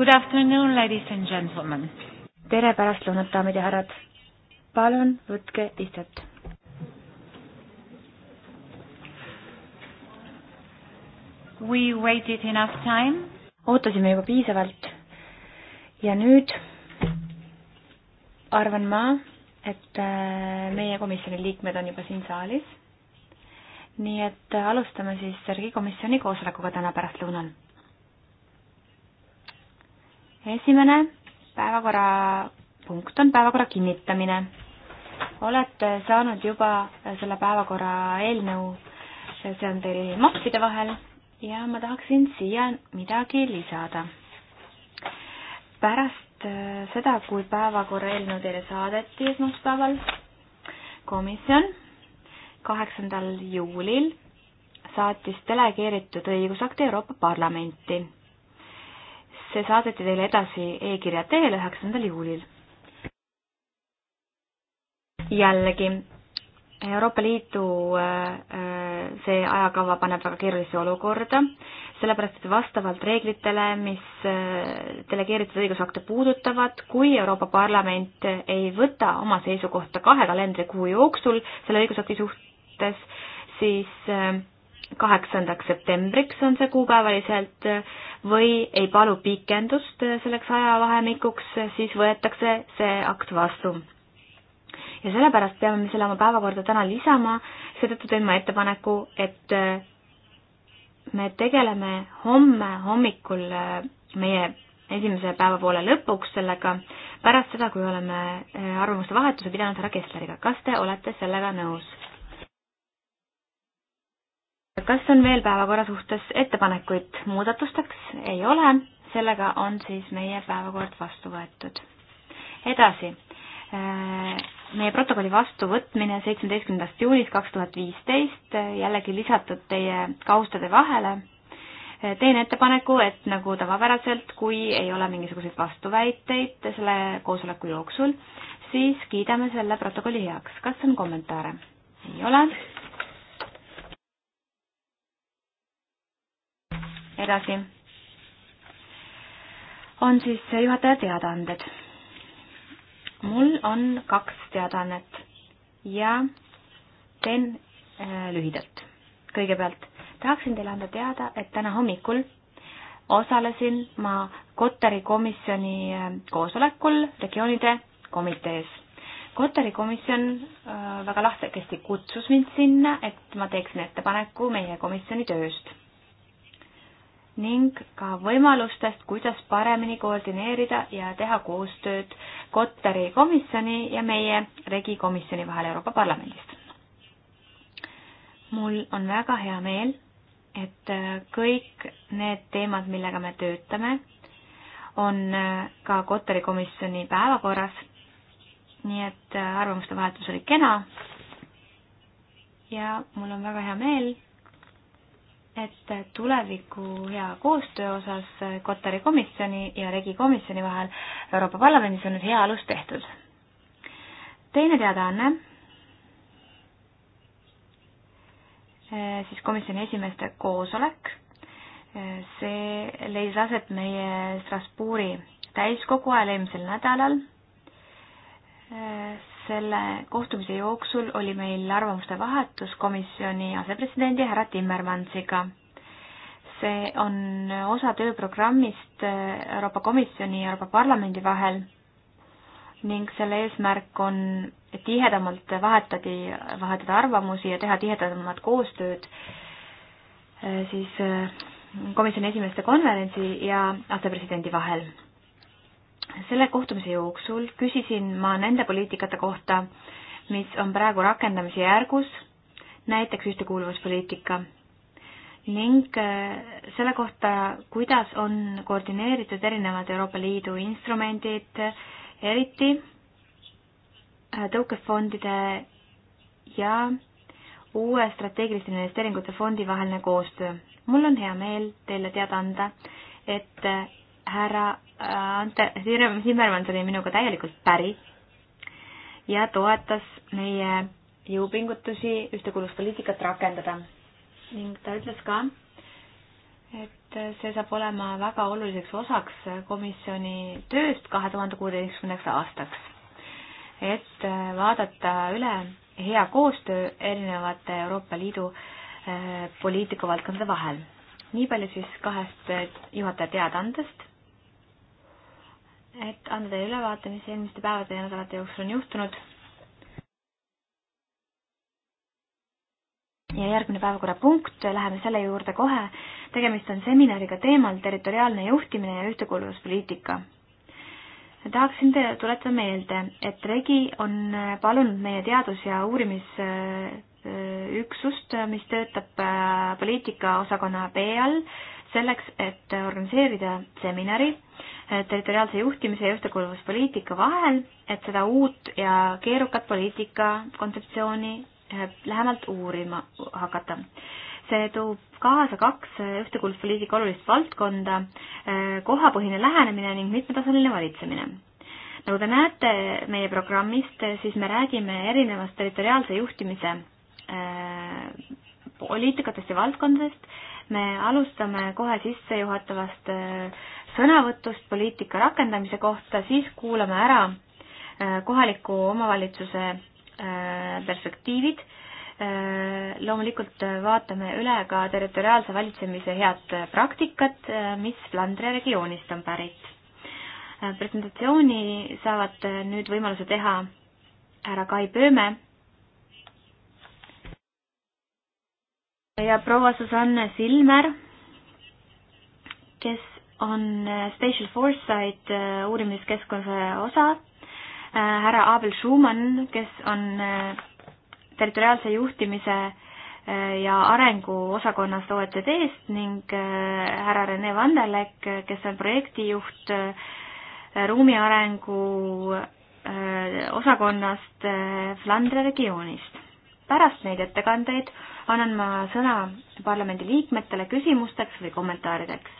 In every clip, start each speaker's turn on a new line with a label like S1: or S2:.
S1: Good afternoon, ladies and gentlemen. tere pärastlõunat, daamid ja härrad. palun võtke istet. We waited enough time. ootasime juba piisavalt. ja nüüd arvan ma, et äh, meie komisjoni liikmed on juba siin saalis. nii et äh, alustame siis Sergei komisjoni koosolekuga täna pärastlõunal esimene päevakorrapunkt on päevakorra kinnitamine. olete saanud juba selle päevakorra eelnõu, see on teil mappide vahel ja ma tahaksin siia midagi lisada. pärast äh, seda, kui päevakorra eelnõu teile saadeti esmaspäeval, komisjon kaheksandal juulil saatis delegeeritud õigusakti Euroopa Parlamenti see saadeti teile edasi e-kirja teel üheksandal juulil. jällegi, Euroopa Liidu äh, äh, see ajakava paneb väga keerulisse olukorda, sellepärast et vastavalt reeglitele, mis äh, delegeeritud õigusakte puudutavad, kui Euroopa Parlament ei võta oma seisukohta kahe kalendrikuu jooksul selle õigusakti suhtes, siis kaheksandaks septembriks on see kuupäevaliselt või ei palu pikendust selleks ajavahemikuks, siis võetakse see akt vastu. ja sellepärast peame me selle oma päevakorda täna lisama, seetõttu teen ma ettepaneku, et me tegeleme homme hommikul meie esimese päevapoole lõpuks sellega, pärast seda, kui oleme arvamuste vahetuse pidanud härra Kessleriga. kas te olete sellega nõus? kas on veel päevakorra suhtes ettepanekuid muudatusteks? ei ole, sellega on siis meie päevakord vastu võetud. edasi, äh, meie protokolli vastuvõtmine seitsmeteistkümnendast juunist kaks tuhat viisteist, äh, jällegi lisatud teie kaustade vahele. Äh, teen ettepaneku, et nagu tavapäraselt, kui ei ole mingisuguseid vastuväiteid selle koosoleku jooksul, siis kiidame selle protokolli heaks. kas on kommentaare? ei ole edasi on siis juhataja teadaanded. mul on kaks teadaannet ja teen äh, lühidalt. kõigepealt tahaksin teile anda teada, et täna hommikul osalesin ma Kotari komisjoni äh, koosolekul regioonide komitees. Kotari komisjon äh, väga lahkesti kutsus mind sinna, et ma teeksin ettepaneku meie komisjoni tööst ning ka võimalustest, kuidas paremini koordineerida ja teha koostööd Kotteri komisjoni ja meie regi komisjoni vahel Euroopa Parlamendist. mul on väga hea meel, et kõik need teemad, millega me töötame, on ka Kotteri komisjoni päevakorras, nii et arvamuste vahetus oli kena ja mul on väga hea meel et tuleviku hea koostöö osas Kotari komisjoni ja Regi komisjoni vahel Euroopa Parlamendis on nüüd hea alus tehtud. teine teadaanne eh, siis komisjoni esimeeste koosolek. Eh, see leidis aset meie Strasbourgi täiskogu ajal eelmisel nädalal. Eh, selle kohtumise jooksul oli meil arvamuste vahetus komisjoni asepresidendi härra Timmermansiga. see on osa tööprogrammist Euroopa Komisjoni ja Euroopa Parlamendi vahel ning selle eesmärk on tihedamalt vahetadi, vahetada arvamusi ja teha tihedamat koostööd eh, siis eh, komisjoni esimeeste konverentsi ja asepresidendi vahel selle kohtumise jooksul küsisin ma nende poliitikate kohta, mis on praegu rakendamise järgus, näiteks ühtekuuluvuspoliitika ning äh, selle kohta, kuidas on koordineeritud erinevad Euroopa Liidu instrumendid, eriti äh, tõukefondide ja uue strateegiliste investeeringute fondi vaheline koostöö. mul on hea meel teile teada anda, et äh, härra Ante Timmermans oli minuga täielikult päri ja toetas meie jõupingutusi ühtekuuluvuspoliitikat rakendada. ning ta ütles ka, et see saab olema väga oluliseks osaks komisjoni tööst kahe tuhande kuueteistkümneks aastaks. et vaadata üle hea koostöö erinevate Euroopa Liidu eh, poliitikavaldkondade vahel. nii palju siis kahest eh, juhataja teadaandest et anda teile ülevaate, mis eelmiste päevade ja nädalate jooksul on juhtunud. ja järgmine päevakorrapunkt, läheme selle juurde kohe. tegemist on seminariga teemal territoriaalne juhtimine ja ühtekuuluvuspoliitika tahaksin teile tuletada meelde, et Regi on palunud meie teadus- ja uurimisüksust, mis töötab poliitikaosakonna B all, selleks, et organiseerida seminari eh, territoriaalse juhtimise ja ühtekuuluvuspoliitika vahel, et seda uut ja keerukat poliitika kontseptsiooni eh, lähemalt uurima hakata. see toob kaasa kaks eh, ühtekuuluvuspoliitika olulist valdkonda, kohapõhine lähenemine ning mitmetasandiline valitsemine nagu te näete meie programmist, siis me räägime erinevast territoriaalse juhtimise poliitikatest ja valdkondadest me alustame kohe sissejuhatavast äh, sõnavõtust poliitika rakendamise kohta, siis kuulame ära äh, kohaliku omavalitsuse äh, perspektiivid. loomulikult vaatame üle ka territoriaalse valitsemise head praktikat, mis Flandre regioonist on pärit. presentatsiooni saavad nüüd võimaluse teha härra Kai Pööme ja proua Susanne Silmer, kes on äh, Spatial Foresight äh, uurimiskeskuse osa, äh, härra Abel Schumann, kes on territoriaalse juhtimise ja arengu osakonnast OECD-st ning härra Rene Vanderlek, kes on projektijuht ruumiarengu osakonnast Flandre regioonist. pärast neid ettekandeid äh, annan ma sõna parlamendi liikmetele küsimusteks või kommentaarideks.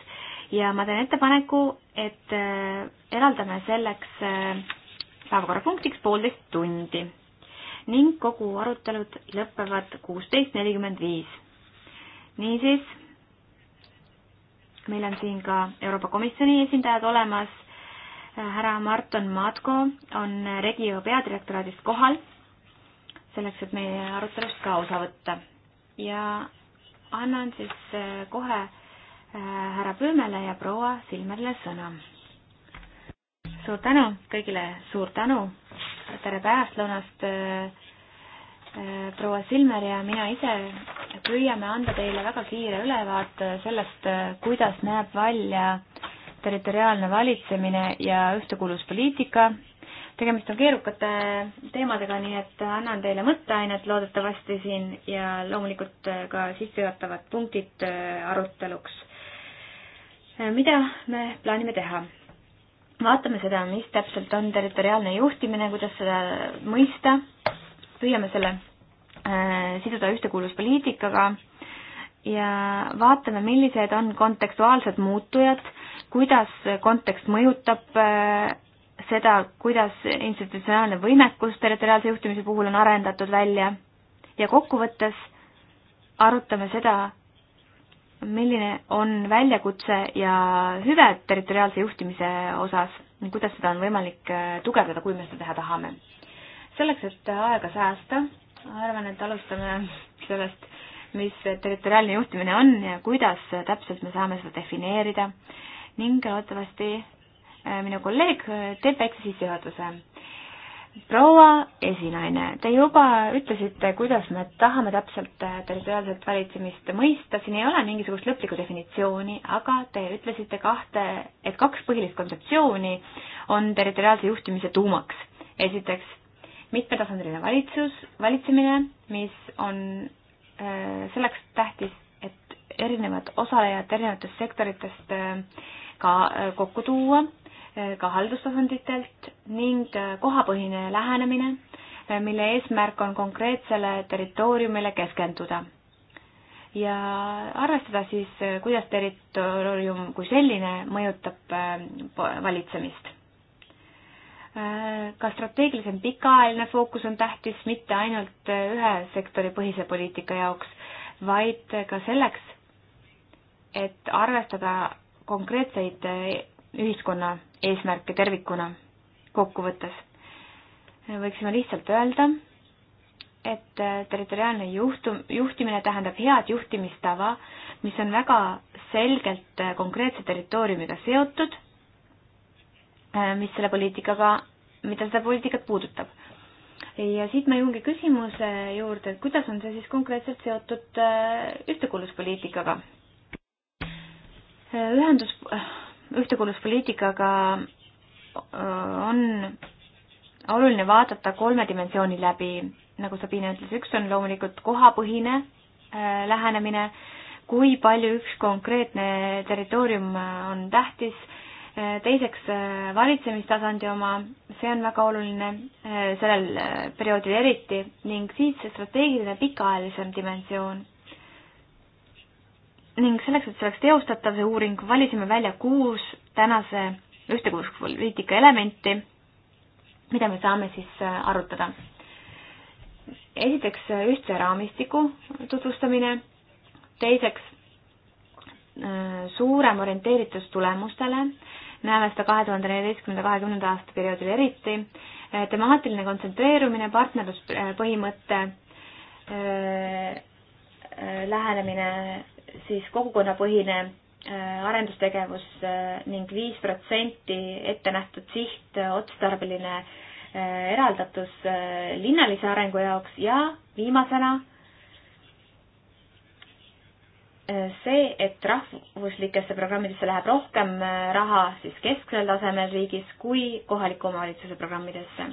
S1: ja ma teen ettepaneku, et äh, eraldame selleks äh, päevakorrapunktiks poolteist tundi ning kogu arutelud lõpevad kuusteist nelikümmend viis. niisiis, meil on siin ka Euroopa Komisjoni esindajad olemas, härra Marton Matko on Regio peadirektoraadist kohal, selleks, et meie arutelust ka osa võtta ja annan siis äh, kohe äh, härra Pöömele ja proua Silmerile sõna. suur tänu kõigile, suur tänu, tere pärastlõunast, äh, proua Silmer ja mina ise püüame anda teile väga kiire ülevaate sellest, kuidas näeb välja territoriaalne valitsemine ja ühtekuuluvuspoliitika tegemist on keerukate teemadega, nii et annan teile mõtteainet loodetavasti siin ja loomulikult äh, ka sissejuhatavad punktid äh, aruteluks. Äh, mida me plaanime teha? vaatame seda, mis täpselt on territoriaalne juhtimine, kuidas seda mõista, püüame selle siduda ühtekuuluvuspoliitikaga ja vaatame, millised on kontekstuaalsed muutujad, kuidas kontekst mõjutab seda, kuidas institutsionaalne võimekus territoriaalse juhtimise puhul on arendatud välja ja kokkuvõttes arutame seda, milline on väljakutse ja hüved territoriaalse juhtimise osas ning kuidas seda on võimalik äh, tugevdada, kui me seda teha tahame. selleks, et aega säästa, arvan, et alustame sellest, mis territoriaalne juhtimine on ja kuidas täpselt me saame seda defineerida ning loodetavasti Äh, minu kolleeg äh, teeb väikse sissejuhatuse. proua esinaine, te juba ütlesite, kuidas me tahame täpselt äh, territoriaalset valitsemist mõista, siin ei ole mingisugust lõplikku definitsiooni, aga te ütlesite kahte, et kaks põhilist kontseptsiooni on territoriaalse juhtimise tuumaks. esiteks, mitmetasandiline valitsus, valitsemine, mis on selleks tähtis, et erinevad osalejad erinevatest sektoritest ka kokku tuua Eh, ka haldustasanditelt ning eh, kohapõhine lähenemine, eh, mille eesmärk on konkreetsele territooriumile keskenduda. ja arvestada siis, kuidas territoorium kui selline mõjutab valitsemist. ka strateegilisem pikaajaline fookus on tähtis mitte ainult ühe sektori põhise poliitika jaoks, vaid ka selleks, et arvestada konkreetseid ühiskonna eesmärke tervikuna kokkuvõttes. võiksime lihtsalt öelda, et territoriaalne juhtum, juhtimine tähendab head juhtimistava, mis on väga selgelt konkreetse territooriumiga seotud, mis selle poliitikaga, mida seda poliitikat puudutab. ja siit ma jõuangi küsimuse juurde, et kuidas on see siis konkreetselt seotud ühtekuuluvuspoliitikaga? ühendus ühtekuuluvuspoliitikaga äh, on oluline vaadata kolme dimensiooni läbi, nagu Sabine ütles, üks on loomulikult kohapõhine äh, lähenemine, kui palju üks konkreetne territoorium on tähtis, äh, teiseks valitsemistasandi oma, see on väga oluline sellel perioodil eriti, ning siis see strateegiline pikaajalisem dimensioon ning selleks, et see oleks teostatav, see uuring, valisime välja kuus tänase ühtekuuluvuspoliitika elementi, mida me saame siis äh, arutada. esiteks äh, ühtse raamistiku tutvustamine, teiseks äh, suurem orienteeritus tulemustele, näeme seda kahe tuhande neljateistkümnenda, kahekümnenda aasta perioodil eriti, temaatiline kontsentreerumine, partnerluspõhimõte, lähenemine siis kogukonnapõhine äh, arendustegevus äh, ning viis protsenti ette nähtud siht äh, otstarbeline eraldatus linnalise arengu jaoks ja viimasena see, et rahvuslikesse programmidesse läheb rohkem raha siis kesksel tasemel riigis kui kohaliku omavalitsuse programmidesse.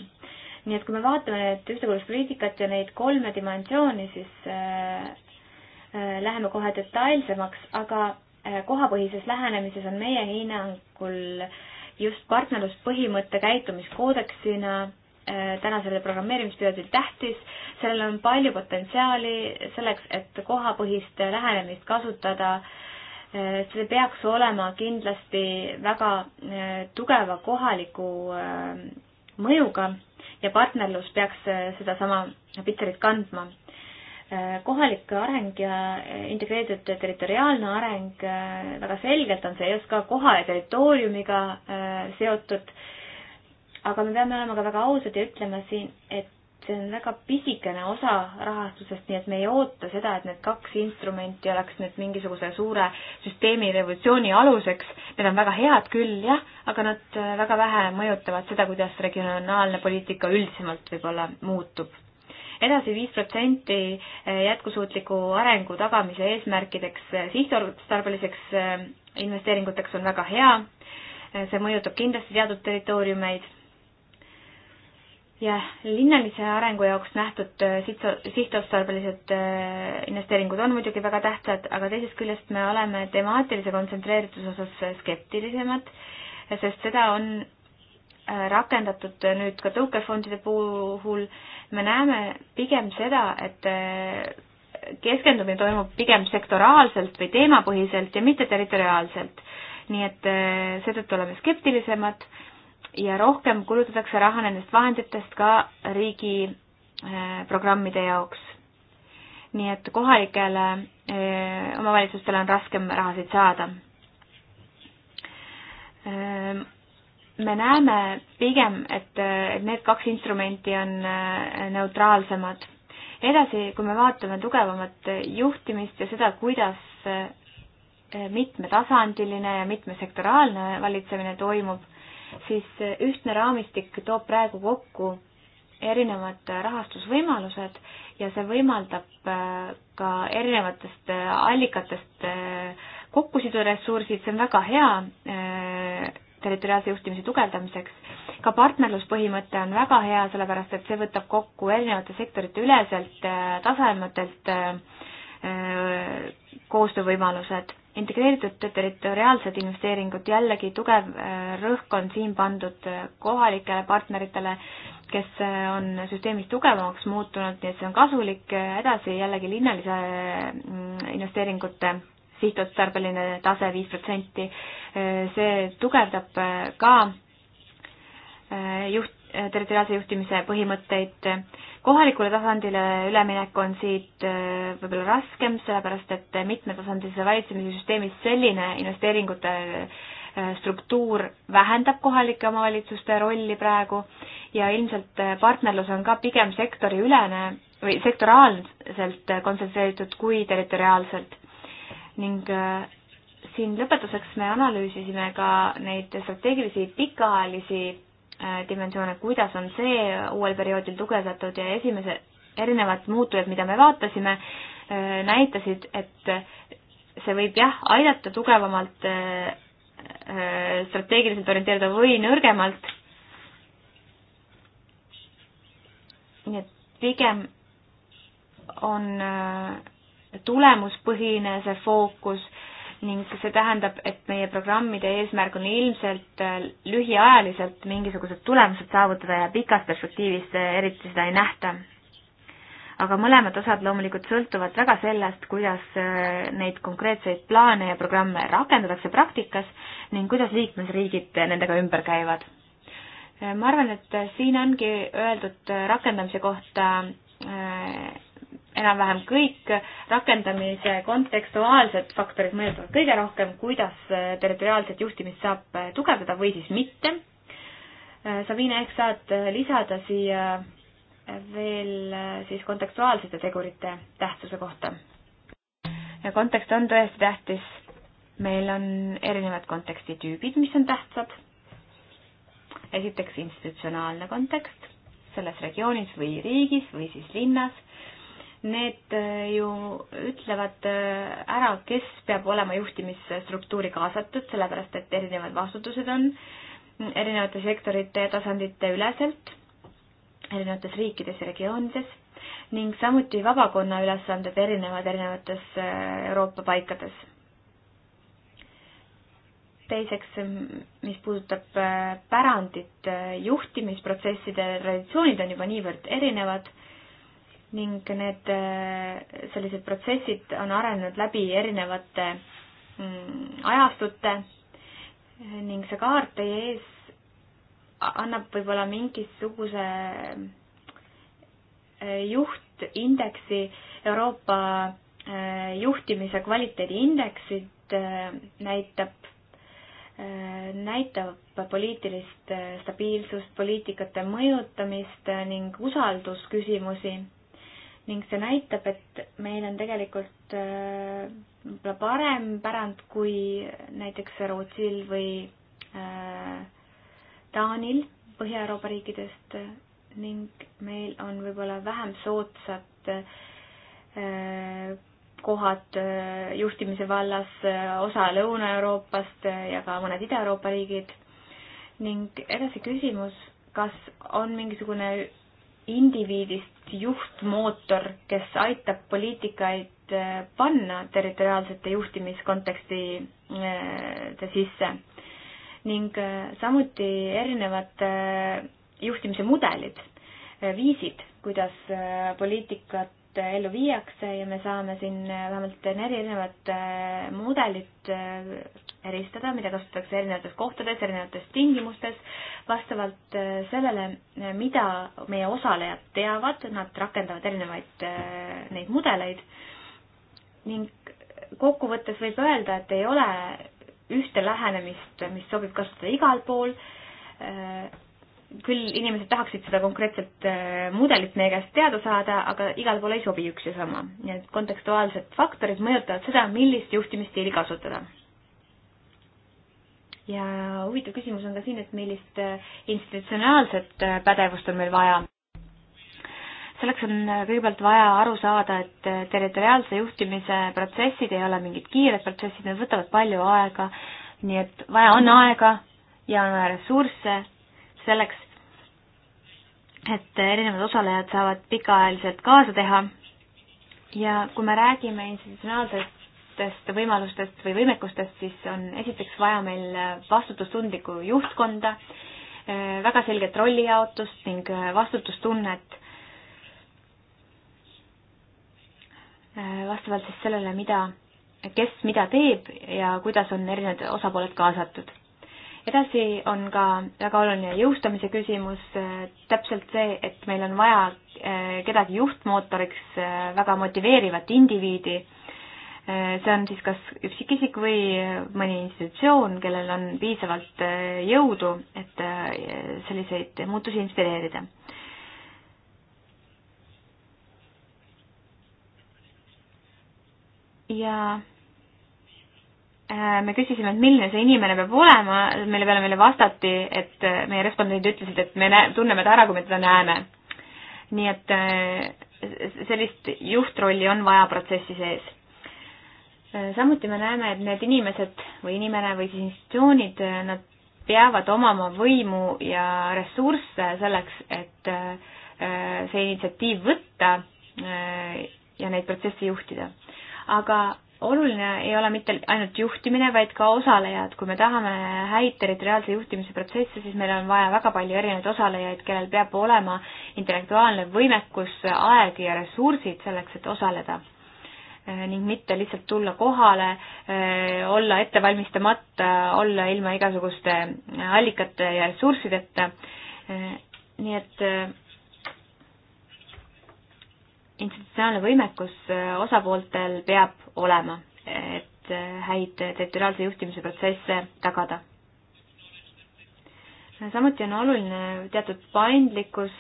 S1: nii et kui me vaatame nüüd ühtekuuluvuspoliitikat ja neid kolme dimensiooni, siis Äh, läheme kohe detailsemaks, aga äh, kohapõhises lähenemises on meie hinnangul just partnerluspõhimõtte käitumiskoodeksina äh, tänasel programmeerimisperioodil tähtis, sellel on palju potentsiaali selleks, et kohapõhist lähenemist kasutada. see peaks olema kindlasti väga tugeva kohaliku mõjuga ja partnerlus peaks sedasama pitserit kandma Äh, kohalik areng ja äh, integreeritud territoriaalne areng, äh, väga selgelt on see just ka koha ja territooriumiga seotud. aga me peame olema ka väga ausad ja ütlema siin, et see on väga pisikene osa rahastusest, nii et me ei oota seda, et need kaks instrumenti oleks nüüd mingisuguse suure süsteemi revolutsiooni aluseks. Need on väga head küll, jah, aga nad väga vähe mõjutavad seda, kuidas regionaalne poliitika üldisemalt võib-olla muutub edasi viis protsenti eh, jätkusuutliku arengu tagamise eesmärkideks eh, sihtotstarbeliseks eh, investeeringuteks on väga hea. see mõjutab kindlasti teatud territooriumeid. ja linnalise arengu jaoks nähtud sihtotstarbelised investeeringud on muidugi väga tähtsad, aga teisest küljest me oleme temaatilise kontsentreerituse osas skeptilisemad, sest seda on Äh, rakendatud äh, nüüd ka tõukefondide puhul, me näeme pigem seda, et äh, keskendumine toimub pigem sektoraalselt või teemapõhiselt ja mitte territoriaalselt. nii et seetõttu oleme skeptilisemad ja rohkem kulutatakse raha nendest vahenditest ka riigi programmide jaoks. nii et kohalikele omavalitsustele on raskem rahasid saada me näeme pigem, et, et need kaks instrumenti on äh, neutraalsemad. edasi, kui me vaatame tugevamat juhtimist ja seda, kuidas äh, mitmetasandiline ja mitmesektoraalne valitsemine toimub, siis äh, ühtne raamistik toob praegu kokku erinevad rahastusvõimalused ja see võimaldab ka erinevatest allikatest kokku siduda ressursid, see on väga hea territoriaalse juhtimise tugevdamiseks. ka partnerluspõhimõte on väga hea, sellepärast et see võtab kokku erinevate sektorite üleselt äh, tasemetelt äh, äh, koostöövõimalused. integreeritud territoriaalsed investeeringud, jällegi tugev rõhk on siin pandud kohalikele partneritele, kes on süsteemis tugevamaks muutunud, nii et see on kasulik, edasi jällegi linnalise investeeringute sihtotstarbeline tase viis protsenti, see tugevdab äh, ka äh, juht, territoriaalse juhtimise põhimõtteid. kohalikule tasandile üleminek on siit äh, võib-olla raskem, sellepärast et mitmetasandilise valitsemise süsteemis selline investeeringute struktuur vähendab kohalike omavalitsuste rolli praegu ja ilmselt partnerlus on ka pigem sektoriülene või sektoraalselt kontsentreeritud kui territoriaalselt ning äh, siin lõpetuseks me analüüsisime ka neid strateegilisi pikaajalisi äh, dimensioone, kuidas on see uuel perioodil tugevdatud ja esimese, erinevad muutujad, mida me vaatasime, äh, näitasid, et see võib jah, aidata tugevamalt strateegiliselt orienteeruda või nõrgemalt. nii et pigem on äh, tulemuspõhine see fookus ning see tähendab, et meie programmide eesmärk on ilmselt äh, lühiajaliselt mingisugused tulemused saavutada ja pikas perspektiivis äh, eriti seda ei nähta. aga mõlemad osad loomulikult sõltuvad väga sellest, kuidas äh, neid konkreetseid plaane ja programme rakendatakse praktikas ning kuidas liikmesriigid nendega ümber käivad. ma arvan, et siin ongi öeldud rakendamise kohta enam-vähem kõik rakendamise kontekstuaalsed faktorid mõjutavad kõige rohkem, kuidas äh, territoriaalset juhtimist saab äh, tugevdada või siis mitte. Äh, Sabine, ehk saad lisada siia veel siis kontekstuaalsete tegurite tähtsuse kohta? kontekst on tõesti tähtis. meil on erinevad kontekstitüübid, mis on tähtsad. esiteks institutsionaalne kontekst selles regioonis või riigis või siis linnas need äh, ju ütlevad äh, ära, kes peab olema juhtimisstruktuuri kaasatud, sellepärast et erinevad vastutused on erinevate sektorite ja tasandite üleselt, erinevates riikides ja regioonides ning samuti vabakonna ülesanded erinevad erinevates äh, Euroopa paikades. teiseks, mis puudutab pärandit, juhtimisprotsesside traditsioonid on juba niivõrd erinevad ning need äh, sellised protsessid on arenenud läbi erinevate mm, ajastute ning see kaart teie ees annab võib-olla mingisuguse äh, juhtindeksi, Euroopa äh, juhtimise kvaliteediindeksit näitab, näitab poliitilist stabiilsust, poliitikate mõjutamist ning usaldusküsimusi ning see näitab, et meil on tegelikult võib-olla äh, parem pärand kui näiteks Rootsil või äh, Taanil Põhja-Euroopa riikidest äh, ning meil on võib-olla vähem soodsad kohad juhtimise vallas, osa Lõuna-Euroopast ja ka mõned Ida-Euroopa riigid. ning edasi küsimus, kas on mingisugune indiviidist juhtmootor, kes aitab poliitikaid äh, panna territoriaalsete juhtimiskontekstide äh, sisse ning äh, samuti erinevad juhtimise mudelid, viisid, kuidas poliitikat Äh, ellu viiakse ja me saame siin äh, vähemalt neli erinevat äh, mudelit eristada, mida kasutatakse erinevates kohtades, erinevates tingimustes, vastavalt sellele, mida meie osalejad teavad, nad rakendavad erinevaid neid mudeleid ning kokkuvõttes võib öelda, et ei ole ühte lähenemist, mis sobib kasutada igal pool küll inimesed tahaksid seda konkreetset äh, mudelit meie käest teada saada, aga igal pool ei sobi üks ja sama. nii et kontekstuaalsed faktorid mõjutavad seda, millist juhtimisstiili kasutada. ja huvitav küsimus on ka siin, et millist äh, institutsionaalset äh, pädevust on meil vaja. selleks on kõigepealt vaja aru saada, et territoriaalse juhtimise protsessid ei ole mingid kiired protsessid, need võtavad palju aega, nii et vaja on aega ja on vaja ressursse selleks, et erinevad osalejad saavad pikaajaliselt kaasa teha ja kui me räägime institutsionaalsetest võimalustest või võimekustest, siis on esiteks vaja meil vastutustundlikku juhtkonda, väga selget rollijaotust ning vastutustunnet vastavalt siis sellele, mida, kes mida teeb ja kuidas on erinevad osapooled kaasatud edasi on ka väga oluline jõustamise küsimus, täpselt see, et meil on vaja eh, kedagi juhtmootoriks, eh, väga motiveerivat indiviidi. Eh, see on siis kas üksikisik või mõni institutsioon, kellel on piisavalt jõudu, et selliseid muutusi inspireerida. ja me küsisime, et milline see inimene peab olema, mille peale meile vastati, et äh, meie respondendid ütlesid, et me näe-, tunneme ta ära, kui me teda näeme. nii et äh, sellist juhtrolli on vaja protsessi sees. Äh, samuti me näeme, et need inimesed või inimene või siis institutsioonid, nad peavad omama võimu ja ressursse selleks, et see initsiatiiv võtta ja neid protsesse juhtida. aga oluline ei ole mitte ainult juhtimine, vaid ka osalejad. kui me tahame häid territoriaalse juhtimise protsesse, siis meil on vaja väga palju erinevaid osalejaid, kellel peab olema intellektuaalne võimekus, aeg ja ressursid selleks, et osaleda. Eh, ning mitte lihtsalt tulla kohale, eh, olla ettevalmistamata, olla ilma igasuguste allikate ja ressurssideta. Eh, nii et institutsionaalne võimekus äh, osapooltel peab olema, et äh, häid territoriaalse juhtimise protsesse tagada. samuti on oluline teatud paindlikkus,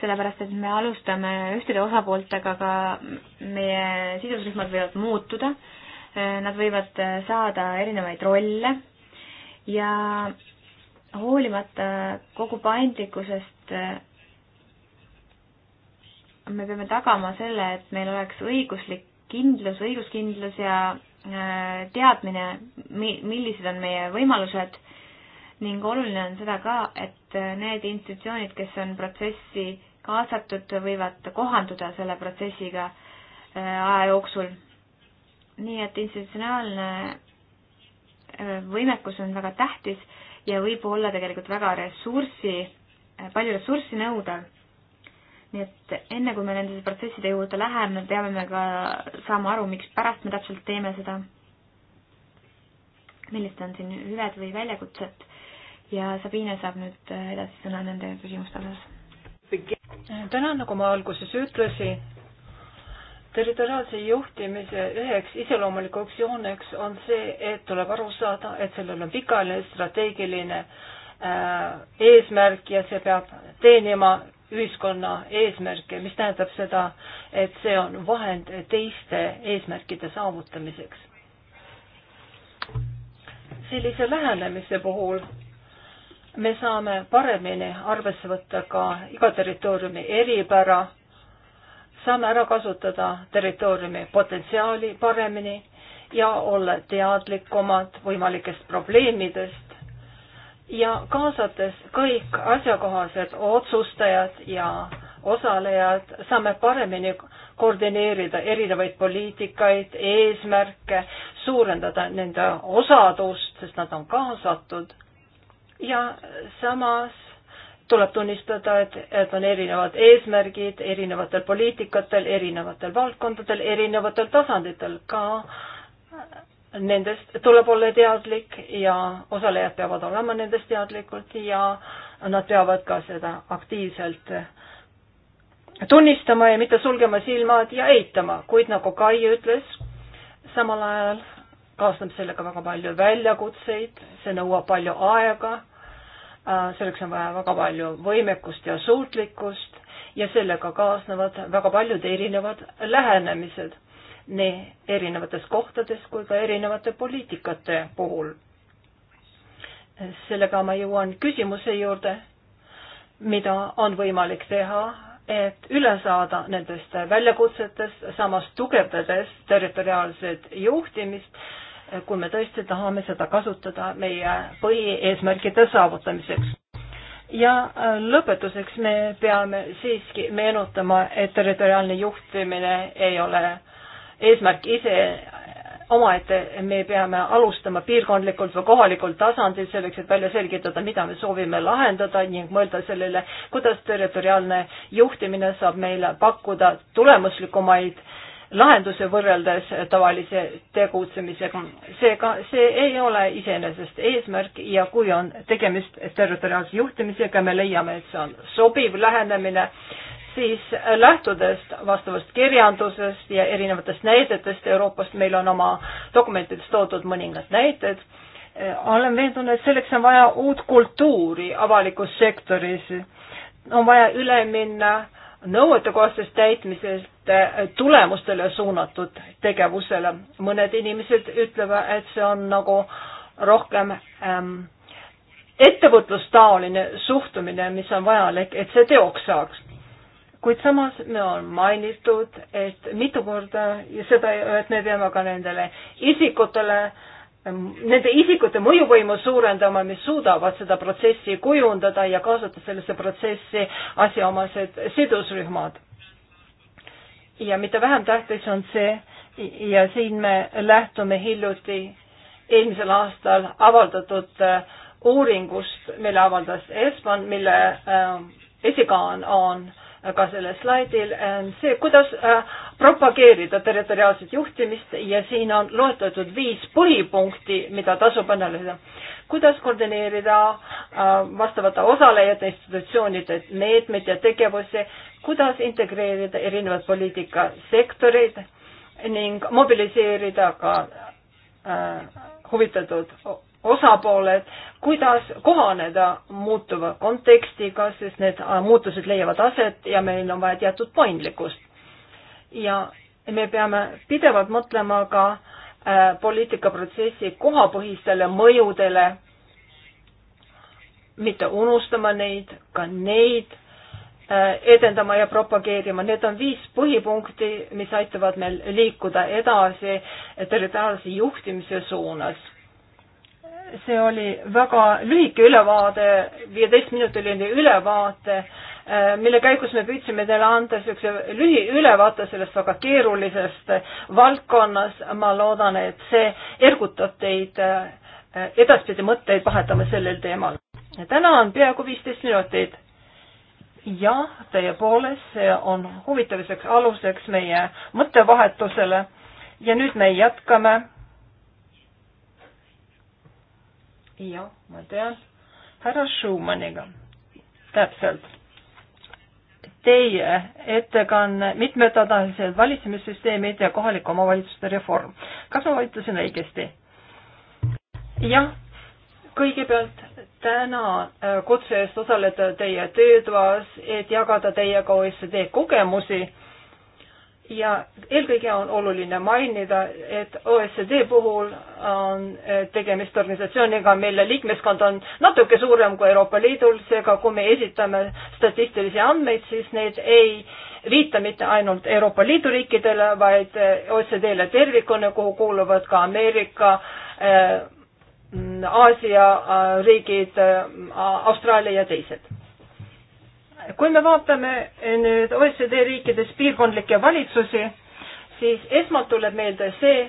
S1: sellepärast et me alustame ühtede osapooltega, aga meie sidusrühmad võivad muutuda, äh, nad võivad saada erinevaid rolle ja hoolimata kogu paindlikkusest me peame tagama selle, et meil oleks õiguslik kindlus, õiguskindlus ja äh, teadmine, mi-, millised on meie võimalused ning oluline on seda ka, et äh, need institutsioonid, kes on protsessi kaasatud, võivad kohanduda selle protsessiga äh, aja jooksul. nii et institutsionaalne võimekus on väga tähtis ja võib olla tegelikult väga ressurssi, palju ressurssi nõudav nii et enne, kui me nende protsesside juurde läheme, peame me ka saama aru, miks pärast me täpselt teeme seda, millised on siin hüved või väljakutsed ja Sabine saab nüüd edasi sõna nende küsimuste osas.
S2: tänan, nagu ma alguses ütlesin, territoriaalse juhtimise üheks iseloomulikuks jooneks on see, et tuleb aru saada, et sellel on pikaajaline strateegiline äh, eesmärk ja see peab teenima ühiskonna eesmärke, mis tähendab seda, et see on vahend teiste eesmärkide saavutamiseks. sellise lähenemise puhul me saame paremini arvesse võtta ka iga territooriumi eripära, saame ära kasutada territooriumi potentsiaali paremini ja olla teadlikumad võimalikest probleemidest, ja kaasates kõik asjakohased otsustajad ja osalejad saame paremini koordineerida erinevaid poliitikaid, eesmärke, suurendada nende osadust, sest nad on kaasatud. ja samas tuleb tunnistada, et, et on erinevad eesmärgid erinevatel poliitikatel, erinevatel valdkondadel, erinevatel tasanditel ka nendest tuleb olla teadlik ja osalejad peavad olema nendest teadlikud ja nad peavad ka seda aktiivselt tunnistama ja mitte sulgema silmad ja eitama, kuid nagu Kai ütles, samal ajal kaasneb sellega väga palju väljakutseid, see nõuab palju aega, selleks on vaja väga palju võimekust ja suutlikkust ja sellega kaasnevad väga paljud erinevad lähenemised nii erinevates kohtades kui ka erinevate poliitikate puhul. sellega ma jõuan küsimuse juurde, mida on võimalik teha, et üle saada nendest väljakutsetest, samas tugevdades territoriaalset juhtimist, kui me tõesti tahame seda kasutada meie põhieesmärkide saavutamiseks ja lõpetuseks me peame siiski meenutama, et territoriaalne juhtimine ei ole eesmärk ise omaette me peame alustama piirkondlikult või kohalikul tasandil selleks, et välja selgitada, mida me soovime lahendada ning mõelda sellele, kuidas territoriaalne juhtimine saab meile pakkuda tulemuslikumaid lahenduse võrreldes tavalise tegutsemisega. seega see ei ole iseenesest eesmärk ja kui on tegemist territoriaalse juhtimisega, me leiame, et see on sobiv lähenemine siis lähtudes vastavast kirjandusest ja erinevatest näidetest Euroopast, meil on oma dokumentides toodud mõningad näited, eh, olen veendunud, et selleks on vaja uut kultuuri avalikus sektoris. on vaja üle minna nõuetekohasest täitmisest eh, tulemustele suunatud tegevusele. mõned inimesed ütlevad, et see on nagu rohkem ähm, ettevõtlustaoline suhtumine, mis on vajalik, et see teoks saaks kuid samas me on mainitud, et mitu korda ja seda, et me peame ka nendele isikutele, nende isikute mõjuvõimu suurendama, mis suudavad seda protsessi kujundada ja kaasata sellesse protsessi asjaomased sidusrühmad. ja mitte vähem tähtis on see ja siin me lähtume hiljuti eelmisel aastal avaldatud äh, uuringust, mille avaldas ESPAN, mille äh, esikaan on ka sellel slaidil, ähm, see, kuidas äh, propageerida territoriaalset juhtimist ja siin on loetletud viis põhipunkti, mida tasub analüüsida. kuidas koordineerida äh, vastavate osalejate institutsioonide meetmeid ja tegevusi, kuidas integreerida erinevad poliitikasektorid ning mobiliseerida ka äh, huvitatud osapooled, kuidas kohaneda muutuva kontekstiga, sest need äh, muutused leiavad aset ja meil on vaja teatud paindlikkust. ja me peame pidevalt mõtlema ka äh, poliitikaprotsessi kohapõhistele mõjudele, mitte unustama neid, ka neid äh, edendama ja propageerima, need on viis põhipunkti, mis aitavad meil liikuda edasi territoriaalse juhtimise suunas see oli väga lühike ülevaade, viieteistminutiline ülevaate, äh, mille käigus me püüdsime teile anda niisuguse lühiülevaate sellest väga keerulisest valdkonnast. ma loodan, et see ergutab teid äh, edaspidi mõtteid vahetama sellel teemal. täna on peaaegu viisteist minutit. jah, tõepoolest, see on huvitavaks aluseks meie mõttevahetusele ja nüüd me jätkame jah, ma tean, härra Schumanniga, täpselt. Teie ettekanne mitmetasandilised valitsemissüsteemid ja kohalike omavalitsuste reform. kas ma valitasin õigesti? jah, kõigepealt tänan äh, kutse eest osaleda teie töötoas, et jagada teiega OECD kogemusi ja eelkõige on oluline mainida, et OECD puhul on eh, tegemist organisatsiooniga, mille liikmeskond on natuke suurem kui Euroopa Liidul, seega kui me esitame statistilisi andmeid, siis neid ei viita mitte ainult Euroopa Liidu riikidele, vaid eh, OECD-le tervikuna, kuhu kuuluvad ka Ameerika, eh, Aasia riigid, Austraalia ja teised kui me vaatame eh, nüüd OECD riikides piirkondlikke valitsusi, siis esmalt tuleb meelde see,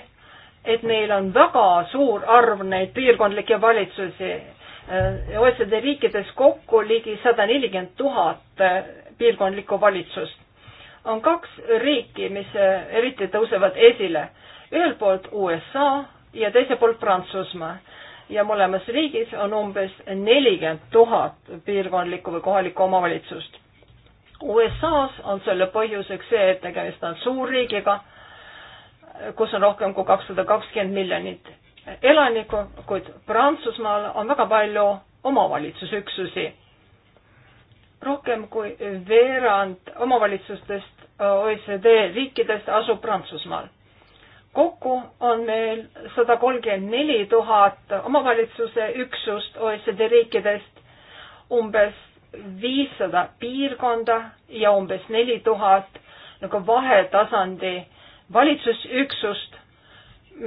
S2: et meil on väga suur arv neid piirkondlikke valitsusi. Eh, OECD riikides kokku ligi sada nelikümmend tuhat eh, piirkondlikku valitsust. on kaks riiki, mis eriti tõusevad esile. ühelt poolt USA ja teiselt poolt Prantsusmaa ja mõlemas riigis on umbes nelikümmend tuhat piirkondlikku või kohalikku omavalitsust. USA-s on selle põhjuseks see, et tegemist on suurriigiga, kus on rohkem kui kakssada kakskümmend miljonit elanikku, kuid Prantsusmaal on väga palju omavalitsusüksusi. rohkem kui veerand omavalitsustest OECD riikidest asub Prantsusmaal kokku on meil sada kolmkümmend neli tuhat omavalitsuse üksust OECD riikidest, umbes viissada piirkonda ja umbes neli tuhat nagu vahetasandi valitsusüksust,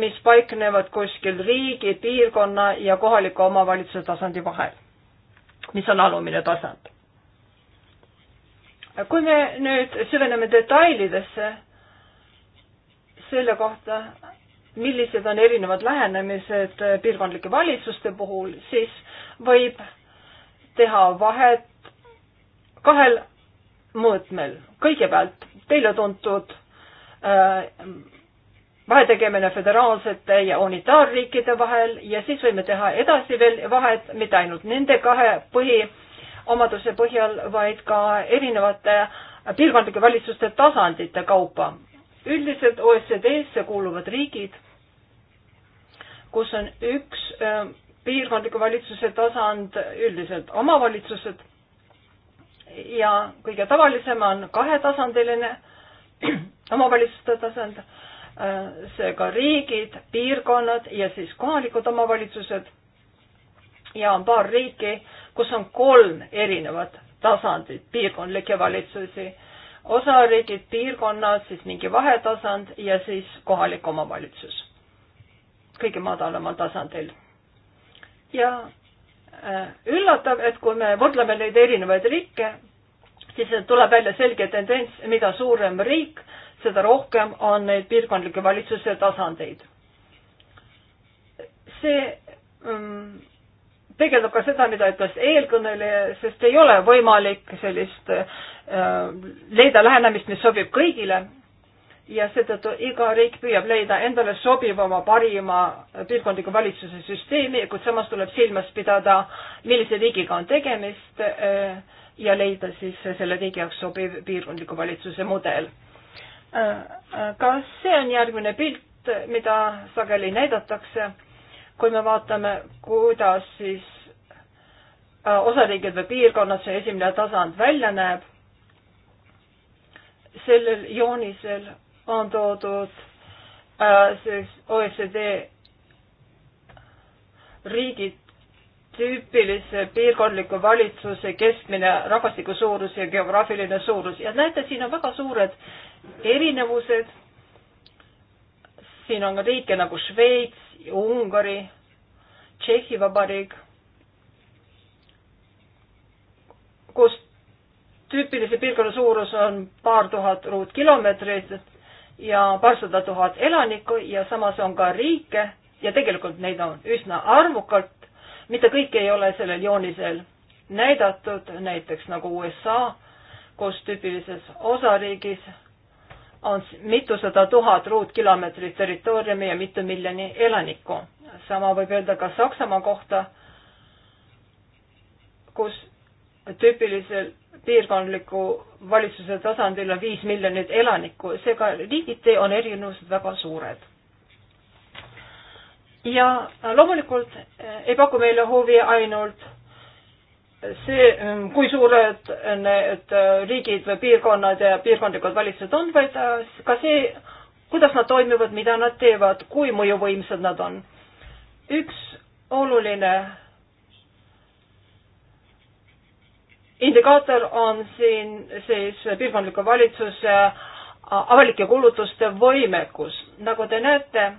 S2: mis paiknevad kuskil riigi, piirkonna ja kohaliku omavalitsuse tasandi vahel, mis on alumine tasand. kui me nüüd süveneme detailidesse selle kohta, millised on erinevad lähenemised piirkondlike valitsuste puhul, siis võib teha vahet kahel mõõtmel. kõigepealt teile tuntud äh, vahetegemine föderaalsete ja unitaarriikide vahel ja siis võime teha edasi veel vahet mitte ainult nende kahe põhiomaduse põhjal, vaid ka erinevate piirkondlike valitsuste tasandite kaupa üldiselt OECD-sse kuuluvad riigid, kus on üks ähm, piirkondliku valitsuse tasand, üldiselt omavalitsused ja kõige tavalisem on kahetasandiline omavalitsuste tasand, äh, seega riigid, piirkonnad ja siis kohalikud omavalitsused ja on paar riiki, kus on kolm erinevat tasandit piirkondlikke valitsusi osariigid, piirkonnad, siis mingi vahetasand ja siis kohalik omavalitsus kõige madalamal tasandil. ja äh, üllatav, et kui me võrdleme neid erinevaid riike, siis tuleb välja selge tendents, mida suurem riik, seda rohkem on neid piirkondlikke valitsuse tasandeid. see mm, peegeldab ka seda, mida ütles eelkõneleja, sest ei ole võimalik sellist äh, leida lähenemist, mis sobib kõigile ja seetõttu iga riik püüab leida endale sobivama, parima piirkondliku valitsuse süsteemi, kuid samas tuleb silmas pidada, millise riigiga on tegemist äh, ja leida siis selle riigi jaoks sobiv piirkondliku valitsuse mudel. Äh, äh, kas see on järgmine pilt, mida sageli näidatakse? kui me vaatame, kuidas siis äh, osariigid või piirkonnad see esimene tasand välja näeb, sellel joonisel on toodud äh, siis OECD riigid tüüpilise piirkondliku valitsuse keskmine rahvastiku suurus ja geograafiline suurus ja näete, siin on väga suured erinevused. siin on riike nagu Šveits, Ungari, Tšehhi Vabariik, kus tüüpilise piirkonna suurus on paar tuhat ruutkilomeetrit ja paarsada tuhat elanikku ja samas on ka riike ja tegelikult neid on üsna arvukalt. mitte kõik ei ole sellel joonisel näidatud, näiteks nagu USA, kus tüüpilises osariigis on mitusada tuhat ruutkilomeetrit territooriumi ja mitu miljoni elanikku. sama võib öelda ka Saksamaa kohta, kus tüüpilisel piirkondliku valitsuse tasandil on viis miljonit elanikku, seega riigiti on erinevused väga suured. ja loomulikult eh, ei paku meile huvi ainult see, ähm, kui suured need äh, riigid või piirkonnad ja piirkondlikud valitsused on, vaid äh, ka see, kuidas nad toimivad, mida nad teevad, kui mõjuvõimsad nad on. üks oluline indikaator on siin siis piirkondliku valitsuse äh, avalike kulutuste võimekus. nagu te näete,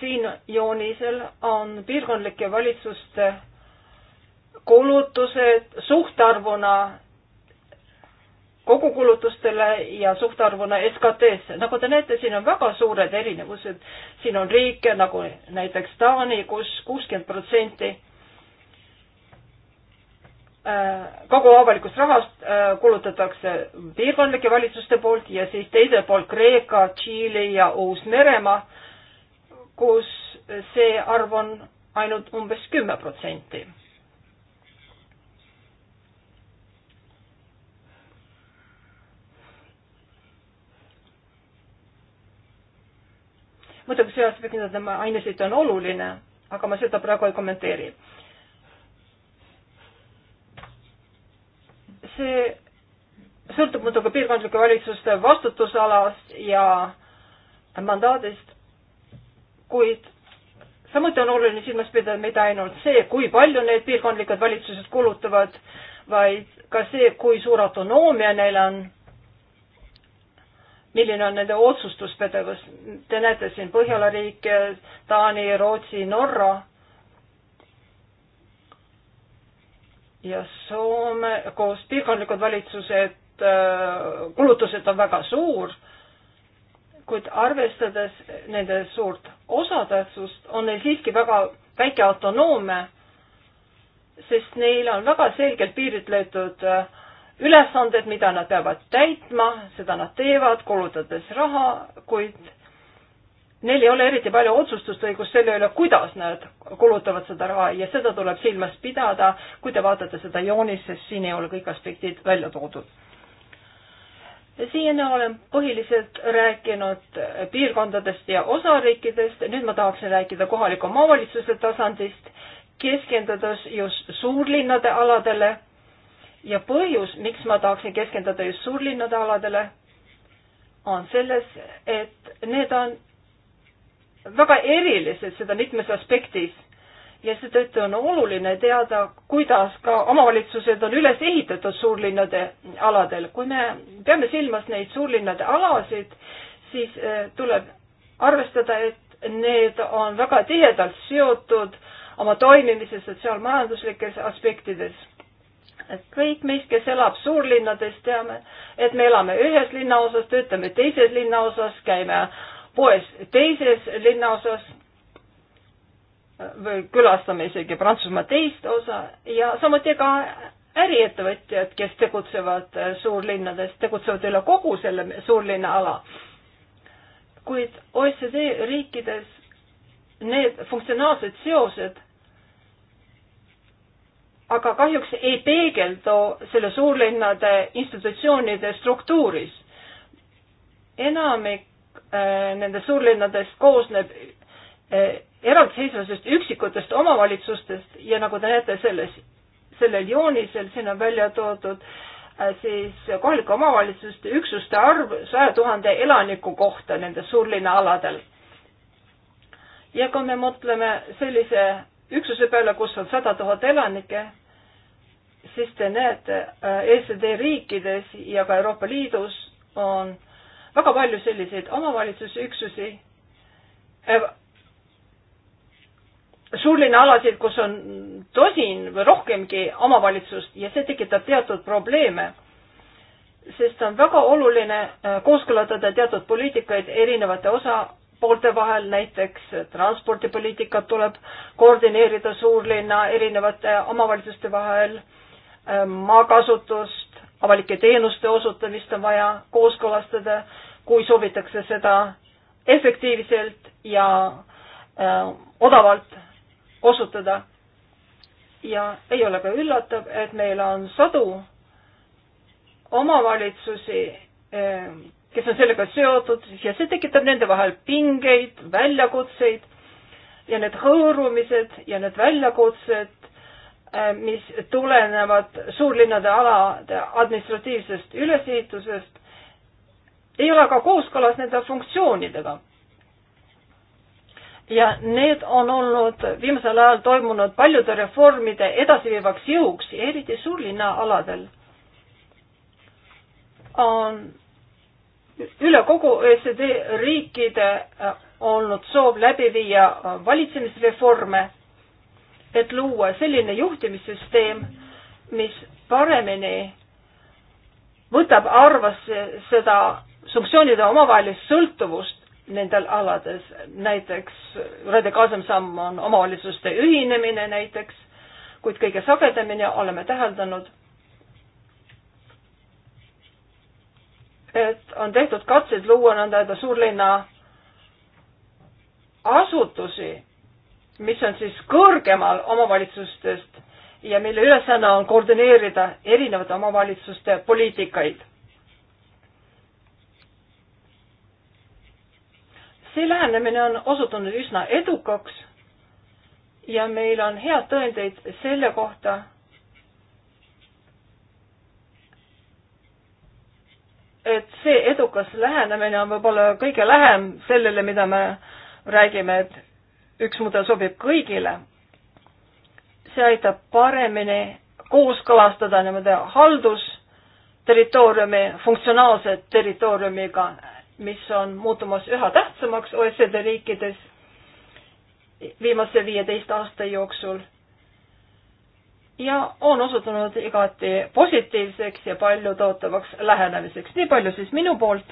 S2: siin joonisel on piirkondlike valitsuste kulutused suhtarvuna kogukulutustele ja suhtarvuna SKT-sse. nagu te näete, siin on väga suured erinevused. siin on riike nagu näiteks Taani kus, kus kuuskümmend protsenti äh, kogu avalikust rahast äh, kulutatakse piirkondlike valitsuste poolt ja siis teiselt poolt Kreeka, Tšiili ja Uus-Meremaa, kus see arv on ainult umbes kümme protsenti muidugi see aspekt, mida tema mainisid, on oluline, aga ma seda praegu ei kommenteeri. see sõltub muidugi piirkondlike valitsuste vastutusalast ja mandaadist, kuid samuti on oluline silmas pidada mitte ainult see, kui palju need piirkondlikud valitsused kulutavad, vaid ka see, kui suur autonoomia neil on milline on nende otsustuspädevus. Te näete siin Põhjala riike, Taani, Rootsi, Norra ja Soome koos piirkondlikud valitsused, äh, kulutused on väga suur, kuid arvestades nende suurt osatähtsust, on neil siiski väga väike autonoomia, sest neil on väga selgelt piiritletud äh, ülesanded, mida nad peavad täitma, seda nad teevad, kulutades raha, kuid neil ei ole eriti palju otsustusõigust selle üle, kuidas nad kulutavad seda raha ja seda tuleb silmas pidada, kui te vaatate seda joonist, sest siin ei ole kõik aspektid välja toodud. siiani olen põhiliselt rääkinud piirkondadest ja osariikidest, nüüd ma tahaksin rääkida kohaliku omavalitsuse tasandist, keskendudes just suurlinnade aladele ja põhjus, miks ma tahaksin keskenduda just suurlinnade aladele, on selles, et need on väga erilised, seda mitmes aspektis ja seetõttu on oluline teada, kuidas ka omavalitsused on üles ehitatud suurlinnade aladel. kui me peame silmas neid suurlinnade alasid, siis eh, tuleb arvestada, et need on väga tihedalt seotud oma toimimise sotsiaalmajanduslikes aspektides et kõik meist, kes elab suurlinnades, teame, et me elame ühes linnaosas, töötame teises linnaosas, käime poes teises linnaosas või külastame isegi Prantsusmaa teist osa ja samuti ka äriettevõtjad, kes tegutsevad suurlinnades, tegutsevad üle kogu selle suurlinna ala. kuid OECD riikides need funktsionaalsed seosed aga kahjuks ei peegeldu selle suurlinnade institutsioonide struktuuris. enamik äh, nende suurlinnadest koosneb äh, eraldiseisvusest üksikutest omavalitsustest ja nagu te näete selles, sellel joonisel siin on välja toodud äh, siis kohalike omavalitsuste üksuste arv saja tuhande elaniku kohta nende suurlinna aladel. ja kui me mõtleme sellise üksuse peale, kus on sada tuhat elanikke, siis te näete, ECD äh, riikides ja ka Euroopa Liidus on väga palju selliseid omavalitsusüksusi, äh, suurlinnaalasid, kus on tosin või rohkemgi omavalitsust ja see tekitab teatud probleeme sest on väga oluline äh, kooskõlatada teatud poliitikaid erinevate osa poolte vahel, näiteks transpordipoliitikat tuleb koordineerida suurlinna erinevate omavalitsuste vahel, ähm, maakasutust, avalike teenuste osutamist on vaja kooskõlastada, kui soovitakse seda efektiivselt ja äh, odavalt osutada. ja ei ole ka üllatav, et meil on sadu omavalitsusi äh,, kes on sellega seotud ja see tekitab nende vahel pingeid, väljakutseid ja need hõõrumised ja need väljakutsed, äh, mis tulenevad suurlinnade alade administratiivsest ülesehitusest, ei ole ka kooskõlas nende funktsioonidega. ja need on olnud viimasel ajal toimunud paljude reformide edasiviivaks jõuks, eriti suurlinna aladel on üle kogu OECD riikide äh, olnud soov läbi viia äh, valitsemisreforme, et luua selline juhtimissüsteem, mis paremini võtab arvesse seda sanktsioonide omavahelist sõltuvust nendel alades, näiteks radikaalsem samm on omavalitsuste ühinemine näiteks, kuid kõige sagedamini oleme täheldanud et on tehtud katsed luua nõnda öelda suurlinna asutusi, mis on siis kõrgemal omavalitsustest ja mille ülesanne on koordineerida erinevate omavalitsuste poliitikaid. see lähenemine on osutunud üsna edukaks ja meil on head tõendeid selle kohta et see edukas lähenemine on võib-olla kõige lähem sellele, mida me räägime, et üks mudel sobib kõigile. see aitab paremini kooskõlastada niimoodi haldusterritooriumi funktsionaalse territooriumiga, mis on muutumas üha tähtsamaks OECD riikides viimase viieteist aasta jooksul ja on osutunud igati positiivseks ja paljutootavaks lähenemiseks. nii palju siis minu poolt.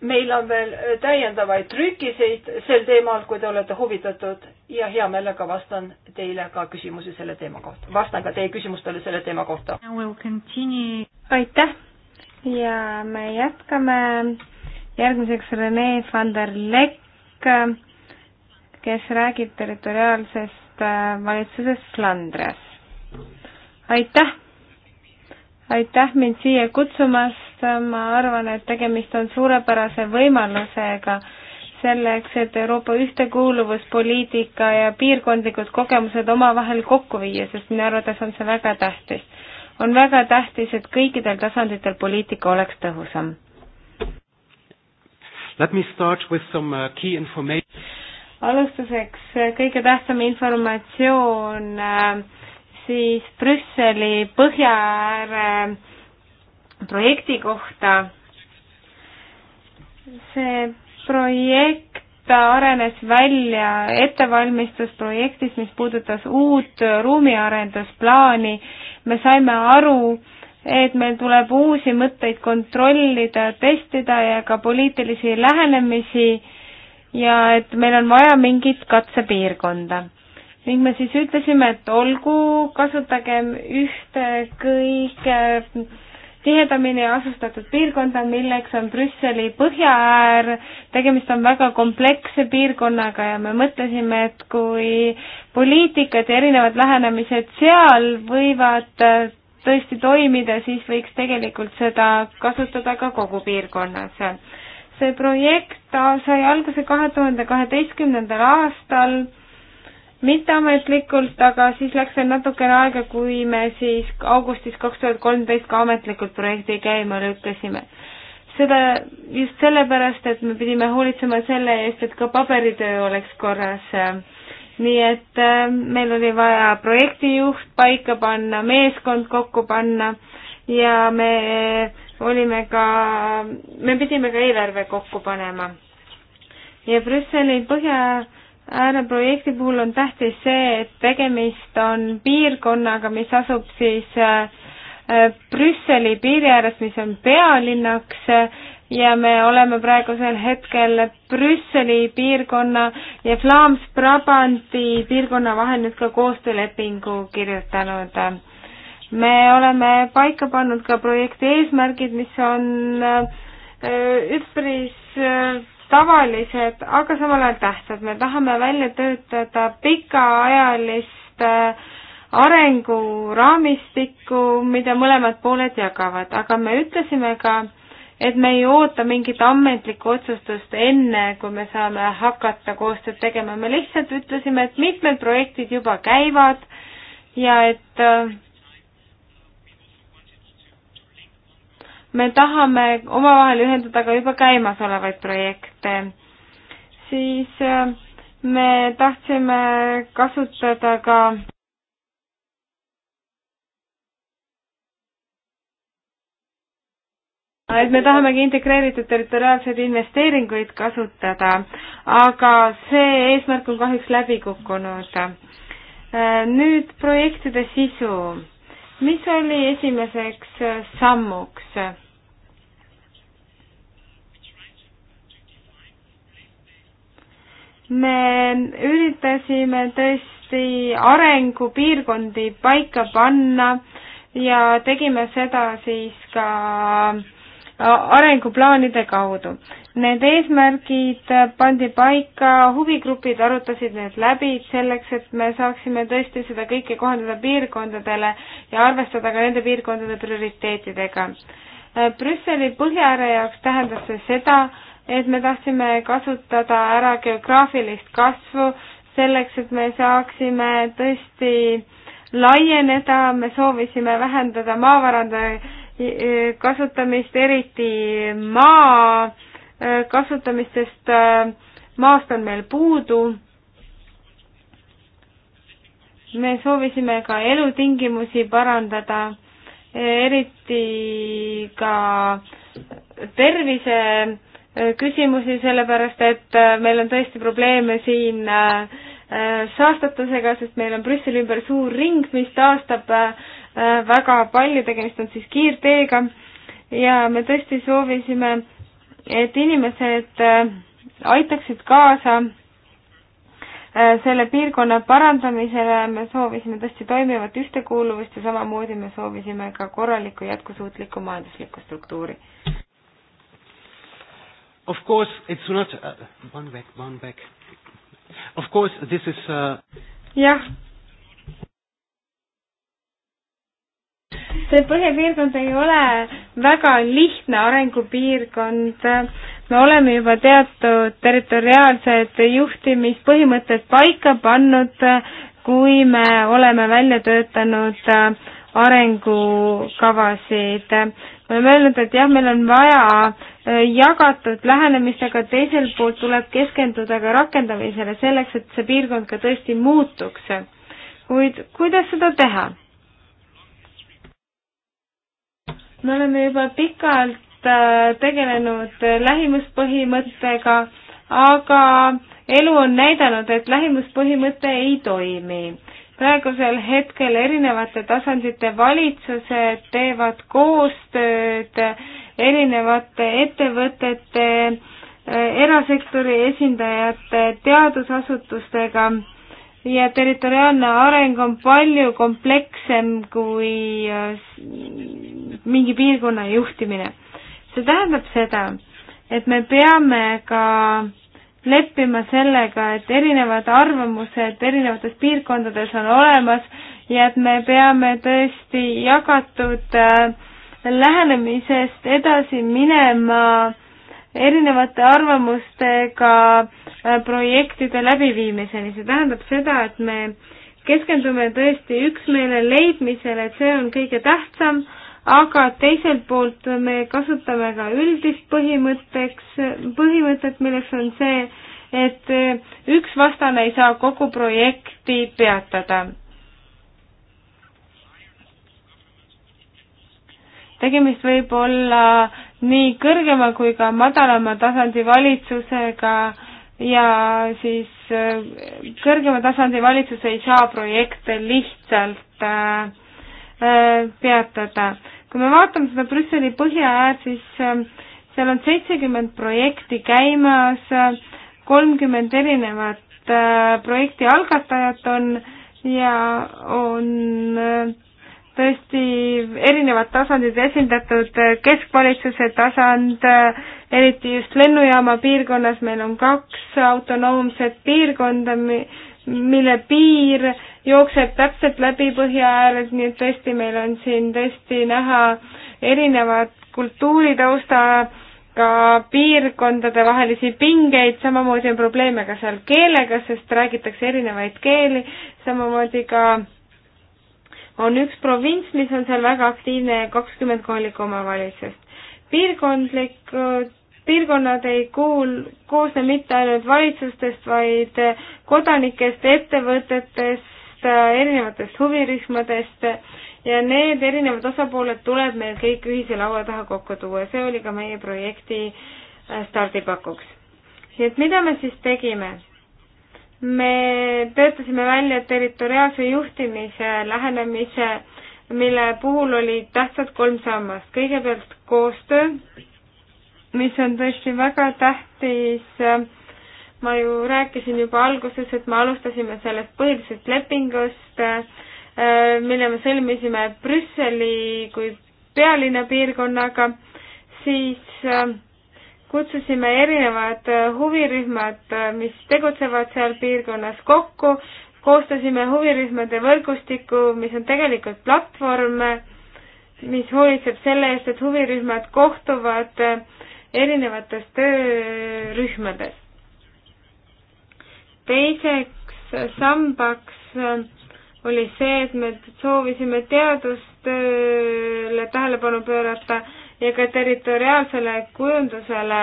S2: meil on veel täiendavaid trükiseid sel teemal, kui te olete huvitatud ja hea meelega vastan teile ka küsimusi selle teema kohta. vastan ka teie küsimustele selle teema kohta.
S3: aitäh ja me jätkame järgmiseks Rene van der Lekk, kes räägib territoriaalsest äh, valitsusest Flandrias aitäh! aitäh mind siia kutsumast, ma arvan, et tegemist on suurepärase võimalusega selleks, et Euroopa ühtekuuluvuspoliitika ja piirkondlikud kogemused omavahel kokku viia, sest minu arvates on see väga tähtis. on väga tähtis, et kõikidel tasanditel poliitika oleks tõhusam. Let me start with some uh, key information. alustuseks kõige tähtsam informatsioon äh, siis Brüsseli põhjaääre projekti kohta. see projekt arenes välja ettevalmistusprojektis, mis puudutas uut ruumiarendusplaani. me saime aru, et meil tuleb uusi mõtteid kontrollida, testida ja ka poliitilisi lähenemisi ja et meil on vaja mingit katsepiirkonda ning me siis ütlesime, et olgu, kasutagem ühte kõige tihedamini asustatud piirkonda, milleks on Brüsseli põhjaäär. tegemist on väga kompleksse piirkonnaga ja me mõtlesime, et kui poliitikad ja erinevad lähenemised seal võivad äh, tõesti toimida, siis võiks tegelikult seda kasutada ka kogu piirkonnas. see projekt sai alguse kahe tuhande kaheteistkümnendal aastal mitteametlikult, aga siis läks veel natukene aega, kui me siis augustis kaks tuhat kolmteist ka ametlikult projekti käima lükkasime. seda just sellepärast, et me pidime hoolitsema selle eest, et ka paberitöö oleks korras. nii et äh, meil oli vaja projektijuht paika panna, meeskond kokku panna ja me äh, olime ka, me pidime ka eelarve kokku panema. ja Brüsseli põhja ääreprojekti puhul on tähtis see, et tegemist on piirkonnaga, mis asub siis äh, äh, Brüsseli piiri ääres, mis on pealinnaks äh, ja me oleme praegusel hetkel Brüsseli piirkonna ja Flams-Brabanti piirkonna vahel nüüd ka koostöölepingu kirjutanud. me oleme paika pannud ka projekti eesmärgid, mis on üpris tavalised, aga samal ajal tähtsad. me tahame välja töötada pikaajalist äh, arenguraamistikku, mida mõlemad pooled jagavad, aga me ütlesime ka, et me ei oota mingit ametlikku otsustust enne, kui me saame hakata koostööd tegema, me lihtsalt ütlesime, et mitmed projektid juba käivad ja et äh, me tahame omavahel ühendada ka juba käimasolevaid projekte teate, siis äh, me tahtsime kasutada ka et me tahamegi integreeritud territoriaalseid investeeringuid kasutada, aga see eesmärk on kahjuks läbi kukkunud. Äh, nüüd projektide sisu. mis oli esimeseks äh, sammuks? me üritasime tõesti arengupiirkondi paika panna ja tegime seda siis ka äh, arenguplaanide kaudu. Need eesmärgid pandi paika, huvigrupid arutasid need läbi selleks, et me saaksime tõesti seda kõike kohandada piirkondadele ja arvestada ka nende piirkondade prioriteetidega. Äh, Brüsseli põhjaääre jaoks tähendas see seda, et me tahtsime kasutada ära geograafilist kasvu selleks, et me saaksime tõesti laieneda, me soovisime vähendada maavarade e, e, kasutamist, eriti maa e, kasutamist, sest maast on meil puudu. me soovisime ka elutingimusi parandada, eriti ka tervise Äh, küsimusi, sellepärast et äh, meil on tõesti probleeme siin äh, saastatusega, sest meil on Brüsseli ümber suur ring, mis taastab väga palju, tegemist on siis kiirteega ja me tõesti soovisime, et inimesed aitaksid kaasa selle piirkonna parandamisele, me soovisime tõesti toimivat ühtekuuluvust ja samamoodi me soovisime ka korralikku jätkusuutlikku majanduslikku struktuuri.
S2: Of course, it's not uh, one back, one
S3: back. Of course, this is. Uh... jah. see põhipiirkond ei ole väga lihtne arengupiirkond. me oleme juba teatud territoriaalsed juhtimispõhimõtted paika pannud, kui me oleme välja töötanud äh, arengukavasid. me oleme öelnud, et jah, meil on vaja äh, jagatud lähenemist, aga teiselt poolt tuleb keskenduda ka rakendamisele selleks, et see piirkond ka tõesti muutuks. kuid kuidas seda teha? me oleme juba pikalt äh, tegelenud äh, lähimuspõhimõttega, aga elu on näidanud, et lähimuspõhimõte ei toimi praegusel hetkel erinevate tasandite valitsused teevad koostööd erinevate ettevõtete, äh, erasektori esindajate, teadusasutustega ja territoriaalne areng on palju komplekssem kui äh, mingi piirkonna juhtimine. see tähendab seda, et me peame ka leppima sellega, et erinevad arvamused erinevates piirkondades on olemas ja et me peame tõesti jagatud äh, lähenemisest edasi minema erinevate arvamustega äh, projektide läbiviimiseni. see tähendab seda, et me keskendume tõesti üksmeele leidmisele, et see on kõige tähtsam aga teiselt poolt me kasutame ka üldist põhimõtteks, põhimõtet, milleks on see, et üks vastane ei saa kogu projekti peatada. tegemist võib olla nii kõrgema kui ka madalama tasandi valitsusega ja siis kõrgema tasandi valitsus ei saa projekte lihtsalt äh, Äh, peatada. kui me vaatame seda Brüsseli põhjaäärt, siis äh, seal on seitsekümmend projekti käimas, kolmkümmend erinevat äh, projekti algatajat on ja on tõesti erinevad tasandid esindatud, keskvalitsuse tasand, eriti just lennujaama piirkonnas meil on kaks autonoomset piirkonda, mille piir jookseb täpselt läbi põhjaääres, nii et tõesti, meil on siin tõesti näha erinevad kultuuritaustaga piirkondade vahelisi pingeid, samamoodi on probleeme ka seal keelega, sest räägitakse erinevaid keeli, samamoodi ka on üks provints, mis on seal väga aktiivne, kakskümmend kohalikku omavalitsust. piirkondlikud piirkonnad ei kuul-, koosne mitte ainult valitsustest, vaid kodanikest, ettevõtetest, Äh, erinevatest huvirühmadest ja need erinevad osapooled tuleb meil kõik ühise laua taha kokku tuua, see oli ka meie projekti äh, stardipakuks. nii et mida me siis tegime? me töötasime välja territoriaalse juhtimise lähenemise, mille puhul olid tähtsad kolm sammast. kõigepealt koostöö, mis on tõesti väga tähtis äh, ma ju rääkisin juba alguses, et me alustasime sellest põhilisest lepingust, äh, mille me sõlmisime Brüsseli kui pealinna piirkonnaga, siis äh, kutsusime erinevad äh, huvirühmad, mis tegutsevad seal piirkonnas kokku, koostasime huvirühmade võrgustiku, mis on tegelikult platvorm, mis hoolitseb selle eest, et huvirühmad kohtuvad erinevates töörühmades teiseks sambaks äh, oli see, et me soovisime teadustööle tähelepanu pöörata ja ka territoriaalsele kujundusele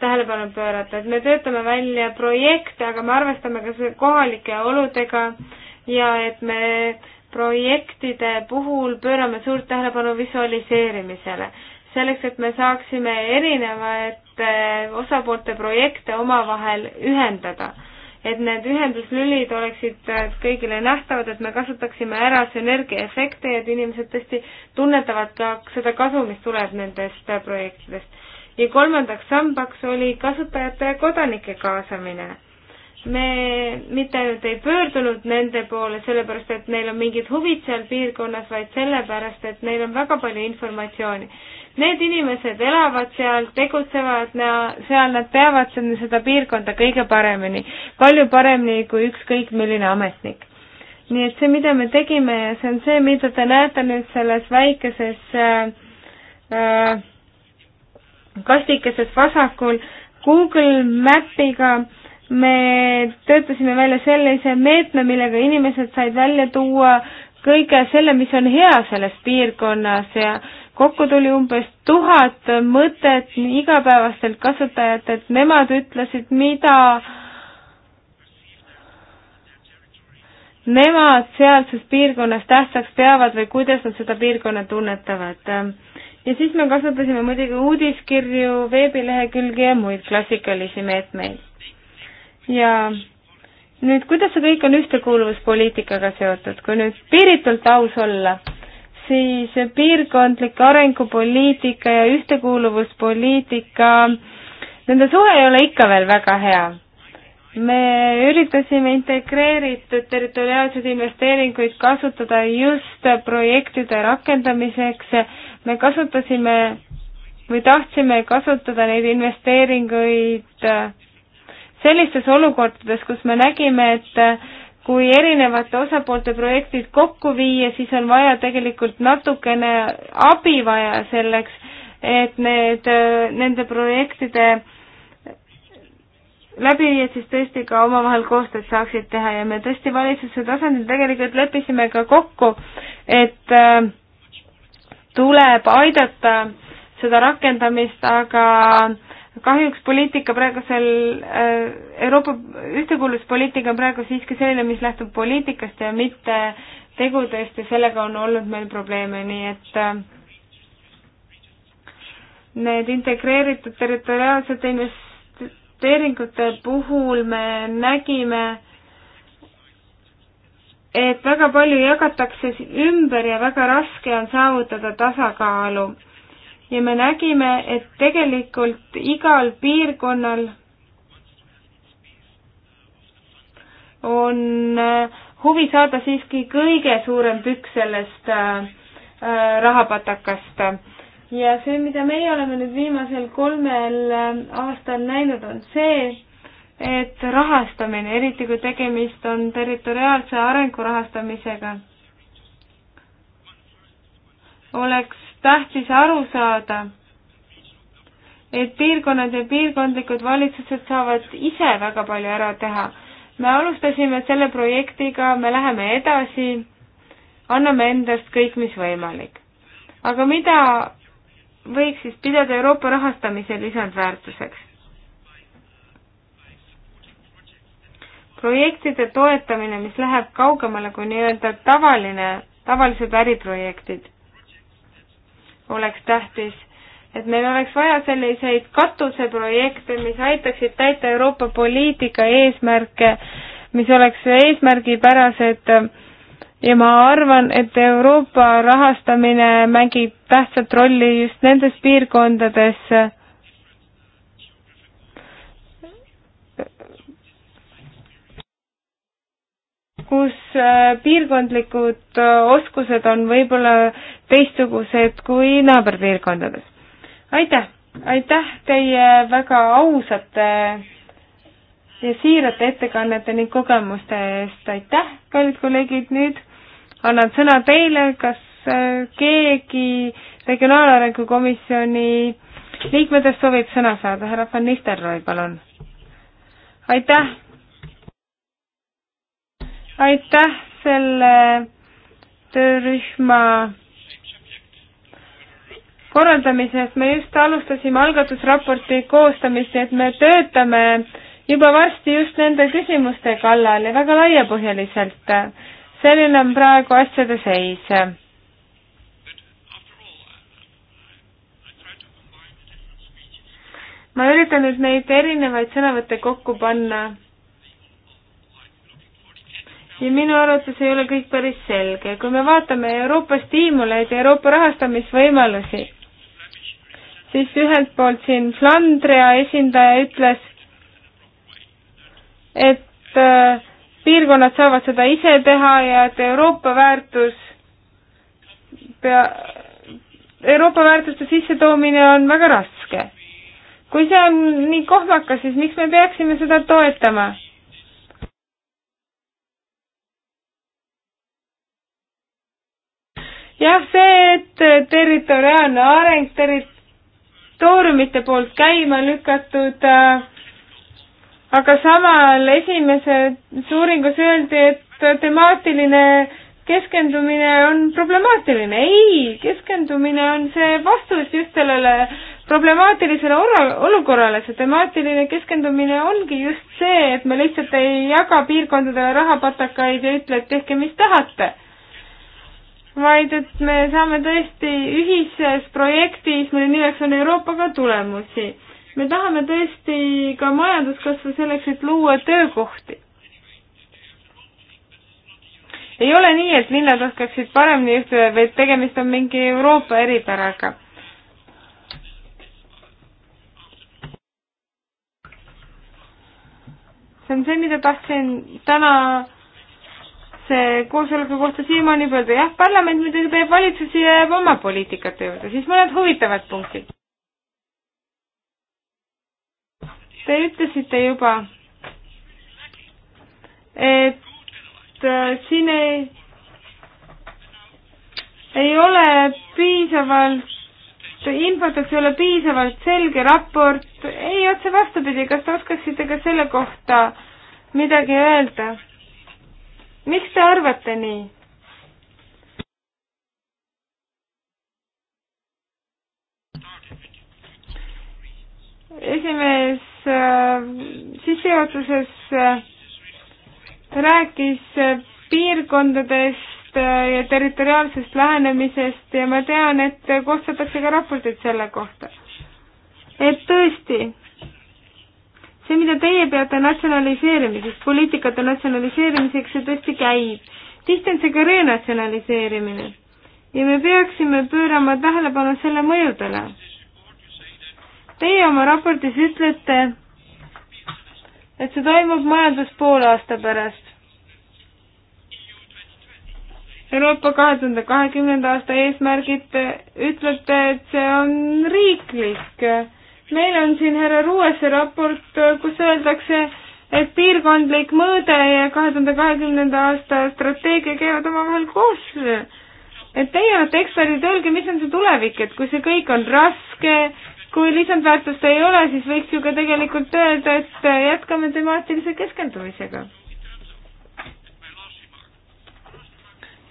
S3: tähelepanu pöörata, et me töötame välja projekte, aga me arvestame ka kohalike oludega ja et me projektide puhul pöörame suurt tähelepanu visualiseerimisele. selleks, et me saaksime erinevate äh, osapoolte projekte omavahel ühendada et need ühenduslülid oleksid kõigile nähtavad, et me kasutaksime ära sünergiaefekte ja et inimesed tõesti tunnetavad ka seda kasu, mis tuleb nendest projektidest. ja kolmandaks sambaks oli kasutajate ja kodanike kaasamine. me mitte ainult ei pöördunud nende poole sellepärast, et neil on mingid huvid seal piirkonnas, vaid sellepärast, et neil on väga palju informatsiooni Need inimesed elavad seal, tegutsevad seal, nad teavad seda piirkonda kõige paremini, palju paremini kui ükskõik milline ametnik. nii et see, mida me tegime ja see on see, mida te näete nüüd selles väikeses äh, äh, kastikeses vasakul Google Mapiga me töötasime välja sellise meetme, millega inimesed said välja tuua kõige selle, mis on hea selles piirkonnas ja kokku tuli umbes tuhat mõtet igapäevastelt kasutajat, et nemad ütlesid, mida nemad sealses piirkonnas tähtsaks peavad või kuidas nad seda piirkonna tunnetavad. ja siis me kasutasime muidugi uudiskirju, veebilehekülgi ja muid klassikalisi meetmeid. ja nüüd, kuidas see kõik on ühtekuuluvuspoliitikaga seotud, kui nüüd piiritult aus olla siis piirkondlik arengupoliitika ja ühtekuuluvuspoliitika, nende suhe ei ole ikka veel väga hea. me üritasime integreeritud territoriaalseid investeeringuid kasutada just projektide rakendamiseks, me kasutasime või tahtsime kasutada neid investeeringuid sellistes olukordades, kus me nägime, et kui erinevate osapoolte projektid kokku viia, siis on vaja tegelikult natukene abi vaja selleks, et need, nende projektide läbiviijad siis tõesti ka omavahel koostööd saaksid teha ja me tõesti valitsuse tasandil tegelikult leppisime ka kokku, et äh, tuleb aidata seda rakendamist, aga kahjuks poliitika praegusel, äh, Euroopa ühtekuuluvuspoliitika on praegu siiski selline, mis lähtub poliitikast ja mitte tegudest ja sellega on olnud meil probleeme, nii et äh, need integreeritud territoriaalsete investeeringute puhul me nägime, et väga palju jagatakse ümber ja väga raske on saavutada tasakaalu ja me nägime, et tegelikult igal piirkonnal on äh, huvi saada siiski kõige suurem tükk sellest äh, äh, rahapatakast. ja see, mida meie oleme nüüd viimasel kolmel aastal näinud, on see, et rahastamine, eriti kui tegemist on territoriaalse arengu rahastamisega, oleks tähtis aru saada, et piirkonnad ja piirkondlikud valitsused saavad ise väga palju ära teha. me alustasime selle projektiga, me läheme edasi, anname endast kõik, mis võimalik. aga mida võiks siis pidada Euroopa rahastamise lisandväärtuseks? projektide toetamine, mis läheb kaugemale kui nii-öelda tavaline, tavalised äriprojektid oleks tähtis, et meil oleks vaja selliseid katuseprojekte, mis aitaksid täita Euroopa poliitika eesmärke, mis oleks eesmärgipärased ja ma arvan, et Euroopa rahastamine mängib tähtsat rolli just nendes piirkondades, kus äh, piirkondlikud äh, oskused on võib-olla teistsugused kui naaberpiirkondades. aitäh, aitäh teie väga ausate ja siirate ettekannete ning kogemuste eest, aitäh, kallid kolleegid, nüüd annan sõna teile, kas äh, keegi Regionaalarengu Komisjoni liikmetest soovib sõna saada, härra Van Nistelrooy, palun. aitäh aitäh selle töörühma korraldamisest, me just alustasime algatusraporti koostamist, nii et me töötame juba varsti just nende küsimuste kallal ja väga laiapõhjaliselt. selline on praegu asjade seis. ma üritan nüüd neid erinevaid sõnavõtte kokku panna ja minu arvates ei ole kõik päris selge. kui me vaatame Euroopa stiimuleid ja Euroopa rahastamisvõimalusi, siis ühelt poolt siin Flandria esindaja ütles, et äh, piirkonnad saavad seda ise teha ja et Euroopa väärtus pea, Euroopa väärtuste sissetoomine on väga raske. kui see on nii kohmakas, siis miks me peaksime seda toetama? jah, see, et territoriaalne areng territooriumite poolt käima lükatud äh, aga samal esimeses uuringus öeldi, et temaatiline keskendumine on problemaatiline. ei, keskendumine on see vastus just sellele problemaatilisele olukorrale, see temaatiline keskendumine ongi just see, et me lihtsalt ei jaga piirkondadele rahapatakaid ja ütle, et tehke, mis tahate vaid et me saame tõesti ühises projektis, mille nimeks on Euroopaga tulemusi. me tahame tõesti ka majanduskasvu selleks, et luua töökohti. ei ole nii, et linnad oskaksid paremini juhtida, vaid tegemist on mingi Euroopa eripäraga. see on see, mida tahtsin täna koosoleku nagu kohta siiamaani öelda, jah, parlament muidugi teeb valitsusi ja jääb oma poliitikate juurde, siis mõned huvitavad punktid. Te ütlesite juba, et äh, siin ei, ei ole piisavalt infot, et see ei ole piisavalt selge raport, ei, otse vastupidi, kas te oskaksite ka selle kohta midagi öelda? miks te arvate nii? esimees äh, sissejuhatuses äh, rääkis äh, piirkondadest äh, ja territoriaalsest lähenemisest ja ma tean, et koostatakse ka raporteid selle kohta. et tõesti, see, mida teie peate natsionaliseerimiseks, poliitikate natsionaliseerimiseks, see tõesti käib. tihti on see ka renatsionaliseerimine ja me peaksime pöörama tähelepanu selle mõjudele. Teie oma raportis ütlete, et see toimub majandus poole aasta pärast. Euroopa kahe tuhande kahekümnenda aasta eesmärgid, ütlete, et see on riiklik meil on siin härra Ruuese raport, kus öeldakse, et piirkondlik mõõde ja kahe tuhande kahekümnenda aasta strateegia käivad omavahel koos. et teie olete eksperdid, öelge, mis on see tulevik, et kui see kõik on raske, kui lisandväärtust ei ole, siis võiks ju ka tegelikult öelda, et jätkame temaatilise keskendumisega.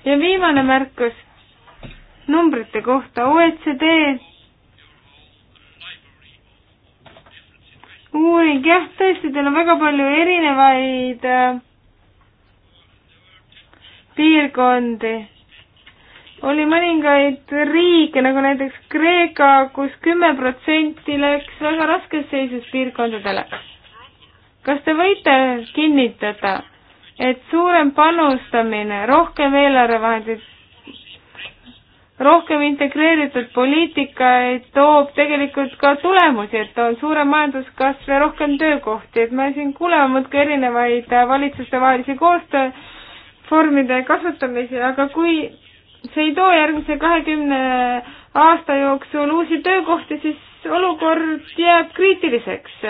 S3: ja viimane märkus numbrite kohta. OECD uuring, jah, tõesti, teil on väga palju erinevaid äh, piirkondi. oli mõningaid riike, nagu näiteks Kreeka kus, kus kümme protsenti läks väga raskes seisus piirkondadele. kas te võite kinnitada, et suurem panustamine, rohkem eelarvevahendid rohkem integreeritud poliitikaid toob tegelikult ka tulemusi, et on suurem majanduskasv ja rohkem töökohti, et me siin kuuleme muudkui erinevaid valitsustevahelisi koostöövormide kasutamisi, aga kui see ei too järgmise kahekümne aasta jooksul uusi töökohti, siis olukord jääb kriitiliseks.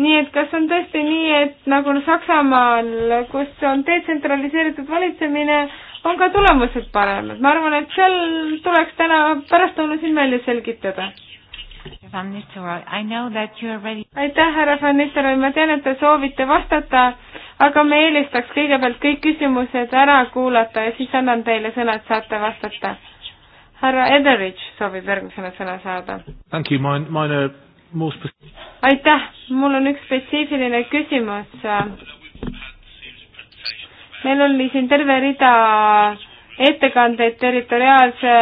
S3: nii et kas on tõesti nii, et nagu Saksamaal, kus on detsentraliseeritud valitsemine, on ka tulemused paremad. ma arvan, et seal tuleks täna pärastlõunal siin välja selgitada. aitäh, härra Van Nistelrooy, ma tean, et te soovite vastata, aga me eelistaks kõigepealt kõik küsimused ära kuulata ja siis annan teile sõna, et saate vastata. härra Ederich soovib järgmisena sõna saada. aitäh, mul on üks spetsiifiline küsimus meil oli siin terve rida ettekandeid territoriaalse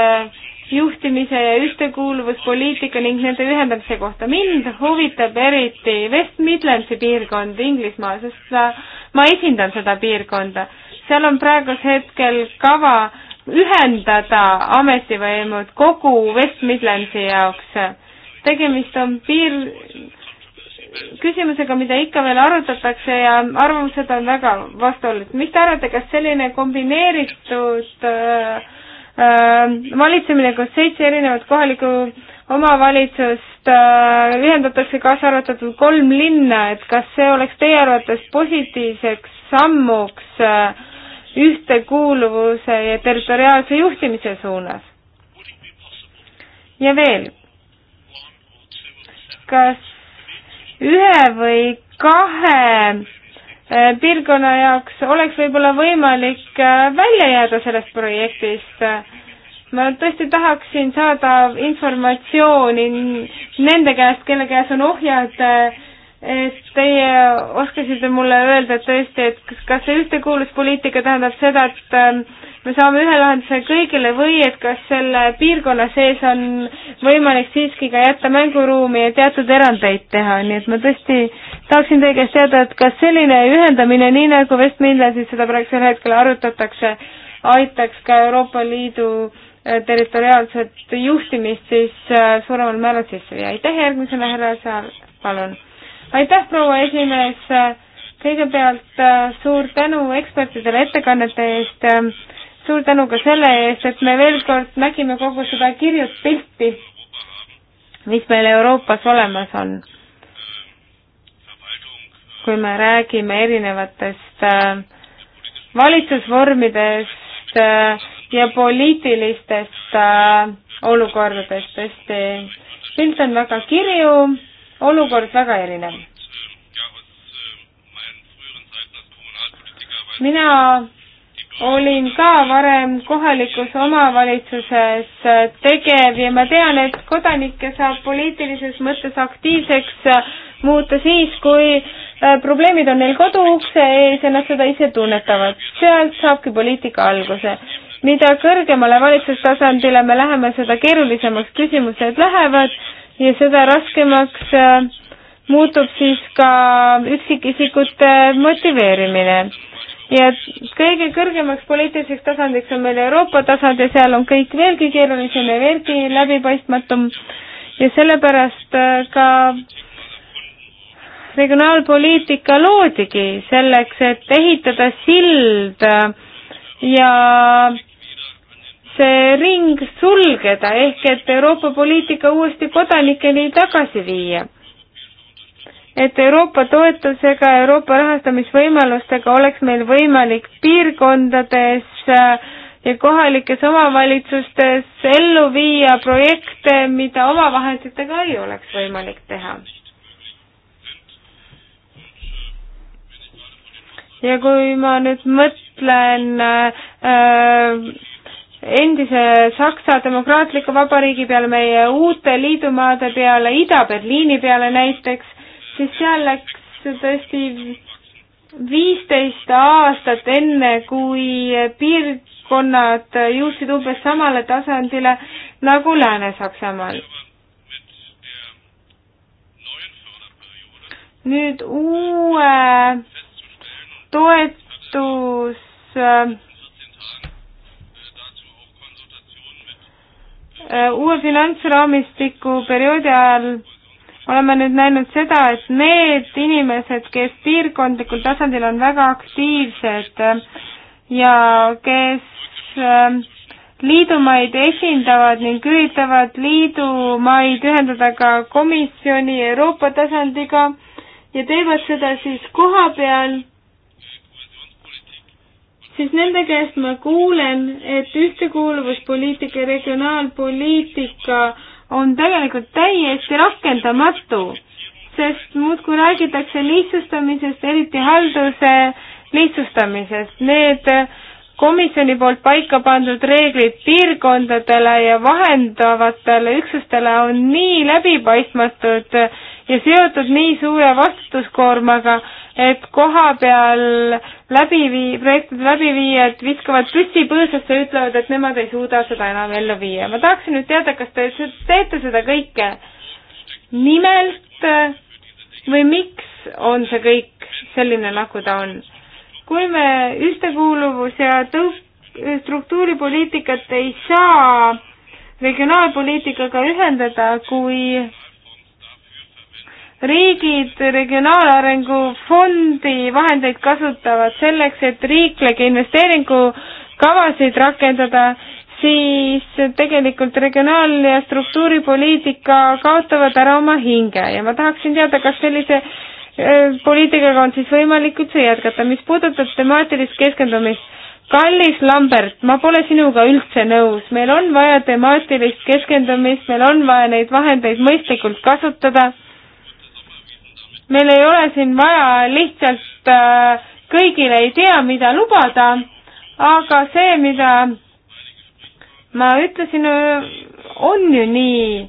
S3: juhtimise ja ühtekuuluvuspoliitika ning nende ühendamise kohta. mind huvitab eriti West Midlandsi piirkond Inglismaal, sest ma esindan seda piirkonda. seal on praegusel hetkel kava ühendada ametivõimud kogu West Midlandsi jaoks. tegemist on piir, küsimusega, mida ikka veel arutatakse ja arvamused on väga vastuolulised. mis te arvate, kas selline kombineeritud äh, äh, valitsemine, kus seitse erinevat kohalikku omavalitsust äh, ühendatakse, kaasa arvatud kolm linna, et kas see oleks teie arvates positiivseks sammuks äh, ühtekuuluvuse ja territoriaalse juhtimise suunas? ja veel, kas ühe või kahe äh, piirkonna jaoks oleks võib-olla võimalik äh, välja jääda sellest projektist. ma tõesti tahaksin saada informatsiooni nende käest, kelle käes on ohjad, äh, et teie oskasite mulle öelda tõesti, et kas see ühtekuuluvuspoliitika tähendab seda, et ähm, me saame ühe lahenduse kõigile või et kas selle piirkonna sees on võimalik siiski ka jätta mänguruumi ja teatud erandeid teha, nii et ma tõesti tahaksin teie käest teada, et kas selline ühendamine, nii nagu Westmidlandis seda praegusel hetkel arutatakse, aitaks ka Euroopa Liidu äh, territoriaalset juhtimist siis äh, suuremal määral sisse viia. aitäh järgmisele härra Saar, palun. aitäh, proua esimees. kõigepealt äh, suur tänu ekspertidele ettekannete eest suur tänu ka selle eest, et me veel kord nägime kogu seda kirjut pilti, mis meil Euroopas olemas on. kui me räägime erinevatest äh, valitsusvormidest äh, ja poliitilistest äh, olukordadest, tõesti, pilt on väga kirju, olukord väga erinev. mina olin ka varem kohalikus omavalitsuses tegev ja ma tean, et kodanikke saab poliitilises mõttes aktiivseks muuta siis, kui äh, probleemid on neil koduukse ees ja nad seda ise tunnetavad. sealt saabki poliitika alguse. mida kõrgemale valitsustasandile me läheme, seda keerulisemaks küsimused lähevad ja seda raskemaks äh, muutub siis ka üksikisikute motiveerimine ja kõige kõrgemaks poliitiliseks tasandiks on meil Euroopa tasand ja seal on kõik veelgi keerulisem ja veelgi läbipaistmatum ja sellepärast äh, ka regionaalpoliitika loodigi selleks, et ehitada sild äh, ja see ring sulgeda, ehk et Euroopa poliitika uuesti kodanikeni tagasi viia et Euroopa toetusega, Euroopa rahastamisvõimalustega oleks meil võimalik piirkondades äh, ja kohalikes omavalitsustes ellu viia projekte, mida omavahenditega ei oleks võimalik teha. ja kui ma nüüd mõtlen äh, endise Saksa Demokraatliku Vabariigi peale, meie uute liidumaade peale, Ida-Berliini peale näiteks, siis seal läks tõesti viisteist aastat enne, kui piirkonnad jõudsid umbes samale tasandile nagu Lääne-Saksamaal. nüüd uue toetus äh, uue finantsraamistiku perioodi ajal oleme nüüd näinud seda, et need inimesed, kes piirkondlikul tasandil on väga aktiivsed ja kes ähm, liidumaid esindavad ning üritavad liidumaid ühendada ka komisjoni Euroopa tasandiga ja teevad seda siis koha peal, siis nende käest ma kuulen, et ühtekuuluvuspoliitika ja regionaalpoliitika on tegelikult täiesti rakendamatu, sest muudkui räägitakse lihtsustamisest, eriti halduse lihtsustamisest. Need komisjoni poolt paika pandud reeglid piirkondadele ja vahendavatele üksustele on nii läbipaistmatud, ja seotud nii suure vastutuskoormaga, et koha peal läbi vii-, projektide läbiviijad viskavad püssi põõsasse ja ütlevad, et nemad ei suuda seda enam ellu viia. ma tahaksin nüüd teada, kas te teete seda kõike nimelt või miks on see kõik selline, nagu ta on? kui me ühtekuuluvus ja tõus-, struktuuripoliitikat ei saa regionaalpoliitikaga ühendada, kui riigid Regionaalarengu Fondi vahendeid kasutavad selleks, et riiklikke investeeringukavasid rakendada, siis tegelikult regionaal- ja struktuuripoliitika kaotavad ära oma hinge ja ma tahaksin teada, kas sellise poliitikaga on siis võimalik üldse jätkata, mis puudutab temaatilist keskendumist, kallis Lambert, ma pole sinuga üldse nõus, meil on vaja temaatilist keskendumist, meil on vaja neid vahendeid mõistlikult kasutada meil ei ole siin vaja lihtsalt äh, kõigile ei tea, mida lubada, aga see, mida ma ütlesin, äh, on ju nii.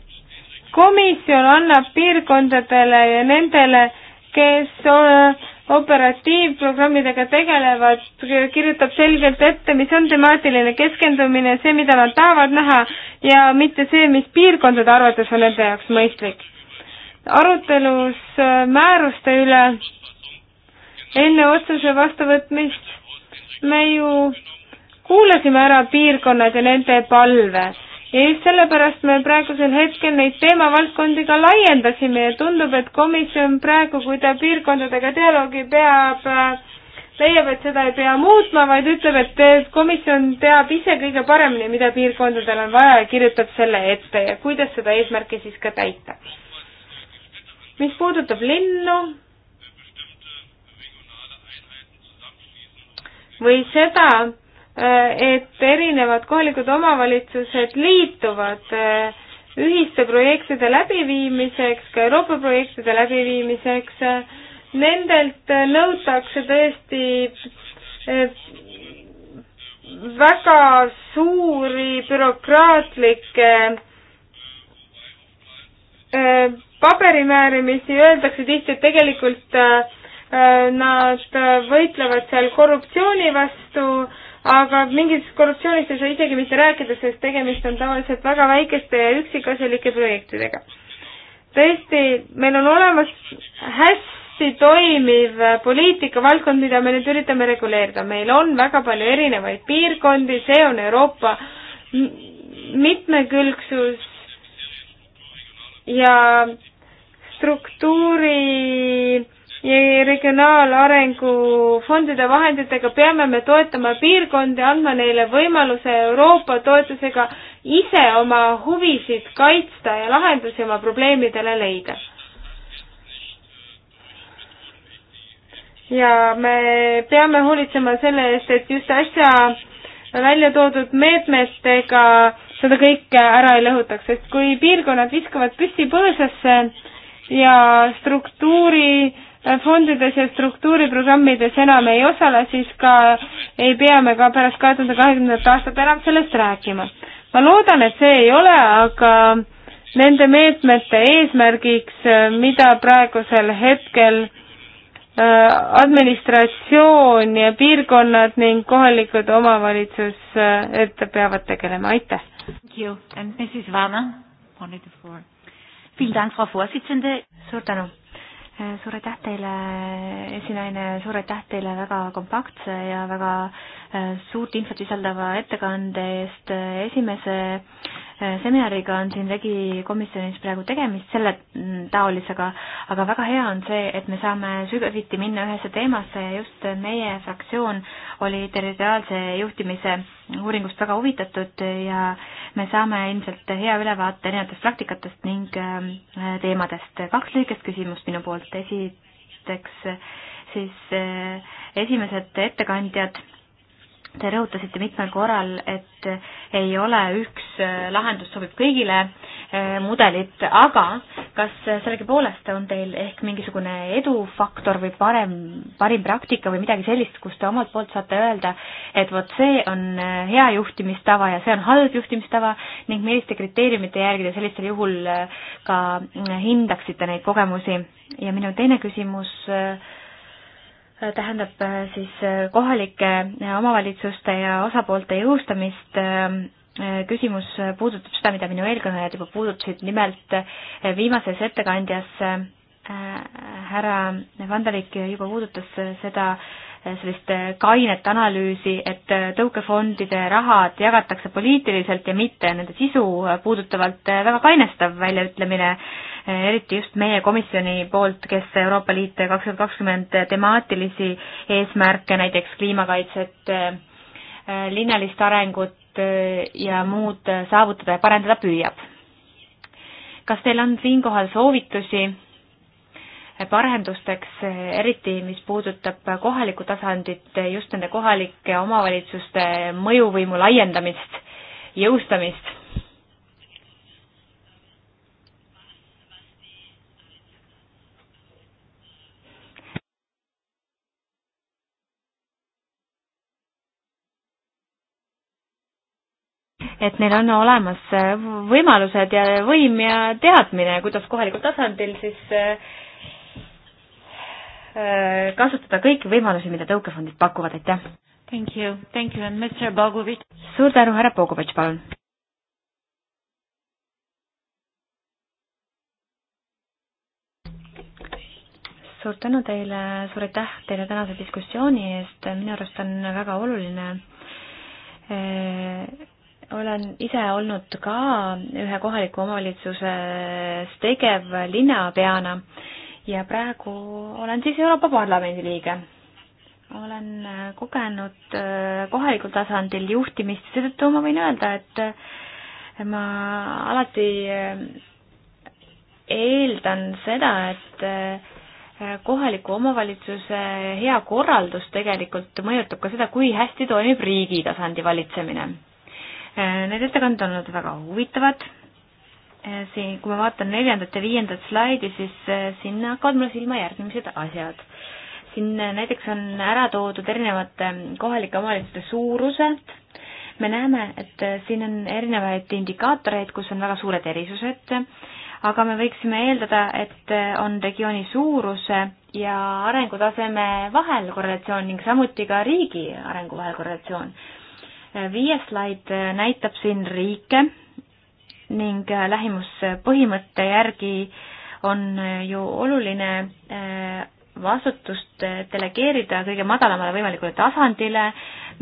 S3: komisjon annab piirkondadele ja nendele, kes äh, operatiivprogrammidega tegelevad, kirjutab selgelt ette, mis on temaatiline keskendumine, see, mida nad tahavad näha ja mitte see, mis piirkondade arvates on nende jaoks mõistlik arutelus äh, määruste üle enne otsuse vastuvõtmist me ju kuulasime ära piirkonnad ja nende palve ja just sellepärast me praegusel hetkel neid teemavaldkondi ka laiendasime ja tundub, et komisjon praegu, kui ta piirkondadega dialoogi peab, äh, leiab, et seda ei pea muutma, vaid ütleb, et komisjon teab ise kõige paremini, mida piirkondadel on vaja ja kirjutab selle ette ja kuidas seda eesmärki siis ka täita mis puudutab linnu või seda, äh, et erinevad kohalikud omavalitsused liituvad äh, ühiste projektide läbiviimiseks, ka Euroopa projektide läbiviimiseks, äh, nendelt nõutakse tõesti väga suuri bürokraatlikke paberimäärimisi, öeldakse tihti, et tegelikult äh, nad võitlevad seal korruptsiooni vastu, aga mingist korruptsioonist ei saa isegi mitte rääkida, sest tegemist on tavaliselt väga väikeste ja üksikasjalike projektidega. tõesti, meil on olemas hästi toimiv poliitikavaldkond, mida me nüüd üritame reguleerida. meil on väga palju erinevaid piirkondi, see on Euroopa mitmekülgsus ja struktuuri ja regionaalarengu fondide vahenditega peame me toetama piirkondi, andma neile võimaluse Euroopa toetusega ise oma huvisid kaitsta ja lahendusi oma probleemidele leida. ja me peame hoolitsema selle eest, et just äsja välja toodud meetmetega seda kõike ära ei lõhutaks, sest kui piirkonnad viskavad püsti põõsasse, ja struktuurifondides äh, ja struktuuriprogrammides enam ei osale, siis ka ei pea me ka pärast kahe tuhande kahekümnendat aastat enam sellest rääkima. ma loodan, et see ei ole, aga nende meetmete eesmärgiks, äh, mida praegusel hetkel äh, administratsioon ja piirkonnad ning kohalikud omavalitsused peavad tegelema, aitäh!
S1: Thank you and Mrs Vana, only the floor suur tänu. suur aitäh teile, esinaine, suur aitäh teile väga kompaktse ja väga äh, Äh, suurt infot sisaldava ettekande eest. Äh, esimese äh, seminariga on siin regi komisjonis praegu tegemist selle mm, taolisega, aga väga hea on see, et me saame sügaviti minna ühesse teemasse ja just meie fraktsioon oli territoriaalse juhtimise uuringust väga huvitatud ja me saame ilmselt hea ülevaate erinevatest praktikatest ning teemadest. kaks lühikest küsimust minu poolt, esiteks siis esimesed ettekandjad Te rõhutasite mitmel korral, et ei ole üks äh, lahendus sobib kõigile äh, mudelit, aga kas sellegipoolest on teil ehk mingisugune edufaktor või parem, parim praktika või midagi sellist, kus te omalt poolt saate öelda, et vot see on äh, hea juhtimistava ja see on halb juhtimistava ning milliste kriteeriumite järgi te sellisel juhul ka hindaksite neid kogemusi? ja minu teine küsimus äh, tähendab äh, siis äh, kohalike äh, omavalitsuste ja osapoolte jõustamist. küsimus puudutab seda, mida minu eelkõnelejad juba puudutasid, nimelt viimases ettekandjas härra Vandalik juba puudutas seda sellist kainet analüüsi, et tõukefondide rahad jagatakse poliitiliselt ja mitte nende sisu puudutavalt väga kainestav väljaütlemine eriti just meie komisjoni poolt, kes Euroopa Liit kakskümmend kakskümmend temaatilisi eesmärke, näiteks kliimakaitset, äh, linnalist arengut äh, ja muud saavutada ja parandada püüab. kas teil on siinkohal soovitusi parendusteks, eriti mis puudutab kohalikku tasandit, just nende kohalike omavalitsuste mõjuvõimu laiendamist, jõustamist et neil on olemas äh, võimalused ja võim ja teadmine, kuidas kohalikul tasandil siis äh, äh, kasutada kõiki võimalusi, mida tõukefondid pakuvad, aitäh! Thank you, thank you and Mr Bogovic. suur tänu, härra Bogovic, palun! suur tänu teile, suur aitäh teile tänase diskussiooni eest, minu arust on väga oluline olen ise olnud ka ühe kohaliku omavalitsuses tegev linnapeana ja praegu olen siis Euroopa Parlamendi liige. olen äh, kogenud äh, kohalikul tasandil juhtimist, seetõttu ma võin öelda, et äh, ma alati eeldan seda, et kohaliku omavalitsuse hea korraldus tegelikult mõjutab ka seda, kui hästi toimib riigi tasandi valitsemine. Äh, need ettekanded on olnud väga huvitavad. Äh, siin, kui ma vaatan neljandat ja viiendat slaidi, siis äh, siin hakkavad mulle silma järgmised asjad. siin näiteks on ära toodud erinevate kohalike omavalitsuste suurused. me näeme, et siin on erinevaid indikaatoreid, kus on väga suured erisused, aga me võiksime eeldada, et on regiooni suuruse ja arengutaseme vahel korrelatsioon ning samuti ka riigi arengu vahel korrelatsioon viies slaid näitab siin riike ning lähimuspõhimõtte järgi on ju oluline äh, vastutust delegeerida kõige madalamale võimalikule tasandile,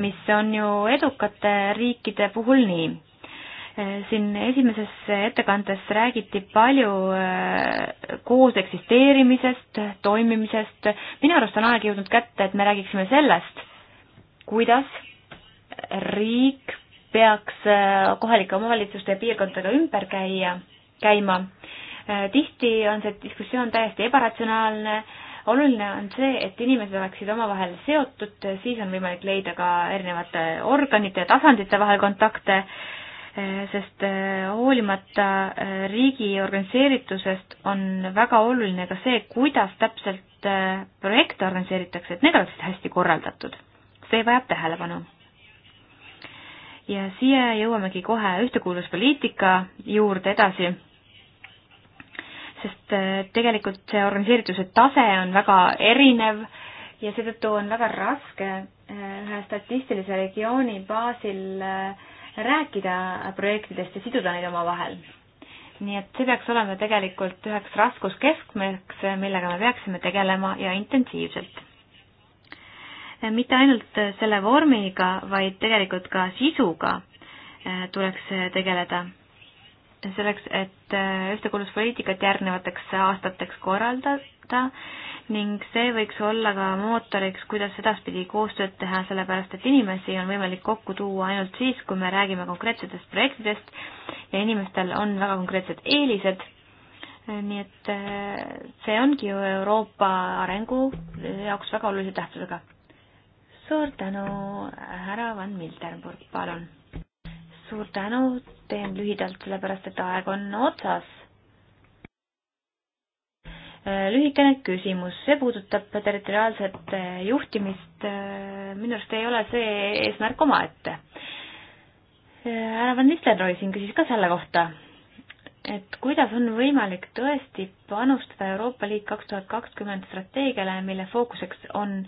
S1: mis on ju edukate riikide puhul nii. Äh, siin esimeses ettekandes räägiti palju äh, koos eksisteerimisest, toimimisest, minu arust on aeg jõudnud kätte, et me räägiksime sellest, kuidas riik peaks äh, kohalike omavalitsuste ja piirkondadega ümber käia, käima. Äh, tihti on see diskussioon täiesti ebaratsionaalne, oluline on see, et inimesed oleksid omavahel seotud, siis on võimalik leida ka erinevate organite ja tasandite vahel kontakte, äh, sest hoolimata riigi organiseeritusest on väga oluline ka see, kuidas täpselt projekte organiseeritakse, et need oleksid hästi korraldatud. see vajab tähelepanu ja siia jõuamegi kohe ühtekuuluvuspoliitika juurde edasi, sest äh, tegelikult see organiseerituse tase on väga erinev ja seetõttu on väga raske äh, ühe statistilise regiooni baasil äh, rääkida projektidest ja siduda neid omavahel. nii et see peaks olema tegelikult üheks raskuskeskmeks, millega me peaksime tegelema ja intensiivselt mitte ainult selle vormiga, vaid tegelikult ka sisuga äh, tuleks äh, tegeleda. selleks, et äh, ühtekuuluvuspoliitikat järgnevateks aastateks korraldada ning see võiks olla ka mootoriks, kuidas edaspidi koostööd teha, sellepärast et inimesi on võimalik kokku tuua ainult siis, kui me räägime konkreetsetest projektidest ja inimestel on väga konkreetsed eelised. nii et see ongi ju Euroopa arengu jaoks väga olulise tähtsusega suur tänu, härra Van Miltenburg, palun. suur tänu, teen lühidalt, sellepärast et aeg on otsas. Äh, lühikene küsimus, see puudutab territoriaalset äh, juhtimist. Äh, minu arust ei ole see eesmärk omaette. härra Van Nistelrooy siin küsis ka selle kohta et kuidas on võimalik tõesti panustada Euroopa Liit kaks tuhat kakskümmend strateegiale, mille fookuseks on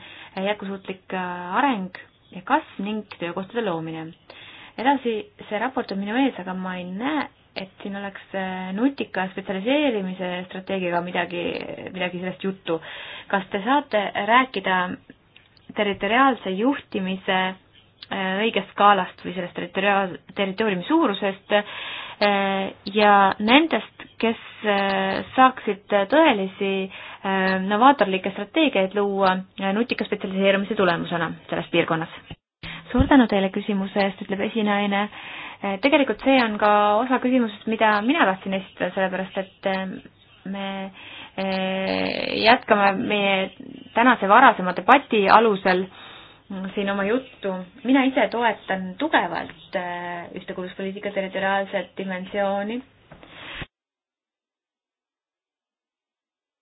S1: jätkusuutlik äh, areng ja kasv ning töökohtade loomine. edasi, see raport on minu ees, aga ma ei näe, et siin oleks äh, nutika spetsialiseerimise strateegiaga midagi, midagi sellest juttu. kas te saate rääkida territoriaalse juhtimise äh, õigest skaalast või sellest territoriaal-, territooriumi suurusest Äh, ja nendest, kes äh, saaksid äh, tõelisi novaatorlikke strateegiaid luua nutika spetsialiseerumise tulemusena selles piirkonnas. suur tänu teile küsimuse eest, ütleb esinaine. tegelikult see on ka osa küsimusest, mida mina tahtsin esitada, sellepärast et me jätkame meie tänase varasema debati alusel siin oma juttu. mina ise toetan tugevalt äh, ühtekuuluvuspoliitika territoriaalset dimensiooni.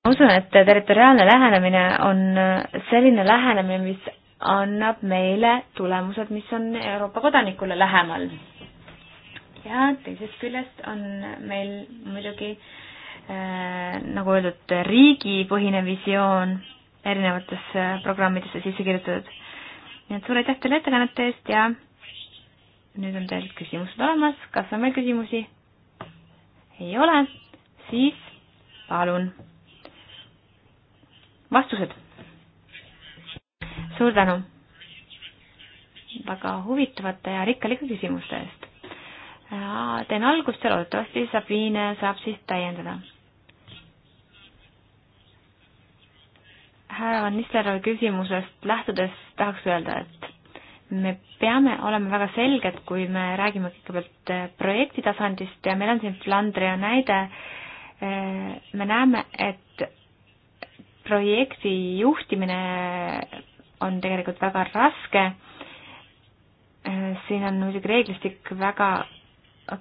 S1: ma usun, et territoriaalne lähenemine on äh, selline lähenemine, mis annab meile tulemused, mis on Euroopa kodanikule lähemal. ja teisest küljest on meil muidugi äh, nagu öeldud, riigipõhine visioon erinevates programmidesse sisse kirjutatud nii et suur aitäh teile ettekannete eest ja nüüd on teil küsimused olemas, kas on veel küsimusi? ei ole, siis palun. vastused. suur tänu väga huvitavate ja rikkalike küsimuste eest. teen algust ja loodetavasti Sabine saab siis täiendada härra Van Nistelrooy küsimusest lähtudes tahaks öelda, et me peame olema väga selged, kui me räägime kõigepealt eh, projekti tasandist ja meil on siin Flandria näide, eh, me näeme, et projekti juhtimine on tegelikult väga raske, eh, siin on muidugi reeglistik väga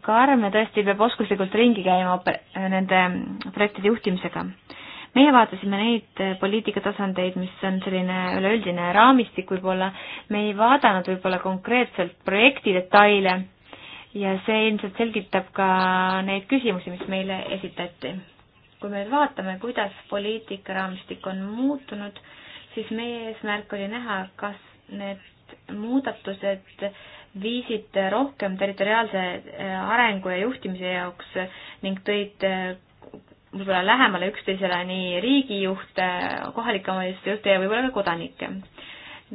S1: karm ja tõesti peab oskuslikult ringi käima nende projektide juhtimisega meie vaatasime neid eh, poliitikatasandeid, mis on selline üleüldine raamistik võib-olla, me ei vaadanud võib-olla konkreetselt projekti detaile ja see ilmselt selgitab ka neid küsimusi, mis meile esitati. kui me nüüd vaatame, kuidas poliitikaraamistik on muutunud, siis meie eesmärk oli näha, kas need muudatused viisid rohkem territoriaalse eh, arengu ja juhtimise jaoks ning tõid eh, võib-olla lähemale üksteisele nii riigijuhte, kohalike omavalitsuste juhte ja võib-olla ka kodanikke.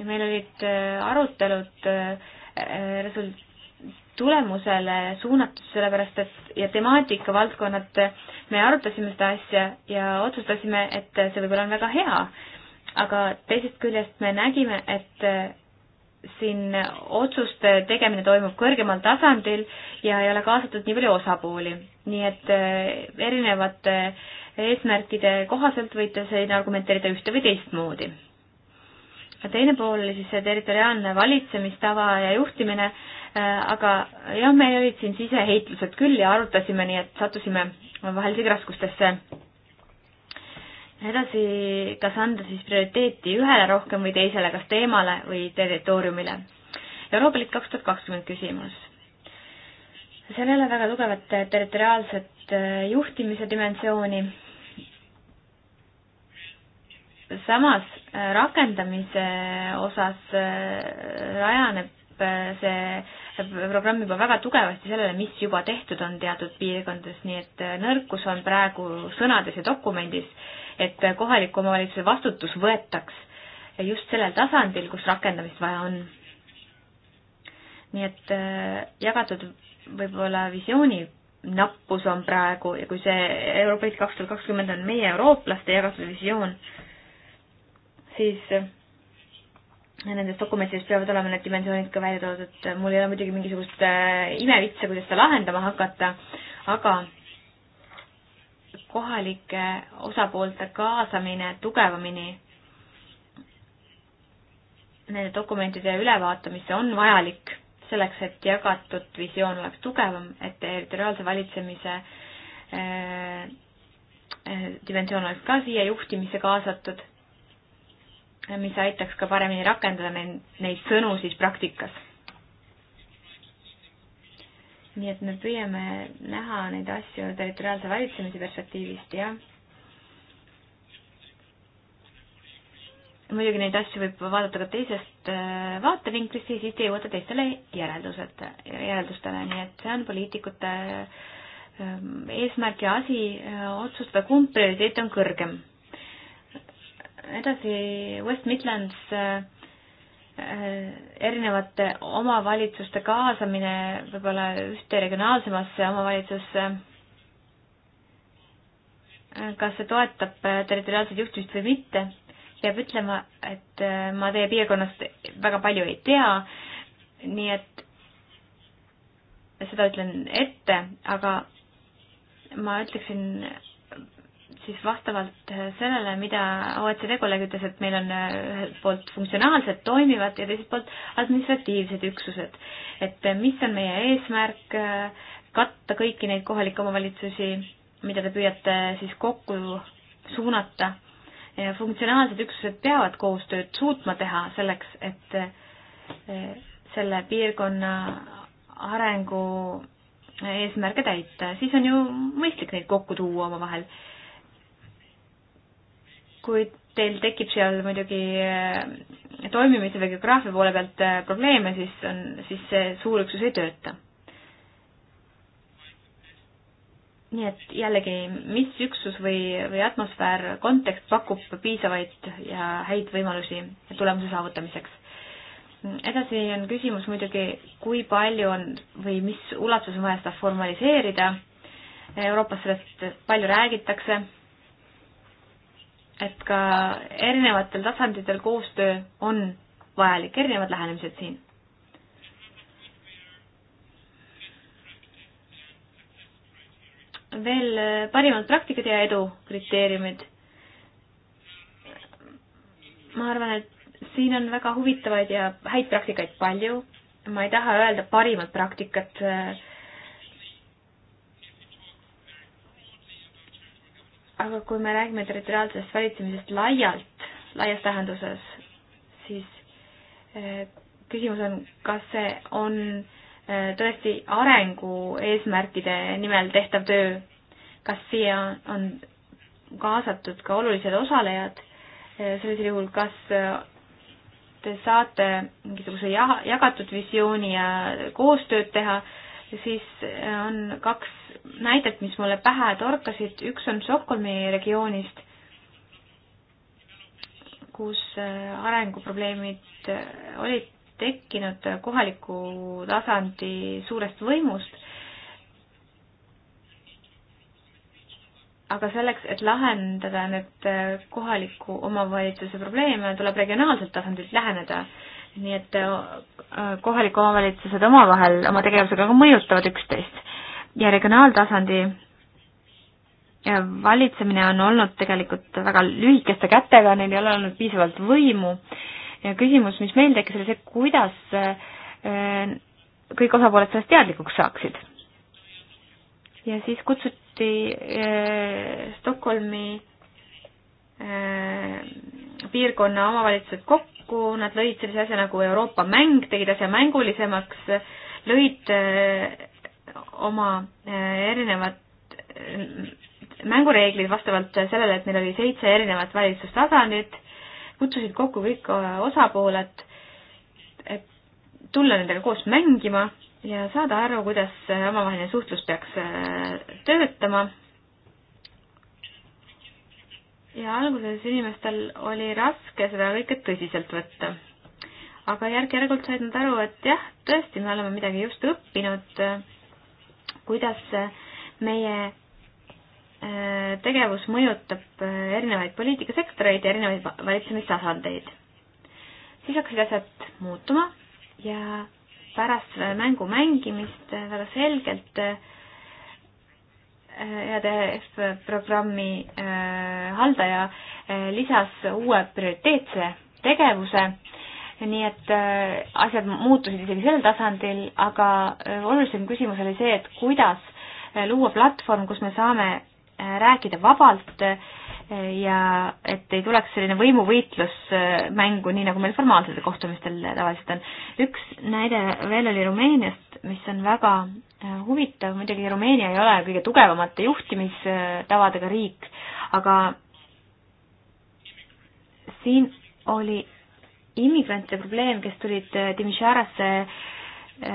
S1: meil olid äh, arutelud äh, result-, tulemusele suunatud, sellepärast et ja temaatikavaldkonnad, me arutasime seda asja ja otsustasime, et see võib-olla on väga hea, aga teisest küljest me nägime, et äh, siin otsuste tegemine toimub kõrgemal tasandil ja ei ole kaasatud nii palju osapooli. nii et eh, erinevate eesmärkide kohaselt võite siin argumenteerida ühte või teistmoodi. teine pool oli siis see territoriaalne valitsemistava ja juhtimine, eh, aga jah, meil olid siin siseheitlused küll ja arutasime, nii et sattusime vahel isegi raskustesse edasi, kas anda siis prioriteeti ühele rohkem või teisele, kas teemale või territooriumile. Euroopa Liit kaks tuhat kakskümmend küsimus. seal ei ole väga tugevat territoriaalset äh, juhtimise dimensiooni. samas äh, rakendamise osas äh, rajaneb see programm juba väga tugevasti sellele, mis juba tehtud on teatud piirkondades, nii et nõrkus on praegu sõnades ja dokumendis et kohaliku omavalitsuse vastutus võetaks just sellel tasandil, kus rakendamist vaja on. nii et äh, jagatud võib-olla visiooni nappus on praegu ja kui see Euroopa Liit kaks tuhat kakskümmend on meie eurooplaste jagatud visioon, siis äh, nendes dokumentides peavad olema need dimensioonid ka välja toodud, mul ei ole muidugi mingisugust äh, imevitsa, kuidas seda lahendama hakata, aga kohalike osapoolte kaasamine tugevamini nende dokumentide ülevaatamisse on vajalik selleks, et jagatud visioon oleks tugevam, et territoriaalse valitsemise äh, dimensioon oleks ka siia juhtimisse kaasatud, mis aitaks ka paremini rakendada neid, neid sõnu siis praktikas nii et me püüame näha neid asju territoriaalse valitsemise perspektiivist, jah. muidugi neid asju võib vaadata ka teisest äh, vaatevinklist ja siis te jõuate teistele järeldused, järeldustele, nii et see on poliitikute ähm, eesmärk ja asi äh, otsustada, kumb prioriteet on kõrgem. edasi West Midlands äh, Äh, erinevate omavalitsuste kaasamine võib-olla ühte regionaalsemasse omavalitsusse, äh, kas see toetab äh, territoriaalset juhtimist või mitte, peab ütlema, et ma teie piirkonnast väga palju ei tea, nii et seda ütlen ette, aga ma ütleksin siis vastavalt eh, sellele, mida OECD kolleeg ütles, et meil on eh, ühelt poolt funktsionaalsed, toimivad ja teiselt poolt administratiivsed üksused. et eh, mis on meie eesmärk, katta kõiki neid kohalikke omavalitsusi, mida te püüate siis kokku suunata. funktsionaalsed üksused peavad koostööd suutma teha selleks, et selle piirkonna arengu eesmärke täita, siis on ju mõistlik neid kokku tuua omavahel kuid teil tekib seal muidugi eh, toimimise või geograafia poole pealt eh, probleeme, siis on, siis see suurüksus ei tööta. nii et jällegi, mis üksus või, või atmosfäär, kontekst pakub piisavaid ja häid võimalusi tulemuse saavutamiseks. edasi on küsimus muidugi, kui palju on või mis ulatuses on vaja seda formaliseerida. Euroopas sellest palju räägitakse et ka erinevatel tasanditel koostöö on vajalik, erinevad lähenemised siin. veel äh, parimad praktikad ja edu kriteeriumid. ma arvan, et siin on väga huvitavaid ja häid praktikaid palju. ma ei taha öelda parimat praktikat äh, aga kui me räägime territoriaalsest valitsemisest laialt, laias tähenduses, siis eh, küsimus on, kas see on eh, tõesti arengu eesmärkide nimel tehtav töö, kas siia on kaasatud ka olulised osalejad, eh, sellisel juhul kas te saate mingisuguse jagatud visiooni ja koostööd teha ja siis äh, on kaks näidet, mis mulle pähe torkasid, üks on Stockholmi regioonist, kus äh, arenguprobleemid äh, olid tekkinud kohaliku tasandi suurest võimust. aga selleks, et lahendada need kohaliku omavalitsuse probleeme, tuleb regionaalselt tasandilt läheneda nii et äh, kohaliku omavalitsused omavahel oma tegevusega ka mõjutavad üksteist. ja regionaaltasandi äh, valitsemine on olnud tegelikult väga lühikeste kätega, neil ei ole olnud piisavalt võimu ja küsimus, mis meil tekkis, oli see, kuidas äh, kõik osapooled sellest teadlikuks saaksid. ja siis kutsuti Stockholmi piirkonna omavalitsused kokku, kokku, nad lõid sellise asja nagu Euroopa mäng, tegid asja mängulisemaks, lõid eh, oma eh, erinevad eh, mängureeglid vastavalt sellele, et meil oli seitse erinevat valitsustasandit, kutsusid kokku kõik osapooled, et tulla nendega koos mängima ja saada aru, kuidas omavaheline suhtlus peaks töötama ja alguses inimestel oli raske seda kõike tõsiselt võtta. aga järk-järgult said nad aru, et jah, tõesti, me oleme midagi just õppinud, kuidas meie äh, tegevus mõjutab äh, erinevaid poliitikasektoreid ja erinevaid valitsemistasandeid. siis hakkasid asjad muutuma ja pärast mängu mängimist äh, väga selgelt äh, EADF programmi e, haldaja e, lisas uue prioriteetse tegevuse, nii et e, asjad muutusid isegi sel tasandil, aga olulisem küsimus oli see, et kuidas luua platvorm, kus me saame rääkida vabalt eh, ja et ei tuleks selline võimuvõitlus mängu, nii nagu meil formaalsetel kohtumistel tavaliselt on. üks näide veel oli Rumeeniast, mis on väga eh, huvitav, muidugi Rumeenia ei ole kõige tugevamate juhtimistavadega riik, aga siin oli immigrantide probleem, kes tulid Timisoarasse eh,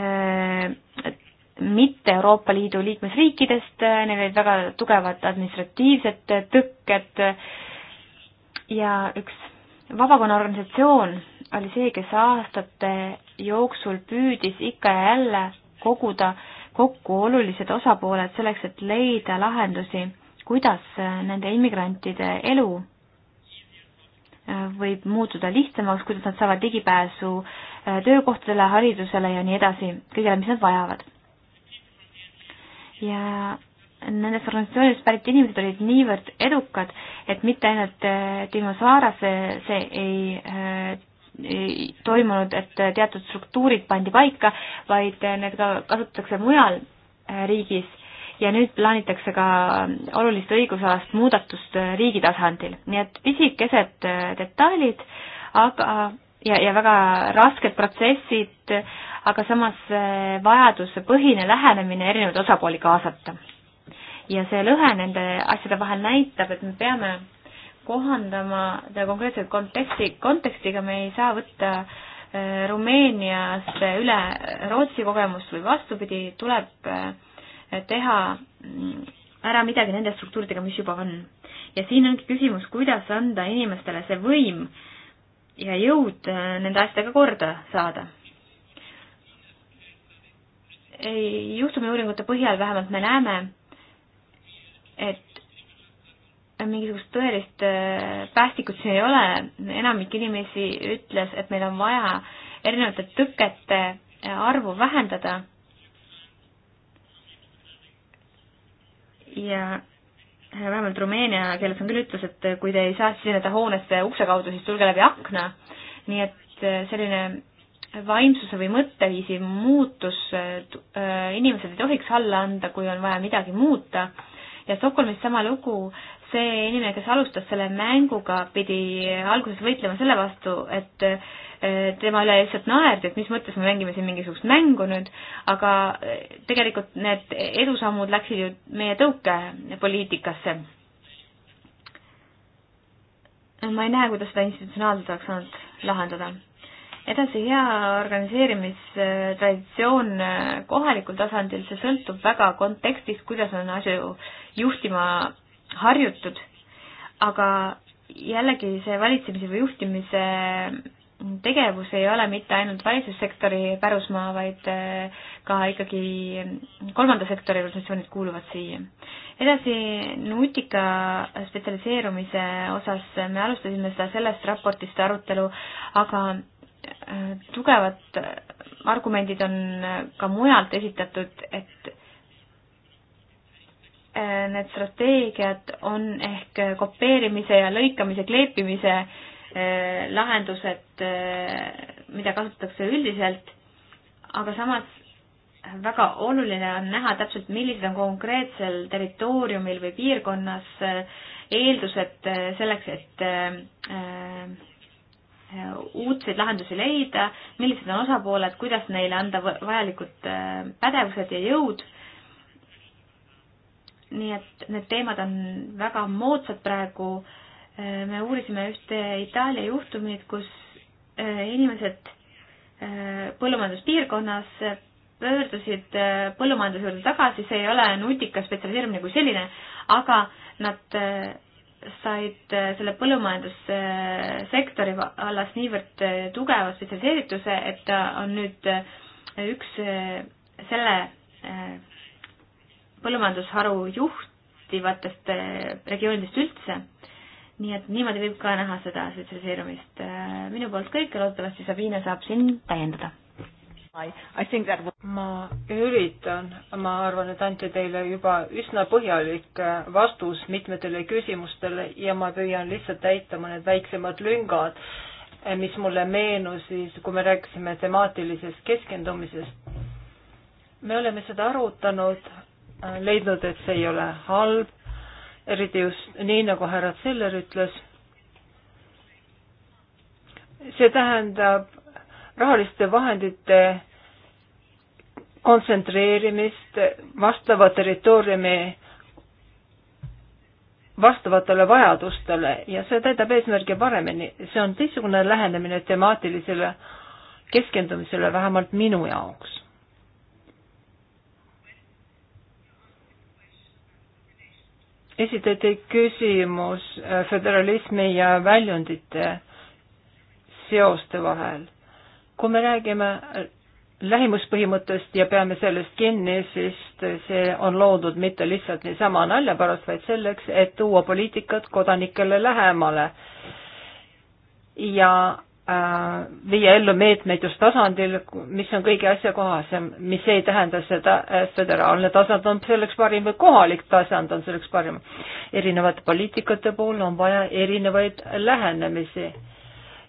S1: mitte Euroopa Liidu liikmesriikidest, neil olid väga tugevad administratiivsed tõkked ja üks vabakonna organisatsioon oli see, kes aastate jooksul püüdis ikka ja jälle koguda kokku olulised osapooled selleks, et leida lahendusi, kuidas nende immigrantide elu võib muutuda lihtsamaks, kuidas nad saavad ligipääsu töökohtadele, haridusele ja nii edasi, kõigele, mis nad vajavad ja nendest organisatsioonidest pärit inimesed olid niivõrd edukad, et mitte ainult äh, Timo Saaras see ei äh, ei toimunud, et äh, teatud struktuurid pandi paika, vaid need ka kasutatakse mujal riigis ja nüüd plaanitakse ka ähm, olulist õigusalast muudatust riigi tasandil. nii et pisikesed detailid, aga ja, ja väga rasked protsessid, aga samas eh, vajadusepõhine lähenemine erinevaid osapooli kaasata. ja see lõhe nende asjade vahel näitab, et me peame kohandama konkreetset konteksti, kontekstiga me ei saa võtta eh, Rumeeniast üle Rootsi kogemust või vastupidi, tuleb eh, teha mm, ära midagi nende struktuuridega, mis juba on. ja siin ongi küsimus, kuidas anda inimestele see võim äh, ja jõud äh, nende asjadega korda saada. juhtumiuuringute põhjal vähemalt me näeme, et mingisugust tõelist äh, päästikut siin ei ole, enamik inimesi ütles, et meil on vaja erinevate tõkete äh, arvu vähendada ja Äh, vähemalt rumeenia keeles on küll ütlus, et äh, kui te ei saa siseneda hoonesse ukse kaudu, siis tulge läbi akna. nii et äh, selline vaimsuse või mõtteviisi muutus, inimesed ei tohiks alla anda, kui on vaja midagi muuta ja Stockholmis sama lugu, see inimene, kes alustas selle mänguga, pidi alguses võitlema selle vastu, et eh, tema üle lihtsalt naerdi, et mis mõttes me mängime siin mingisugust mängu nüüd, aga eh, tegelikult need edusammud läksid ju meie tõukepoliitikasse. ma ei näe, kuidas seda institutsionaalselt oleks saanud lahendada. edasi, hea organiseerimistraditsioon eh, kohalikul tasandil, see sõltub väga kontekstist, kuidas on asju juhtima harjutud, aga jällegi see valitsemise või juhtimise tegevus ei ole mitte ainult valitsussektori pärusmaa, vaid äh, ka ikkagi kolmanda sektori organisatsioonid kuuluvad siia. edasi nutika spetsialiseerumise osas me alustasime seda sellest raportist arutelu, aga äh, tugevad argumendid on ka mujalt esitatud, et Äh, need strateegiad on ehk kopeerimise ja lõikamise, kleepimise äh, lahendused, äh, mida kasutatakse üldiselt, aga samas väga oluline on näha täpselt, millised on konkreetsel territooriumil või piirkonnas eeldused selleks, et uudseid lahendusi leida, millised on osapooled, kuidas neile anda vajalikud pädevused ja jõud nii et need teemad on väga moodsad praegu. Äh, me uurisime ühte Itaalia juhtumit, kus äh, inimesed äh, põllumajanduspiirkonnas pöördusid põllumajanduse juurde tagasi, see ei ole nutikas spetsialiseerumine kui selline, aga nad said selle põllumajandussektori vallas niivõrd tugeva spetsialiseerituse, et ta on nüüd üks selle põllumajandusharu juhtivatest äh, regioonidest üldse. nii et niimoodi võib ka näha seda sotsialiseerumist. Äh, minu poolt kõik ja loodetavasti Sabine saab siin täiendada.
S2: That... ma üritan, ma arvan, et anti teile juba üsna põhjalik äh, vastus mitmetele küsimustele ja ma püüan lihtsalt täita mõned väiksemad lüngad, mis mulle meenus siis, kui me rääkisime temaatilisest keskendumisest me oleme seda arutanud Äh, leidnud, et see ei ole halb, eriti just nii, nagu härra Zeller ütles. see tähendab rahaliste vahendite kontsentreerimist vastava territooriumi vastavatele vajadustele ja see täidab eesmärgi paremini. see on teistsugune lähenemine temaatilisele keskendumisele, vähemalt minu jaoks esitati küsimus äh, föderalismi ja väljundite seoste vahel. kui me räägime äh, lähimuspõhimõttest ja peame sellest kinni, sest see on loodud mitte lihtsalt niisama nalja pärast, vaid selleks, et tuua poliitikat kodanikele lähemale ja Äh, viia ellu meetmeid just tasandil, mis on kõige asjakohasem, mis ei tähenda seda, et föderaalne tasand on selleks parim või kohalik tasand on selleks parim. erinevate poliitikate puhul on vaja erinevaid lähenemisi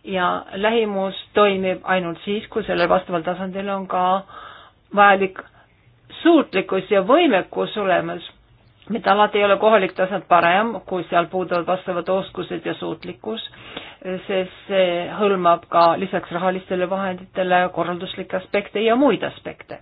S2: ja lähimus toimib ainult siis, kui sellel vastaval tasandil on ka vajalik suutlikkus ja võimekus olemas mitte alati ei ole kohalik tasand parem, kui seal puuduvad vastavad oskused ja suutlikkus, sest see hõlmab ka lisaks rahalistele vahenditele korralduslikke aspekte ja muid aspekte.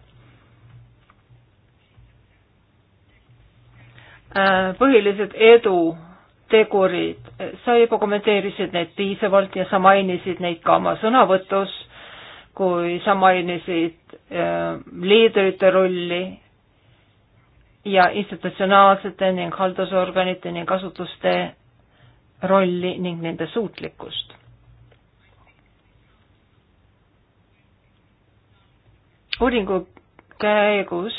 S2: Äh, põhilised edutegurid, sa juba kommenteerisid neid piisavalt ja sa mainisid neid ka oma sõnavõtus, kui sa mainisid äh, liidrite rolli ja institutsionaalsete ning haldusorganite ning asutuste rolli ning nende suutlikkust. uuringu käigus,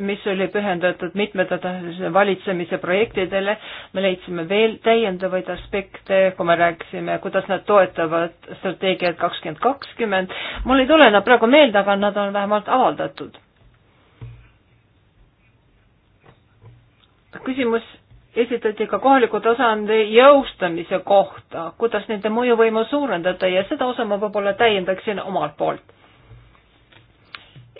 S2: mis oli pühendatud mitmetahelise valitsemise projektidele, me leidsime veel täiendavaid aspekte, kui me rääkisime, kuidas nad toetavad strateegiat kakskümmend kakskümmend. mul ei tule nad praegu meelde, aga nad on vähemalt avaldatud küsimus esitati ka kohaliku tasandi jõustamise kohta, kuidas nende mõjuvõimu suurendada ja seda osa ma võib-olla täiendaksin omalt poolt.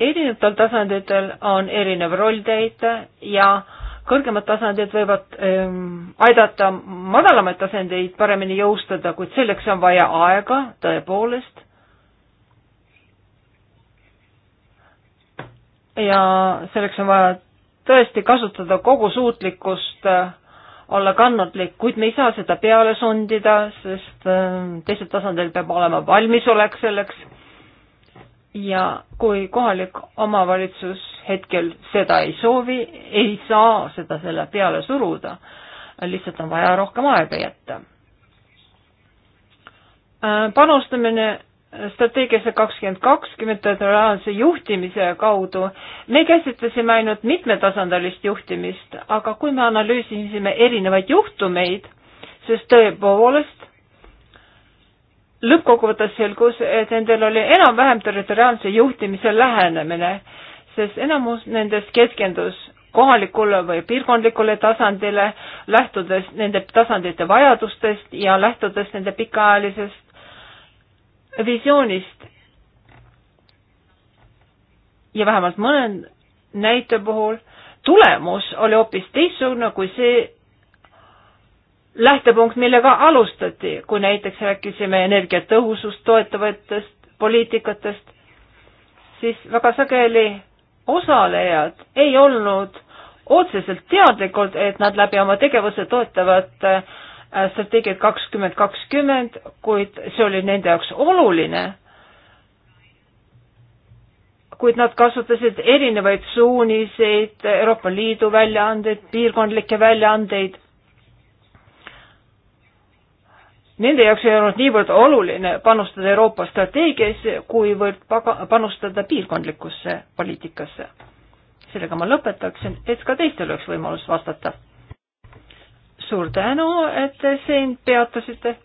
S2: erinevatel tasanditel on erinev roll täita ja kõrgemad tasandid võivad ähm, aidata madalamaid tasandeid paremini jõustada, kuid selleks on vaja aega, tõepoolest. ja selleks on vaja tõesti kasutada kogu suutlikkust äh, olla kannatlik, kuid me ei saa seda peale sundida, sest äh, teisel tasandil peab olema valmisolek selleks. ja kui kohalik omavalitsus hetkel seda ei soovi, ei saa seda selle peale suruda, lihtsalt on vaja rohkem aega jätta. Äh, panustamine strateegiasse kakskümmend kakskümmend territoriaalse juhtimise kaudu. me käsitlesime ainult mitmetasandilist juhtimist, aga kui me analüüsisime erinevaid juhtumeid, siis tõepoolest lõppkokkuvõttes selgus, et nendel oli enam-vähem territoriaalse juhtimise lähenemine, sest enamus nendest keskendus kohalikule või piirkondlikule tasandile, lähtudes nende tasandite vajadustest ja lähtudes nende pikaajalisest visioonist. ja vähemalt mõne näite puhul tulemus oli hoopis teistsugune kui see lähtepunkt, millega alustati, kui näiteks rääkisime energiatõhusust toetavatest poliitikatest, siis väga sageli osalejad ei olnud otseselt teadlikud, et nad läbi oma tegevuse toetavad äh, Äh, strateegiat kakskümmend kakskümmend, kuid see oli nende jaoks oluline. kuid nad kasutasid erinevaid suuniseid, Euroopa Liidu väljaandeid, piirkondlikke väljaandeid. Nende jaoks ei olnud niivõrd oluline panustada Euroopa strateegiasse, kuivõrd panustada piirkondlikusse poliitikasse. sellega ma lõpetaksin, et ka teistel oleks võimalus vastata suur tänu, et te siin peatusite.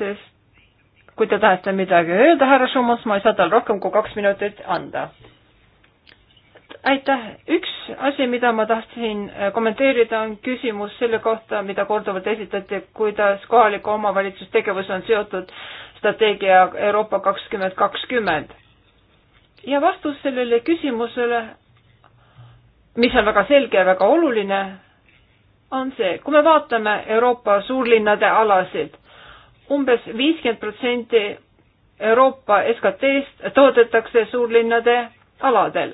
S2: sest kui te tahate midagi öelda, härra Schumann, ma ei saa tal rohkem kui kaks minutit anda. aitäh, üks asi, mida ma tahtsin kommenteerida, on küsimus selle kohta, mida korduvalt esitati, kuidas kohaliku omavalitsustegevus on seotud strateegia Euroopa kakskümmend kakskümmend. ja vastus sellele küsimusele mis on väga selge ja väga oluline, on see, kui me vaatame Euroopa suurlinnade alasid umbes, umbes viiskümmend protsenti Euroopa SKT-st toodetakse suurlinnade aladel.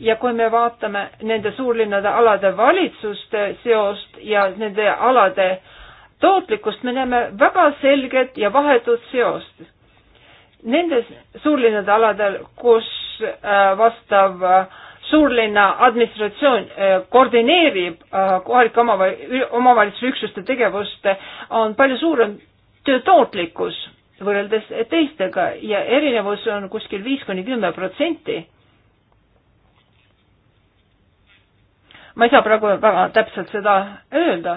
S2: ja kui me vaatame nende suurlinnade alade valitsuste seost ja nende alade tootlikkust, me näeme väga selget ja vahetut seost. Nendes suurlinnade aladel, kus äh, vastav äh, suurlinna administratsioon eh, koordineerib eh, kohalike omavalitsusüksuste tegevust, on palju suurem töö tootlikkus võrreldes teistega ja erinevus on kuskil viis kuni kümme protsenti. ma ei saa praegu väga täpselt seda öelda,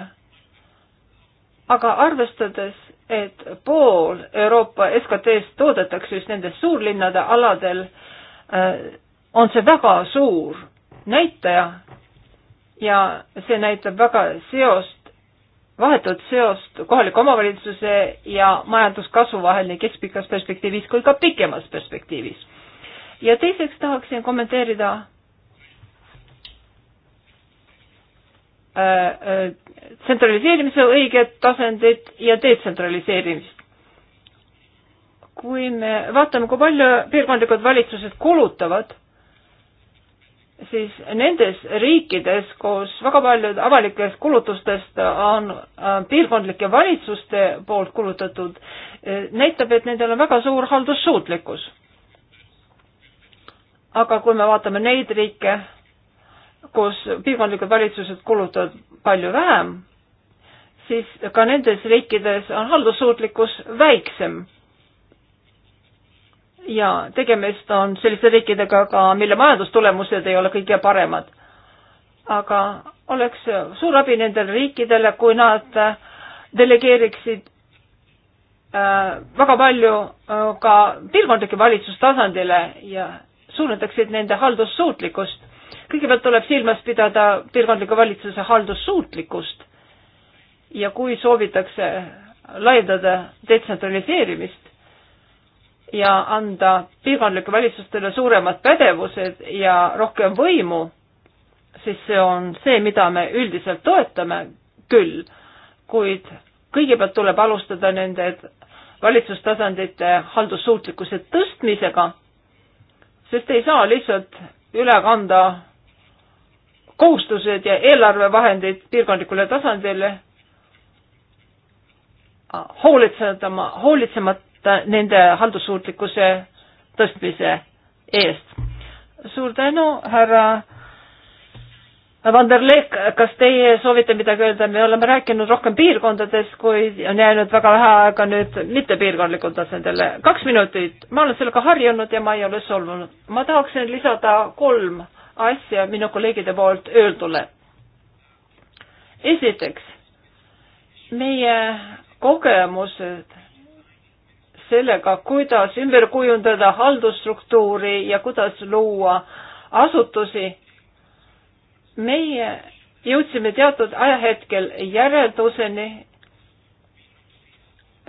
S2: aga arvestades, et pool Euroopa SKT-st toodetakse just nendes suurlinnade aladel äh,, on see väga suur näitaja ja see näitab väga seost, vahetut seost kohaliku omavalitsuse ja majanduskasvu vahel nii keskpikas perspektiivis kui ka pikemas perspektiivis. ja teiseks tahaksin kommenteerida äh, äh, tsentraliseerimise õiget tasandit ja detsentraliseerimist. kui me vaatame, kui palju piirkondlikud valitsused kulutavad siis nendes riikides, kus väga paljud avalikest kulutustest on äh, piirkondlike valitsuste poolt kulutatud, äh, näitab, et nendel on väga suur haldussuutlikkus. aga kui me vaatame neid riike, kus piirkondlikud valitsused kulutavad palju vähem, siis ka nendes riikides on haldussuutlikkus väiksem ja tegemist on selliste riikidega ka, mille majandustulemused ei ole kõige paremad. aga oleks suur abi nendele riikidele, kui nad delegeeriksid äh, väga palju äh, ka piirkondlike valitsustasandile ja suunataksid nende haldussuutlikkust. kõigepealt tuleb silmas pidada piirkondliku valitsuse haldussuutlikkust ja kui soovitakse laiendada detsentraliseerimist, ja anda piirkondlike valitsustele suuremad pädevused ja rohkem võimu, siis see on see, mida me üldiselt toetame küll, kuid kõigepealt tuleb alustada nende valitsustasandite haldussuutlikkuse tõstmisega, sest ei saa lihtsalt üle kanda kohustused ja eelarvevahendid piirkondlikule tasandile hoolitsetama, hoolitsema, ta, nende haldussuutlikkuse tõstmise eest. suur tänu, härra Vanderleek, kas teie soovite midagi öelda, me oleme rääkinud rohkem piirkondades, kuid on jäänud väga vähe aega nüüd mittepiirkondlikul tasandile. kaks minutit, ma olen sellega harjunud ja ma ei ole solvunud. ma tahaksin lisada kolm asja minu kolleegide poolt öeldule. esiteks, meie kogemused sellega, kuidas ümber kujundada haldusstruktuuri ja kuidas luua asutusi. meie jõudsime teatud ajahetkel järelduseni,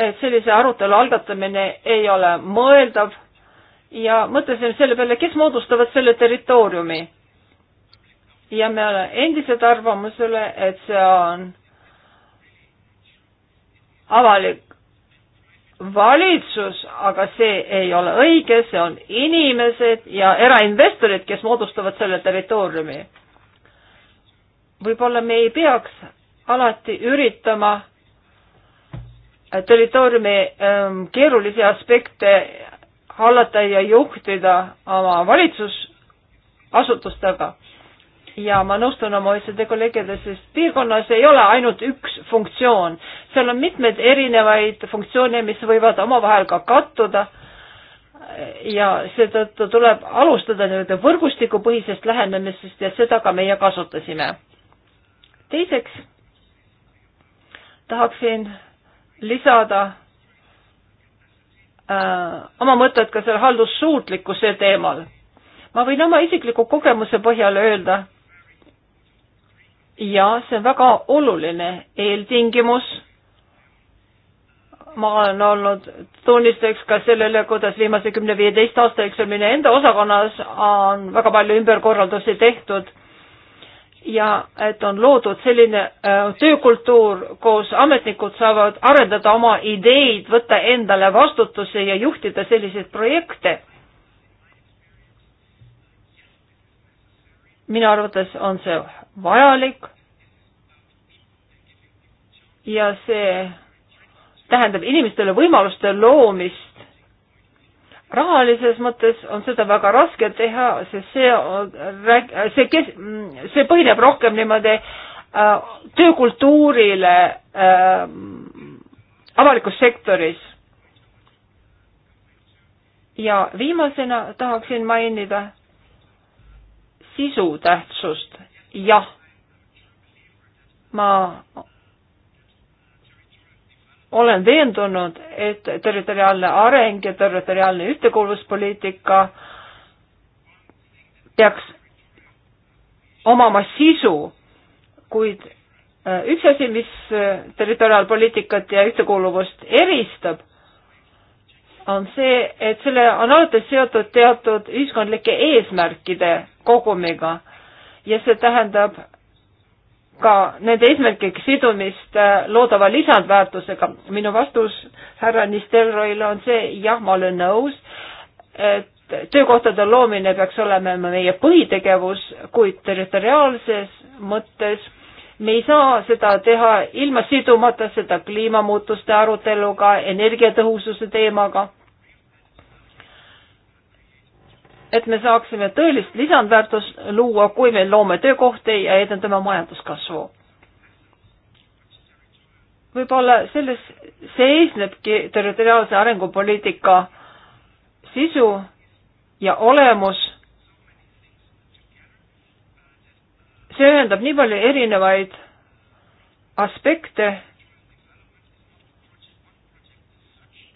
S2: et sellise arutelu algatamine ei ole mõeldav ja mõtlesime selle peale, kes moodustavad selle territooriumi. ja me oleme endiselt arvamusele, et see on avalik valitsus, aga see ei ole õige, see on inimesed ja erainvestorid, kes moodustavad selle territooriumi. võib-olla me ei peaks alati üritama äh, territooriumi ähm, keerulisi aspekte hallata ja juhtida oma valitsusasutustega ja ma nõustun oma OECD kolleegidega, sest piirkonnas ei ole ainult üks funktsioon, seal on mitmeid erinevaid funktsioone, mis võivad omavahel ka kattuda ja seetõttu tuleb alustada nii-öelda võrgustikupõhisest lähenemisest ja seda ka meie kasutasime. teiseks tahaksin lisada äh, oma mõtted ka selle haldussuutlikkuse teemal. ma võin oma isikliku kogemuse põhjal öelda, ja see on väga oluline eeltingimus. ma olen olnud tunnistajaks ka sellele, kuidas viimase kümne-viieteist aasta jooksul minu enda osakonnas on väga palju ümberkorraldusi tehtud ja et on loodud selline äh, töökultuur, kus ametnikud saavad arendada oma ideid, võtta endale vastutuse ja juhtida selliseid projekte. minu arvates on see vajalik ja see tähendab inimestele võimaluste loomist. rahalises mõttes on seda väga raske teha, sest see, see, kes, see põhineb rohkem niimoodi äh, töökultuurile äh, avalikus sektoris. ja viimasena tahaksin mainida sisu tähtsust. jah, ma olen veendunud, et territoriaalne areng ja territoriaalne ühtekuuluvuspoliitika peaks omama sisu, kuid äh, üks asi, mis äh, territoriaalpoliitikat ja ühtekuuluvust eristab, on see, et selle on alati seotud teatud ühiskondlike eesmärkide kogumiga ja see tähendab ka nende eesmärkidega sidumist äh, loodava lisandväärtusega. minu vastus härra Nistelroile on see, jah, ma olen nõus, et töökohtade loomine peaks olema meie põhitegevus, kuid territoriaalses mõttes me ei saa seda teha ilma sidumata seda kliimamuutuste aruteluga, energiatõhususe teemaga. et me saaksime tõelist lisandväärtust luua, kui me loome töökohti ja edendame majanduskasvu. võib-olla selles seisnebki territoriaalse arengupoliitika sisu ja olemus. see ühendab nii palju erinevaid aspekte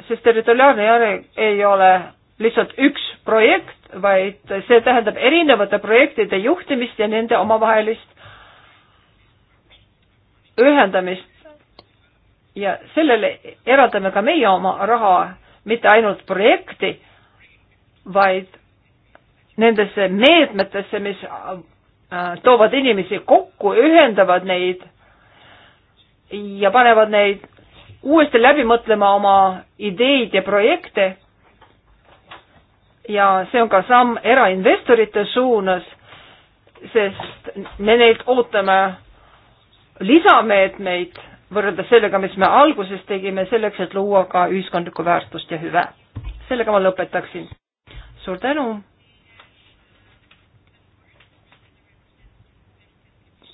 S2: sest territoriaalne järg ei ole lihtsalt üks projekt, vaid see tähendab erinevate projektide juhtimist ja nende omavahelist ühendamist. ja sellele eraldame ka meie oma raha, mitte ainult projekti, vaid nendesse meetmetesse, mis äh, toovad inimesi kokku, ühendavad neid ja panevad neid uuesti läbi mõtlema oma ideid ja projekte ja see on ka samm erainvestorite suunas, sest me neilt ootame lisameetmeid võrreldes sellega, mis me alguses tegime, selleks, et luua ka ühiskondlikku väärtust ja hüve. sellega ma lõpetaksin. suur tänu.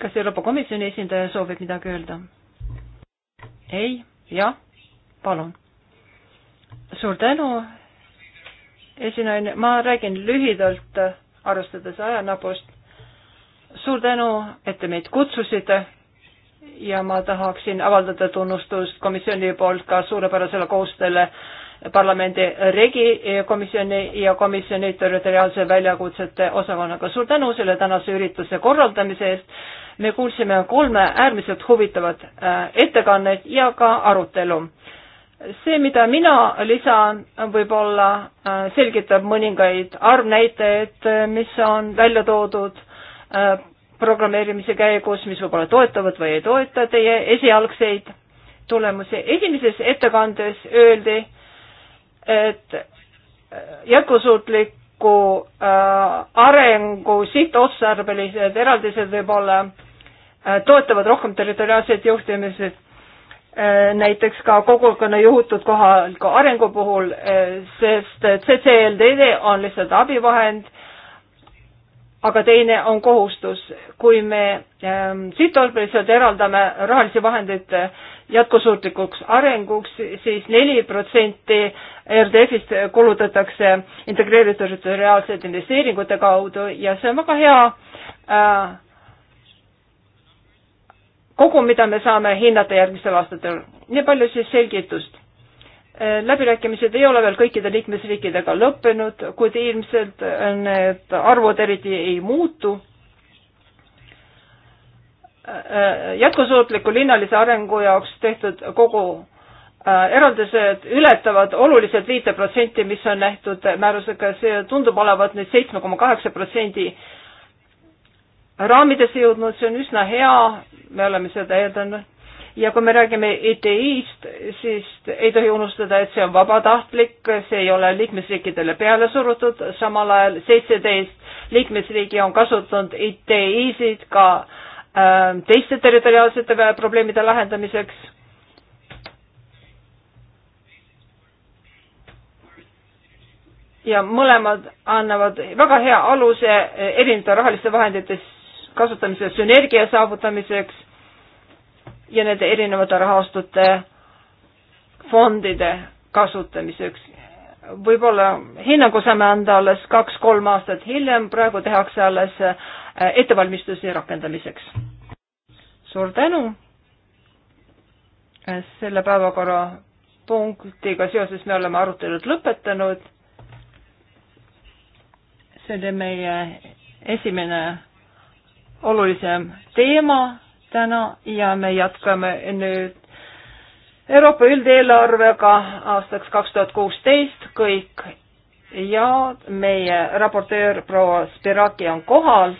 S2: kas Euroopa Komisjoni esindaja soovib midagi öelda? ei, jah, palun. suur tänu, esinaine, ma räägin lühidalt, arvestades ajanapust. suur tänu, et te meid kutsusite ja ma tahaksin avaldada tunnustust komisjoni poolt ka suurepärasele koostööle parlamendi regi komisjoni ja komisjoni territoriaalse väljakutsete osakonnaga. suur tänu selle tänase ürituse korraldamise eest. me kuulsime kolme äärmiselt huvitavat äh, ettekannet ja ka arutelu see, mida mina lisan, võib-olla äh, selgitab mõningaid arvnäitajaid, äh, mis on välja toodud äh, programmeerimise käigus, mis võib-olla toetavad või ei toeta teie esialgseid tulemusi. esimeses ettekandes öeldi, et jätkusuutliku arengu sihtotstarbelised eraldised võib-olla toetavad rohkem territoriaalset juhtimist Äh, näiteks ka kogukonna juhutud kohaliku arengu puhul, äh, sest äh, CCLDD on lihtsalt abivahend, aga teine on kohustus. kui me ähm, sihtotstarbeliselt eraldame rahalisi vahendeid jätkusuutlikuks arenguks siis, siis neli protsenti RDF-ist kulutatakse integreeritud territoriaalsete investeeringute kaudu ja see on väga hea äh, kogu, mida me saame hinnata järgmistel aastatel. nii palju siis selgitust. Äh, läbirääkimised ei ole veel kõikide liikmesriikidega lõppenud, kuid ilmselt äh, need arvud eriti ei muutu. Äh, jätkusuutliku linnalise arengu jaoks tehtud kogu eraldised ületavad oluliselt viite protsenti, mis on nähtud määrusega, see tundub olevat nüüd seitsme koma kaheksa protsendi raamidesse jõudnud, see on üsna hea, me oleme seda eeldanud. ja kui me räägime ETI-st, siis ei tohi unustada, et see on vabatahtlik, see ei ole liikmesriikidele peale surutud, samal ajal seitseteist liikmesriigi on kasutanud ETI-sid ka äh, teiste territoriaalsete probleemide lahendamiseks ja mõlemad annavad väga hea aluse erinevate rahaliste vahenditest kasutamise sünergia saavutamiseks ja nende erinevate rahastute fondide kasutamiseks. võib-olla hinnangu saame anda alles kaks-kolm aastat hiljem, praegu tehakse alles äh, ettevalmistusi rakendamiseks. suur tänu! Äh, selle päevakorrapunktiga seoses me oleme arutelud lõpetanud. see oli meie esimene olulisem teema täna ja me jätkame nüüd Euroopa üldeelarvega aastaks kaks tuhat kuusteist kõik ja meie raportöör proua Spiraki on kohal.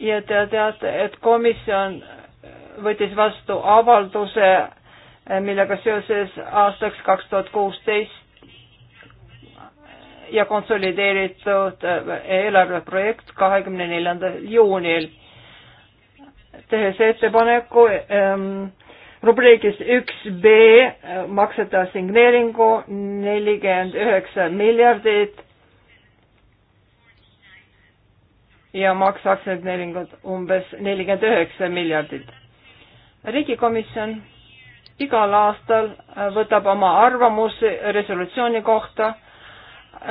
S2: ja te teate, et komisjon võttis vastu avalduse, millega seoses aastaks kaks tuhat kuusteist ja konsolideeritud eh, eelarveprojekt kahekümne neljandal juunil, tehes ettepaneku ähm, rubriigis üks B eh, maksete assigneeringu nelikümmend üheksa miljardit ja makse aktsianeeringud umbes nelikümmend üheksa miljardit. riigikomisjon igal aastal eh, võtab oma arvamuse resolutsiooni kohta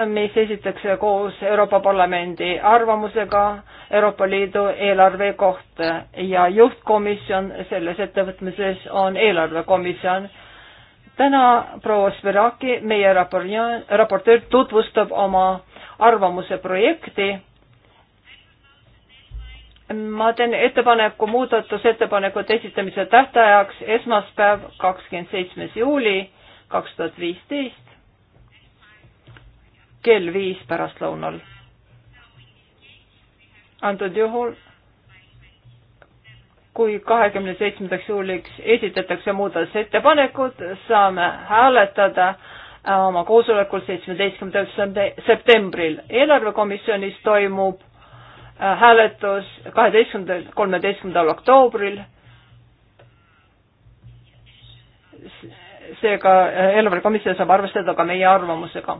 S2: mis esitatakse koos Euroopa Parlamendi arvamusega Euroopa Liidu eelarve kohta ja juhtkomisjon selles ettevõtmises on eelarvekomisjon. täna proua Spiraki, meie raportöör, tutvustab oma arvamuse projekti. ma teen ettepaneku muudatusettepanekute esitamise tähtajaks esmaspäev, kakskümmend seitsmes juuli kaks tuhat viisteist kell viis pärastlõunal. antud juhul, kui kahekümne seitsmendaks juuliks esitatakse muudatusettepanekud, saame hääletada äh, oma koosolekul seitsmeteistkümnendal septembril. eelarvekomisjonis toimub äh, hääletus kaheteistkümnendal, kolmeteistkümnendal oktoobril. seega äh, eelarvekomisjon saab arvestada ka meie arvamusega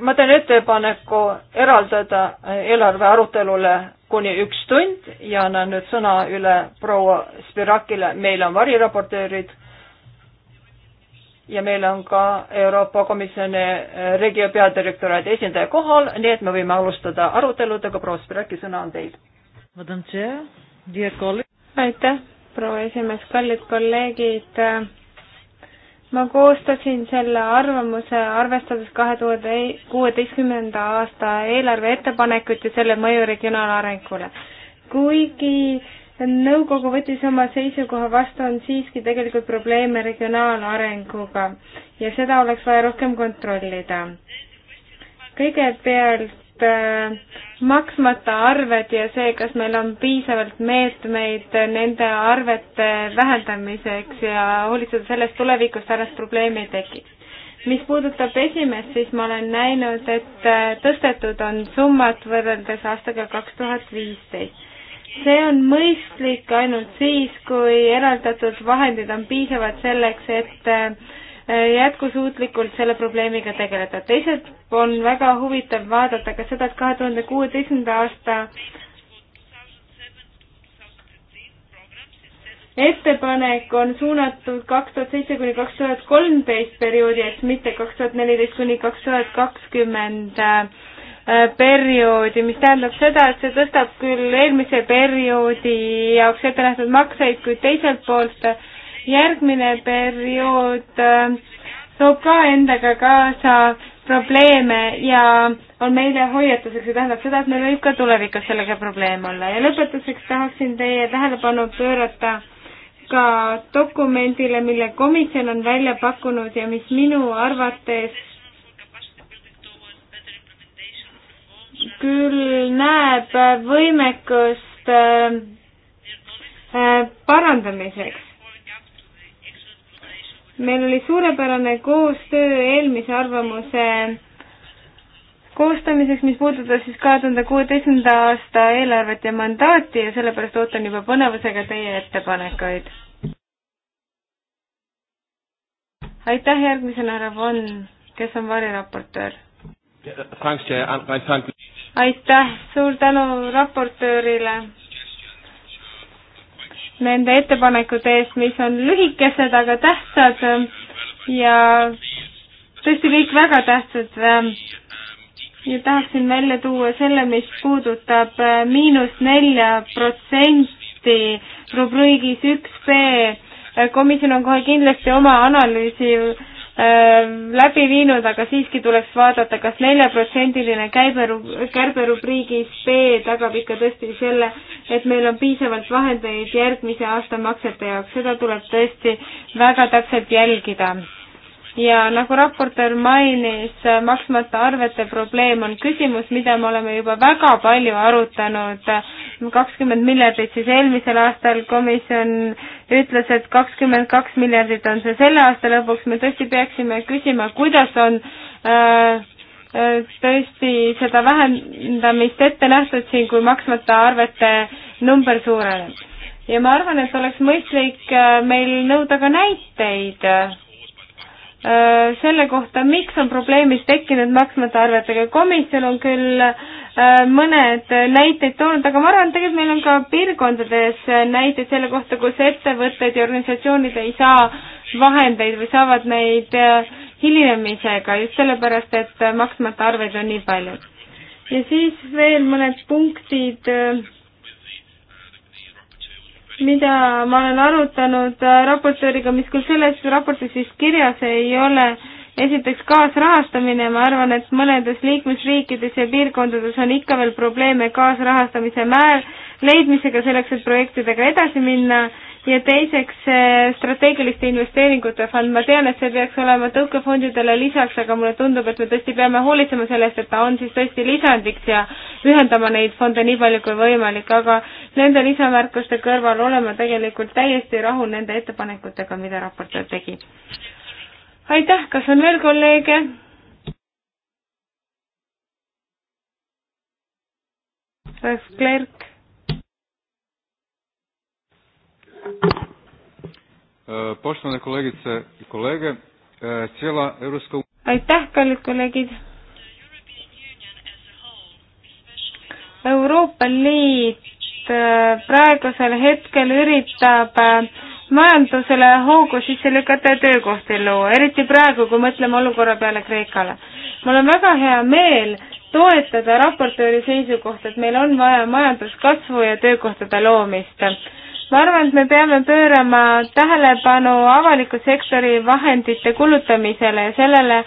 S2: ma teen ettepaneku eraldada eelarve arutelule kuni üks tund ja annan nüüd sõna üle proua Spirakile, meil on variraportöörid ja meil on ka Euroopa Komisjoni regio peadirektoraadi esindaja kohal, nii et me võime alustada aruteludega, proua Spiraki, sõna on teil. aitäh, proua esimees,
S3: kallid kolleegid ma koostasin selle arvamuse arvestades kahe tuhande kuueteistkümnenda aasta eelarve ettepanekut ja selle mõju regionaalarengule. kuigi nõukogu võttis oma seisukoha vastu, on siiski tegelikult probleeme regionaalarenguga ja seda oleks vaja rohkem kontrollida. kõigepealt Äh, maksmata arved ja see, kas meil on piisavalt meetmeid nende arvete vähendamiseks ja hoolitseda sellest tulevikus sarnast probleemi ei tekiks. mis puudutab esimest, siis ma olen näinud, et äh, tõstetud on summad võrreldes aastaga kaks tuhat viisteist see on mõistlik ainult siis, kui eraldatud vahendid on piisavad selleks, et äh, jätkusuutlikult selle probleemiga tegeleda. teisalt on väga huvitav vaadata ka seda, et kahe tuhande kuueteistkümnenda aasta ettepanek on suunatud kaks tuhat seitse kuni kaks tuhat kolmteist perioodi, et mitte kaks tuhat neliteist kuni kaks tuhat kakskümmend äh, perioodi, mis tähendab seda, et see tõstab küll eelmise perioodi jaoks ette nähtud makseid, kuid teiselt poolt äh, järgmine periood äh, toob ka endaga kaasa probleeme ja on meile hoiatuseks, see tähendab seda, et meil võib ka tulevikus sellega probleeme olla ja lõpetuseks tahaksin teie tähelepanu pöörata ka dokumendile, mille komisjon on välja pakkunud ja mis minu arvates küll näeb võimekust äh, äh, parandamiseks meil oli suurepärane koostöö eelmise arvamuse koostamiseks, mis puudutas siis kahe tuhande kuueteistkümnenda aasta eelarvet ja mandaati ja sellepärast ootan juba põnevusega teie ettepanekuid. aitäh, järgmisena härra Von, kes on variraportöör. aitäh, suur tänu raportöörile nende ettepanekute eest, mis on lühikesed, aga tähtsad ja tõesti kõik väga tähtsad. ja tahaksin välja tuua selle, mis puudutab äh, miinus nelja protsenti rubriigis üks B. komisjon on kohe kindlasti oma analüüsi Äh, läbi viinud, aga siiski tuleks vaadata kas, kas neljaprotsendiline käiberu-, kärberubriigis B tagab ikka tõesti selle, et meil on piisavalt vahendeid järgmise aasta maksete jaoks, seda tuleb tõesti väga täpselt jälgida ja nagu raportöör mainis, maksmata arvete probleem on küsimus, mida me oleme juba väga palju arutanud. kakskümmend miljardit siis eelmisel aastal, komisjon ütles, et kakskümmend kaks miljardit on see selle aasta lõpuks, me tõesti peaksime küsima, kuidas on äh, äh tõesti seda vähendamist ette nähtud siin, kui maksmata arvete number suureneb. ja ma arvan, et oleks mõistlik äh, meil nõuda ka näiteid Äh, selle kohta, miks on probleemis tekkinud maksmata arvetega. komisjon on küll äh, mõned näiteid toonud, aga ma arvan, et tegelikult meil on ka piirkondades näiteid selle kohta, kus ettevõtted ja organisatsioonid ei saa vahendeid või saavad neid äh, hilinemisega just sellepärast, et maksmata arveid on nii palju. ja siis veel mõned punktid mida ma olen arutanud äh, raportööriga, mis küll selles raportis vist kirjas ei ole, esiteks kaasrahastamine, ma arvan, et mõnedes liikmesriikides ja piirkondades on ikka veel probleeme kaasrahastamise määr, leidmisega selleks, et projektidega edasi minna ja teiseks strateegiliste investeeringute fond, ma tean, et see peaks olema tõukefondidele lisaks, aga mulle tundub, et me tõesti peame hoolitsema selle eest, et ta on siis tõesti lisandiks ja ühendama neid fonde nii palju kui võimalik, aga nende lisamärkuste kõrval olen ma tegelikult täiesti rahul nende ettepanekutega, mida raportöör tegi. aitäh, kas on veel kolleege? Klerk E, poštovane kolegice i kolege, e, cijela Europska unija... aitäh, kallid kolleegid! Euroopa Liit e, praegusel hetkel üritab majandusele hoogu sisse lükata ja töökohti luua, eriti praegu, kui mõtleme olukorra peale Kreekale. mul on väga hea meel toetada raportööri seisukohta, et meil on vaja majanduskasvu ja töökohtade loomist ma arvan, et me peame pöörama tähelepanu avaliku sektori vahendite kulutamisele ja sellele,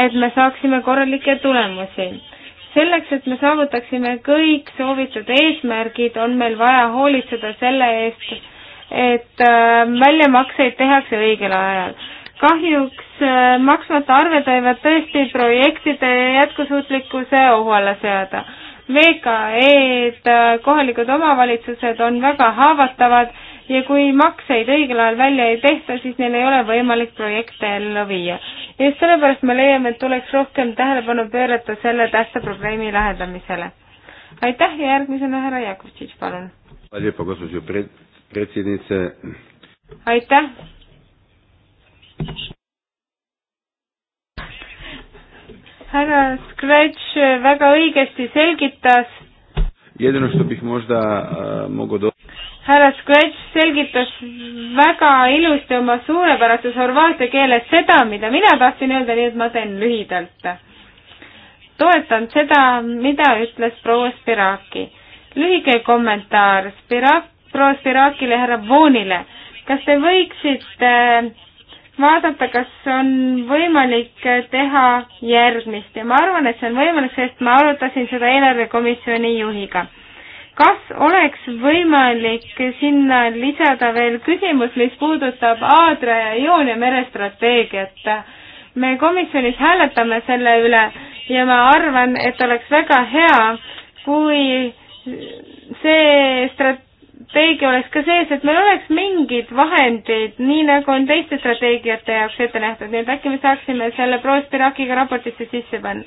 S3: et me saaksime korralikke tulemusi. selleks, et me saavutaksime kõik soovitud eesmärgid, on meil vaja hoolitseda selle eest, et äh, väljamakseid tehakse õigel ajal. kahjuks äh, maksmata arved võivad tõesti projektide jätkusuutlikkuse ohu alla seada VKE-d, kohalikud omavalitsused on väga haavatavad ja kui makseid õigel ajal välja ei tehta, siis neil ei ole võimalik projekte ellu viia. ja just sellepärast me leiame, et tuleks rohkem tähelepanu pöörata selle tähtsa probleemi lahendamisele. aitäh ja järgmisena härra Jakutšitš, palun. aitäh härra Scratch väga õigesti selgitas. E, härra Scratch selgitas väga ilusti oma suurepärases horvaatia keeles seda, mida mina tahtsin öelda, nii et ma teen lühidalt. toetan seda, mida ütles proua Spiraki. lühike kommentaar Spirak, proua Spirakile, härra Voonile. kas te võiksite äh, vaadata, kas on võimalik teha järgmist ja ma arvan, et see on võimalik, sest ma arutasin seda eelarvekomisjoni juhiga. kas oleks võimalik sinna lisada veel küsimus, mis puudutab Aadra ja Joonia mere strateegiat? me komisjonis hääletame selle üle ja ma arvan, et oleks väga hea, kui see strat-, strateegia oleks ka sees, et meil oleks mingid vahendid, nii nagu on teiste strateegiate jaoks ette nähtud, nii et äkki me saaksime selle Prosperakiga raportisse sisse panna.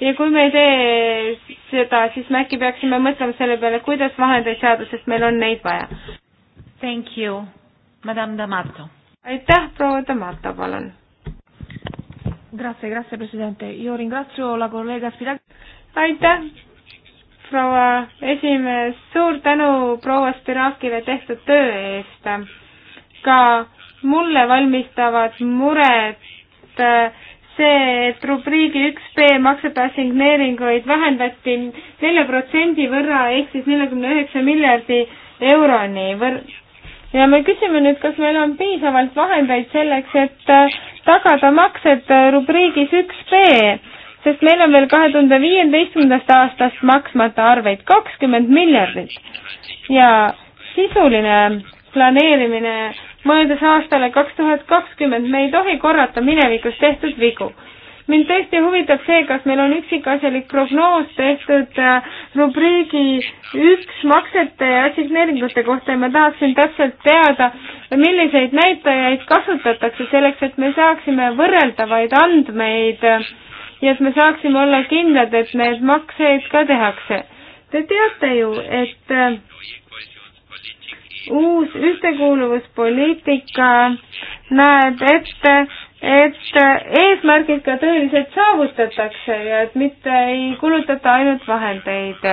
S3: ja kui me ei tee seda, siis me äkki peaksime mõtlema selle peale, kuidas vahendeid saada, sest meil on neid vaja. Thank you, madam D'Amato. aitäh, proua D'Amato, palun. Grazie, grazie, president. Io ringrazio la collega Spirag-. aitäh proua esimees, suur tänu proua Spirakile tehtud töö eest. ka mulle valmistavad mured äh, see, et rubriigi üks B maksete assigneeringuid vähendati nelja protsendi võrra ehk siis neljakümne üheksa miljardi euroni võr-. ja me küsime nüüd, kas meil on piisavalt vahendeid selleks, et äh, tagada maksed äh, rubriigis üks B sest meil on veel kahe tuhande viieteistkümnendast aastast maksmata arveid kakskümmend miljardit ja sisuline planeerimine mõeldes aastale kaks tuhat kakskümmend, me ei tohi korrata minevikus tehtud vigu. mind tõesti huvitab see, kas meil on üksikasjalik prognoos tehtud äh, rubriigi üks maksete ja assigneeringute kohta ja ma tahaksin täpselt teada, milliseid näitajaid kasutatakse selleks, et me saaksime võrreldavaid andmeid äh, ja et me saaksime olla kindlad, et need makseid ka tehakse. Te teate ju, et äh, uus ühtekuuluvuspoliitika näeb ette, et äh, eesmärgid ka tõeliselt saavutatakse ja et mitte ei kulutata ainult vahendeid.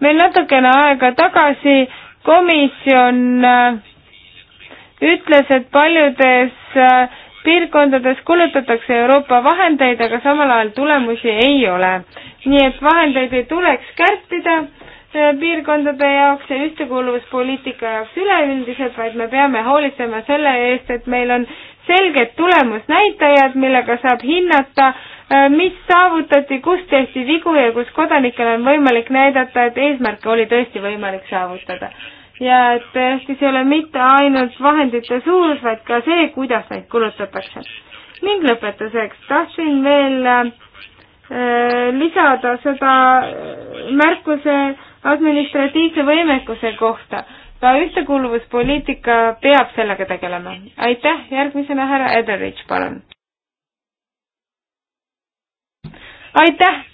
S3: meil natukene aega tagasi komisjon äh, ütles, et paljudes piirkondades kulutatakse Euroopa vahendeid, aga samal ajal tulemusi ei ole. nii et vahendeid ei tuleks kärpida äh, piirkondade jaoks ja ühtekuuluvuspoliitika jaoks üleüldiselt, vaid me peame hoolitsema selle eest, et meil on selged tulemusnäitajad, millega saab hinnata, äh, mis saavutati, kus tehti vigu ja kus kodanikel on võimalik näidata, et eesmärke oli tõesti võimalik saavutada ja et tähtis ei ole mitte ainult vahendite suurus, vaid ka see, kuidas neid kulutatakse. ning lõpetuseks tahtsin veel äh, lisada seda äh, märkuse administratiivse võimekuse kohta. ka ühtekuuluvuspoliitika peab sellega tegelema. aitäh, järgmisena härra Ederich, palun. aitäh!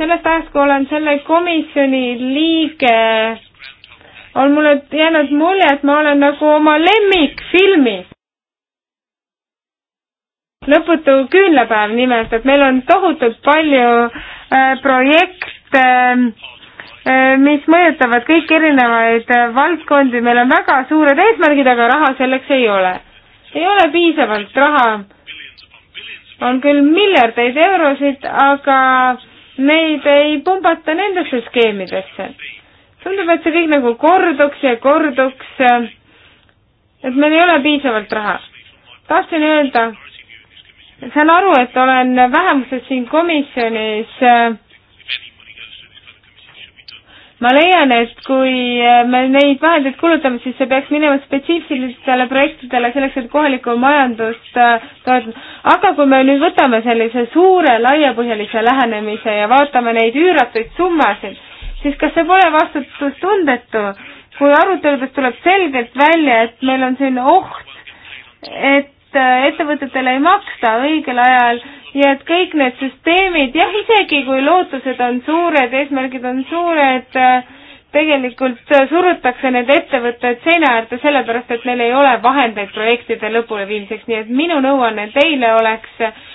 S3: sellest ajast, kui olen selle komisjoni liige, on mulle jäänud mulje, et ma olen nagu oma lemmikfilmis. lõputu küünlapäev nimelt, et meil on tohutult palju äh, projekte äh, mis mõjutavad kõik erinevaid äh, valdkondi, meil on väga suured eesmärgid, aga raha selleks ei ole. ei ole piisavalt raha, on küll miljardeid eurosid, aga neid ei pumbata nendesse skeemidesse. tundub, et see kõik nagu korduks ja korduks, et meil ei ole piisavalt raha. tahtsin öelda, saan aru, et olen vähemuses siin komisjonis äh, ma leian, et kui äh, me neid vahendeid kulutame, siis see peaks minema spetsiifilistele projektidele selleks, et kohalikku majandust äh, toetada. aga kui me nüüd võtame sellise suure laiapõhjalise lähenemise ja vaatame neid üüratuid summasid, siis kas see pole vastutustundetu, kui aruteludest tuleb selgelt välja, et meil on siin oht, et äh, ettevõtetele ei maksta õigel ajal ja et kõik need süsteemid, jah, isegi kui lootused on suured, eesmärgid on suured, äh, tegelikult äh, surutakse need ettevõtted seina äärde sellepärast, et neil ei ole vahendeid projektide lõpuleviimiseks, nii et minu nõuanne teile oleks äh,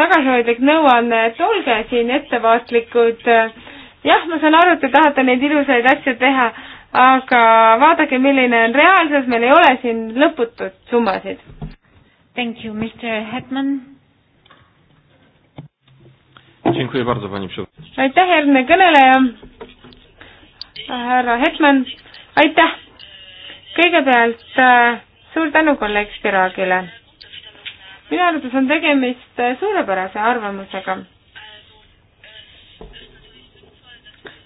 S3: tagasihoidlik nõuanne, et olge siin ettevaatlikud. jah, ma saan aru, et te tahate neid ilusaid asju teha, aga vaadake, milline on reaalsus, meil ei ole siin lõputut summasid. Thank you, Mr Hetman
S2: aitäh,
S3: järgmine kõneleja, härra Hetman, aitäh! kõigepealt äh, suur tänu kolleeg Spiraagile. minu arvates on tegemist äh, suurepärase arvamusega.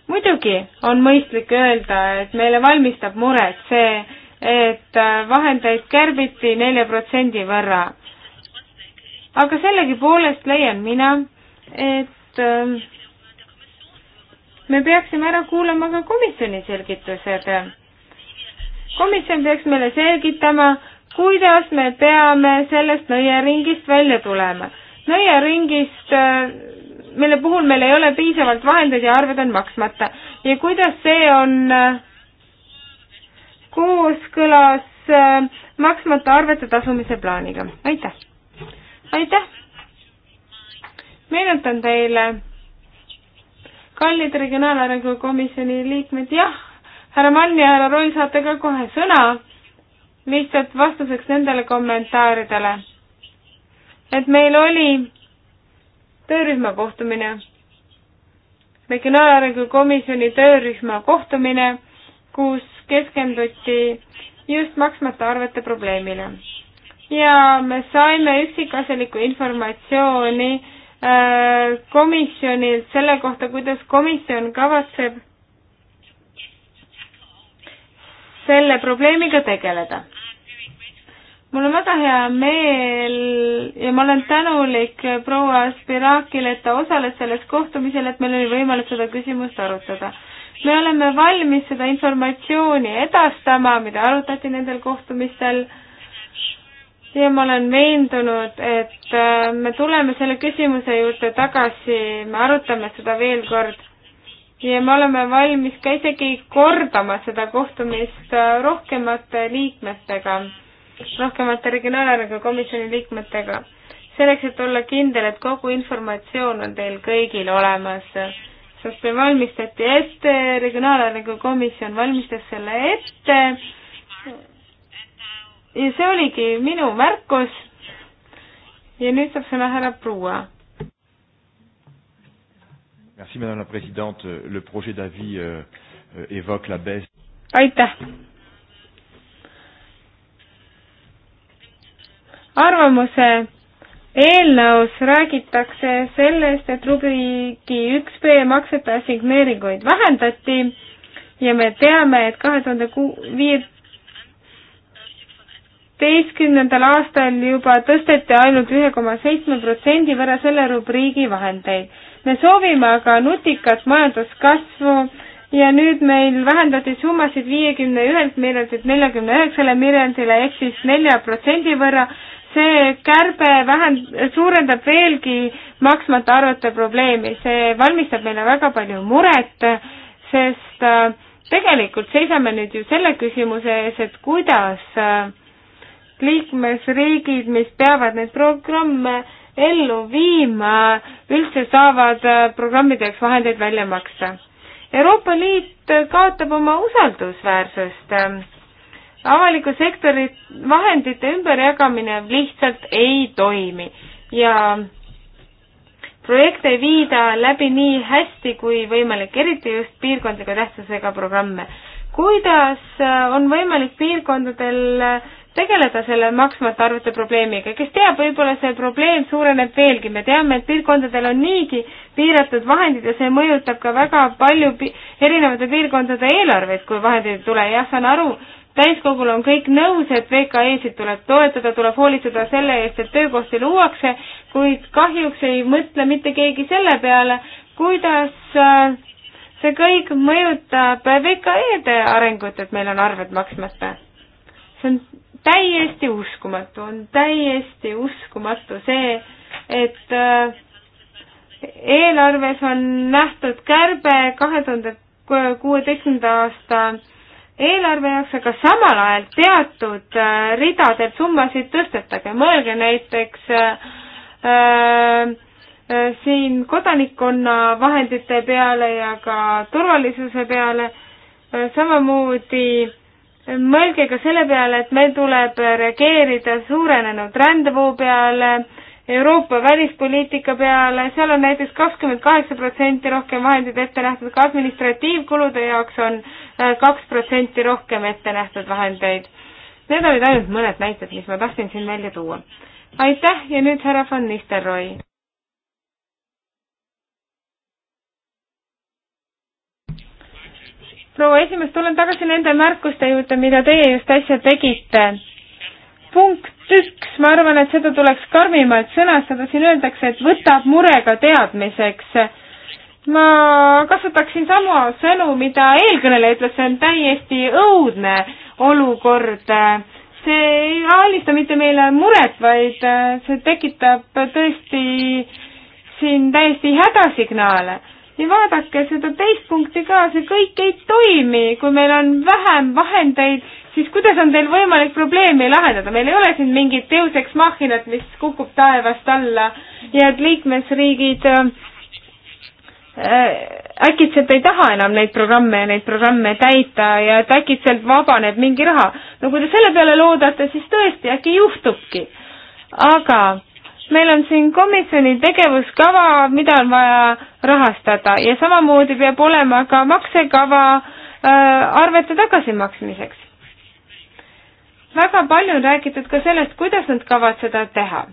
S3: muidugi on mõistlik öelda, et meile valmistab muret see, et äh, vahendeid kärbiti nelja protsendi võrra. aga sellegipoolest leian mina, et ähm, me peaksime ära kuulama ka komisjoni selgitused. komisjon peaks meile selgitama, kuidas me peame sellest nõiaringist välja tulema. nõiaringist, äh, mille puhul meil ei ole piisavalt vahendeid ja arved on maksmata ja kuidas see on äh, kooskõlas äh, maksmata arvete tasumise plaaniga. aitäh! aitäh! meenutan teile, kallid Regionaalarengu Komisjoni liikmed, jah, härra Mann ja härra Roll saate ka kohe sõna, lihtsalt vastuseks nendele kommentaaridele. et meil oli töörühma kohtumine, Regionaalarengu Komisjoni töörühma kohtumine, kus keskenduti just maksmata arvete probleemile. ja me saime üksikasjalikku informatsiooni Äh, komisjonilt selle kohta, kuidas komisjon kavatseb selle probleemiga tegeleda. mul on väga hea meel ja ma olen tänulik proua Spirakile, et ta osales selles kohtumisel, et meil oli võimalik seda küsimust arutada. me oleme valmis seda informatsiooni edastama, mida arutati nendel kohtumistel ja ma olen veendunud, et äh, me tuleme selle küsimuse juurde tagasi, me arutame seda veel kord ja me oleme valmis ka isegi kordama seda kohtumist äh, rohkemate liikmetega, rohkemate regionaalarengu komisjoni liikmetega, selleks, et olla kindel, et kogu informatsioon on teil kõigil olemas, sest meil valmistati ette, regionaalarengu komisjon valmistas selle ette ja see oligi minu märkus. ja nüüd saab sõna härra Pruua.
S2: Merci madame la présidente, le projet d'avis euh, euh, évoque la baisse.
S3: aitäh. arvamuse eelnõus räägitakse sellest, et rubriigi üks B maksete assigneeringuid vähendati ja me teame, et kahe tuhande kuu-, viie, kaheteistkümnendal aastal juba tõsteti ainult ühe koma seitsme protsendi võrra selle rubriigi vahendeid. me soovime aga nutikat majanduskasvu ja nüüd meil vähendati summasid viiekümne ühelt miljardilt neljakümne üheksale miljardile ehk siis nelja protsendi võrra. see kärbe vähend-, suurendab veelgi maksmata arvete probleemi, see valmistab meile väga palju muret, sest äh, tegelikult seisame nüüd ju selle küsimuse ees, et kuidas äh, liikmesriigid, mis peavad neid programme ellu viima, üldse saavad äh, programmideks vahendeid välja maksta. Euroopa Liit kaotab oma usaldusväärsust. avaliku sektori vahendite ümberjagamine lihtsalt ei toimi ja projekte ei viida läbi nii hästi kui võimalik, eriti just piirkondliku tähtsusega programme. kuidas äh, on võimalik piirkondadel äh, tegeleda selle maksmata arvete probleemiga, kes teab, võib-olla see probleem suureneb veelgi, me teame, et piirkondadel on niigi piiratud vahendid ja see mõjutab ka väga palju pi erinevate piirkondade eelarveid, kui vahendeid ei tule, jah, saan aru, täiskogul on kõik nõus, et VKE-sid tuleb toetada, tuleb hoolitseda selle eest, et töökohti luuakse, kuid kahjuks ei mõtle mitte keegi selle peale, kuidas äh, see kõik mõjutab VKE-de arengut, et meil on arved maksmata. see on täiesti uskumatu, on täiesti uskumatu see, et äh, eelarves on nähtud kärbe kahe tuhande kuueteistkümnenda aasta eelarve jaoks, aga samal ajal teatud äh, ridadel summasid tõstetage, mõelge näiteks äh, äh, siin kodanikkonna vahendite peale ja ka turvalisuse peale äh,, samamoodi äh, mõelge ka selle peale, et meil tuleb reageerida suurenenud rändevoo peale, Euroopa välispoliitika peale, seal on näiteks kakskümmend kaheksa protsenti rohkem vahendeid ette nähtud, ka administratiivkulude jaoks on äh, kaks protsenti rohkem ette nähtud vahendeid. Need olid ainult mõned näited, mis ma tahtsin siin välja tuua. aitäh ja nüüd härra von Nistelrooy. proua esimees, tulen tagasi nende märkuste juurde, mida teie just äsja tegite. punkt üks, ma arvan, et seda tuleks karmimalt sõnastada, siin öeldakse, et võtab murega teadmiseks. ma kasutaksin sama sõnu, mida eelkõneleja ütles, see on täiesti õudne olukord. see ei aalista mitte meile muret, vaid see tekitab tõesti siin täiesti hädasignaale ja vaadake seda teist punkti ka, see kõik ei toimi, kui meil on vähem vahendeid, siis kuidas on teil võimalik probleemi lahendada, meil ei ole siin mingit teuseks mahinat, mis kukub taevast alla ja et liikmesriigid äh, äkitselt ei taha enam neid programme ja neid programme täita ja et äkitselt vabaneb mingi raha. no kui te selle peale loodate, siis tõesti, äkki juhtubki. aga meil on siin komisjoni tegevuskava, mida on vaja rahastada ja samamoodi peab olema ka maksekava äh, arvete tagasimaksmiseks. väga palju on räägitud ka sellest, kuidas nad kavatsevad teha.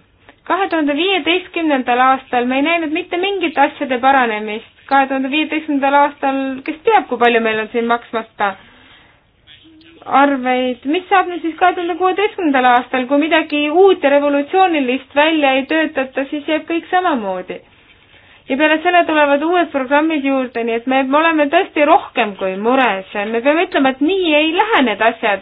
S3: kahe tuhande viieteistkümnendal aastal me ei näinud mitte mingit asjade paranemist, kahe tuhande viieteistkümnendal aastal, kes teab, kui palju meil on siin maksmata arveid, mis saab nüüd siis kahe tuhande kuueteistkümnendal aastal, kui midagi uut ja revolutsioonilist välja ei töötata, siis jääb kõik samamoodi. ja peale selle tulevad uued programmid juurde, nii et me oleme tõesti rohkem kui mures, me peame ütlema, et nii ei lähe need asjad.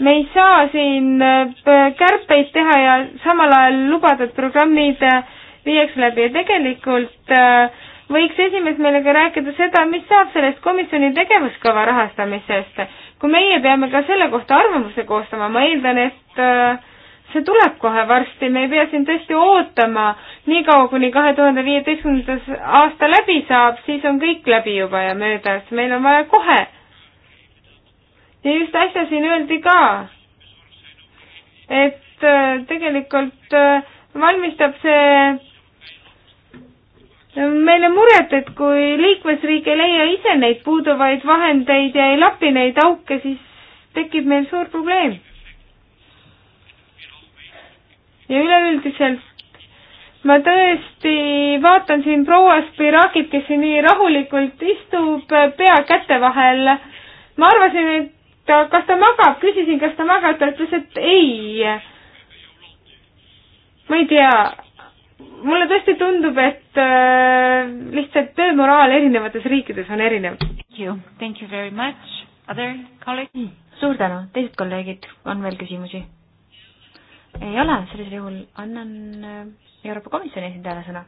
S3: me ei saa siin äh, kärpeid teha ja samal ajal lubada, et programmid äh, viiakse läbi ja tegelikult äh, võiks esimees meile ka rääkida seda, mis saab sellest komisjoni tegevuskava rahastamisest kui meie peame ka selle kohta arvamuse koostama, ma eeldan, et äh, see tuleb kohe varsti, me ei pea siin tõesti ootama niikaua, kuni kahe tuhande viieteistkümnendas aasta läbi saab, siis on kõik läbi juba ja möödas, meil on vaja kohe. ja just äsja siin öeldi ka, et äh, tegelikult äh, valmistab see meile muret, et kui liikmesriik ei leia ise neid puuduvaid vahendeid ja ei lapi neid auke, siis tekib meil suur probleem. ja üleüldiselt ma tõesti vaatan siin proua Spirakit, kes siin nii rahulikult istub, pea käte vahel. ma arvasin, et ta, kas ta magab, küsisin, kas ta magab, ta ütles, et ei. ma ei tea mulle tõesti tundub, et äh, lihtsalt töömoraal erinevates riikides on erinev. Thank you very much. Other colleagues? Hmm. suur tänu, teised kolleegid, on veel
S1: küsimusi? ei ole, sellisel juhul annan äh, Euroopa Komisjoni esindajale sõna.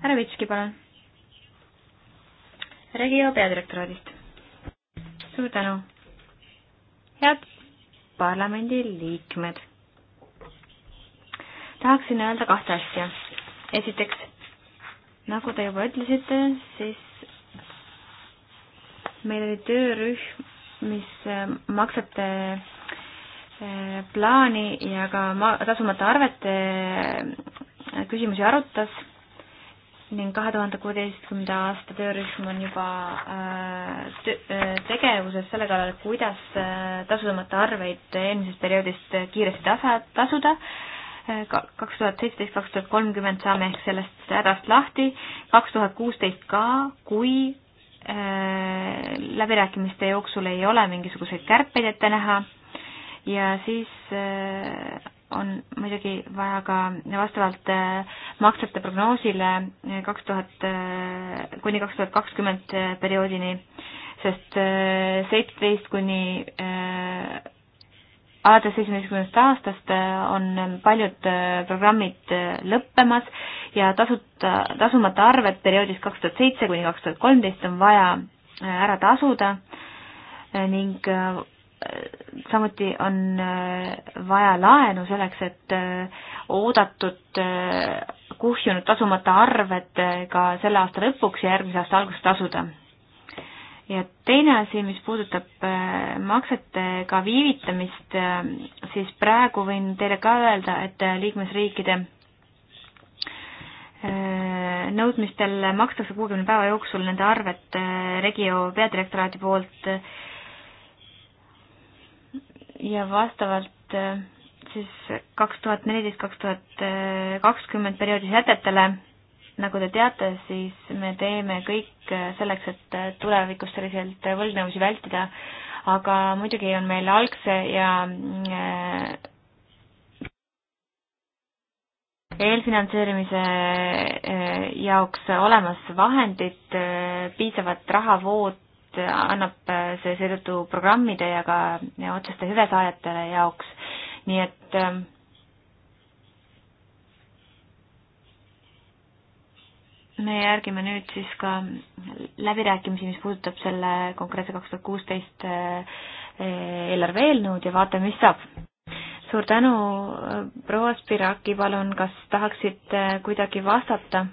S1: härra Vitski, palun. Regio peadirektoraadist. suur tänu head parlamendiliikmed. tahaksin öelda kahte asja. esiteks, nagu te juba ütlesite, siis meil oli töörühm, mis äh, maksete äh, plaani ja ka tasumata arvete äh, küsimusi arutas ning kahe tuhande kuueteistkümnenda aasta töörühm on juba äh, äh, tegevuses selle kallal, kuidas äh, tasumata arveid eelmisest perioodist kiiresti tasa, tasuda. kaks tuhat seitseteist, kaks tuhat kolmkümmend saame ehk sellest hädast lahti, kaks tuhat kuusteist ka, kui läbirääkimiste jooksul ei ole mingisuguseid kärpeid ette näha ja siis on muidugi vaja ka vastavalt äh, maksete prognoosile äh, kaks tuhat äh, kuni kaks tuhat kakskümmend perioodini, sest seitseteist kuni alates seitsmeteistkümnendast aastast on paljud programmid lõppemas ja tasuta, tasumata arved perioodis kaks tuhat seitse kuni kaks tuhat kolmteist on vaja ära tasuda ning samuti on äh, vaja laenu selleks, et äh, oodatud äh, kuhjunud tasumata arved ka selle aasta lõpuks ja järgmise aasta alguses tasuda. ja teine asi, mis puudutab maksetega viivitamist, siis praegu võin teile ka öelda, et liikmesriikide nõudmistel makstakse kuuekümne päeva jooksul nende arved Regio peadirektoraadi poolt ja vastavalt äh, siis kaks tuhat neliteist, kaks tuhat kakskümmend perioodi sätetele, nagu te teate, siis me teeme kõik äh, selleks, et äh, tulevikus selliseid võlgnevusi vältida, aga muidugi on meil algse ja eelfinantseerimise jaoks olemas vahendid, piisavad rahavood et annab see seetõttu programmide ja ka ja otseste hüvesaajatele jaoks, nii et ähm, me järgime nüüd siis ka läbirääkimisi, mis puudutab selle konkreetse kaks tuhat kuusteist äh, eelarve eelnõud ja vaatame, mis saab. suur tänu, äh, proua Spiraki, palun, kas tahaksite äh, kuidagi vastata?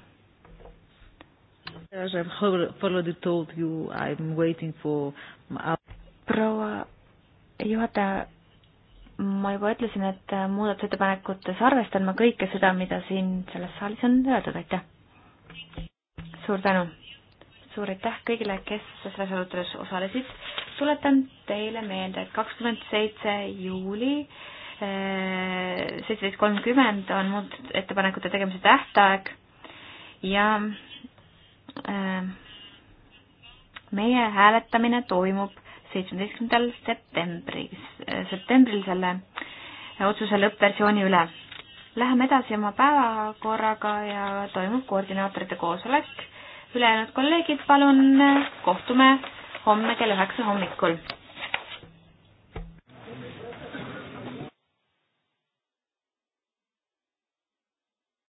S2: As I've already told
S1: you, I'm waiting for proua juhataja, ma juba ütlesin, et äh, muudatusettepanekutes arvestan ma kõike seda, mida siin selles saalis on öeldud, aitäh. suur tänu. suur aitäh kõigile, kes selles arutelus osalesid. tuletan teile meelde, et kakskümmend seitse juuli äh, seitseteist kolmkümmend on muudatusettepanekute tegemise tähtaeg ja Äh, meie hääletamine toimub seitsmeteistkümnendal septembris, äh, septembril selle otsuse lõppversiooni üle. Läheme edasi oma päevakorraga ja toimub koordinaatorite koosolek. ülejäänud kolleegid, palun kohtume homme kell üheksa hommikul.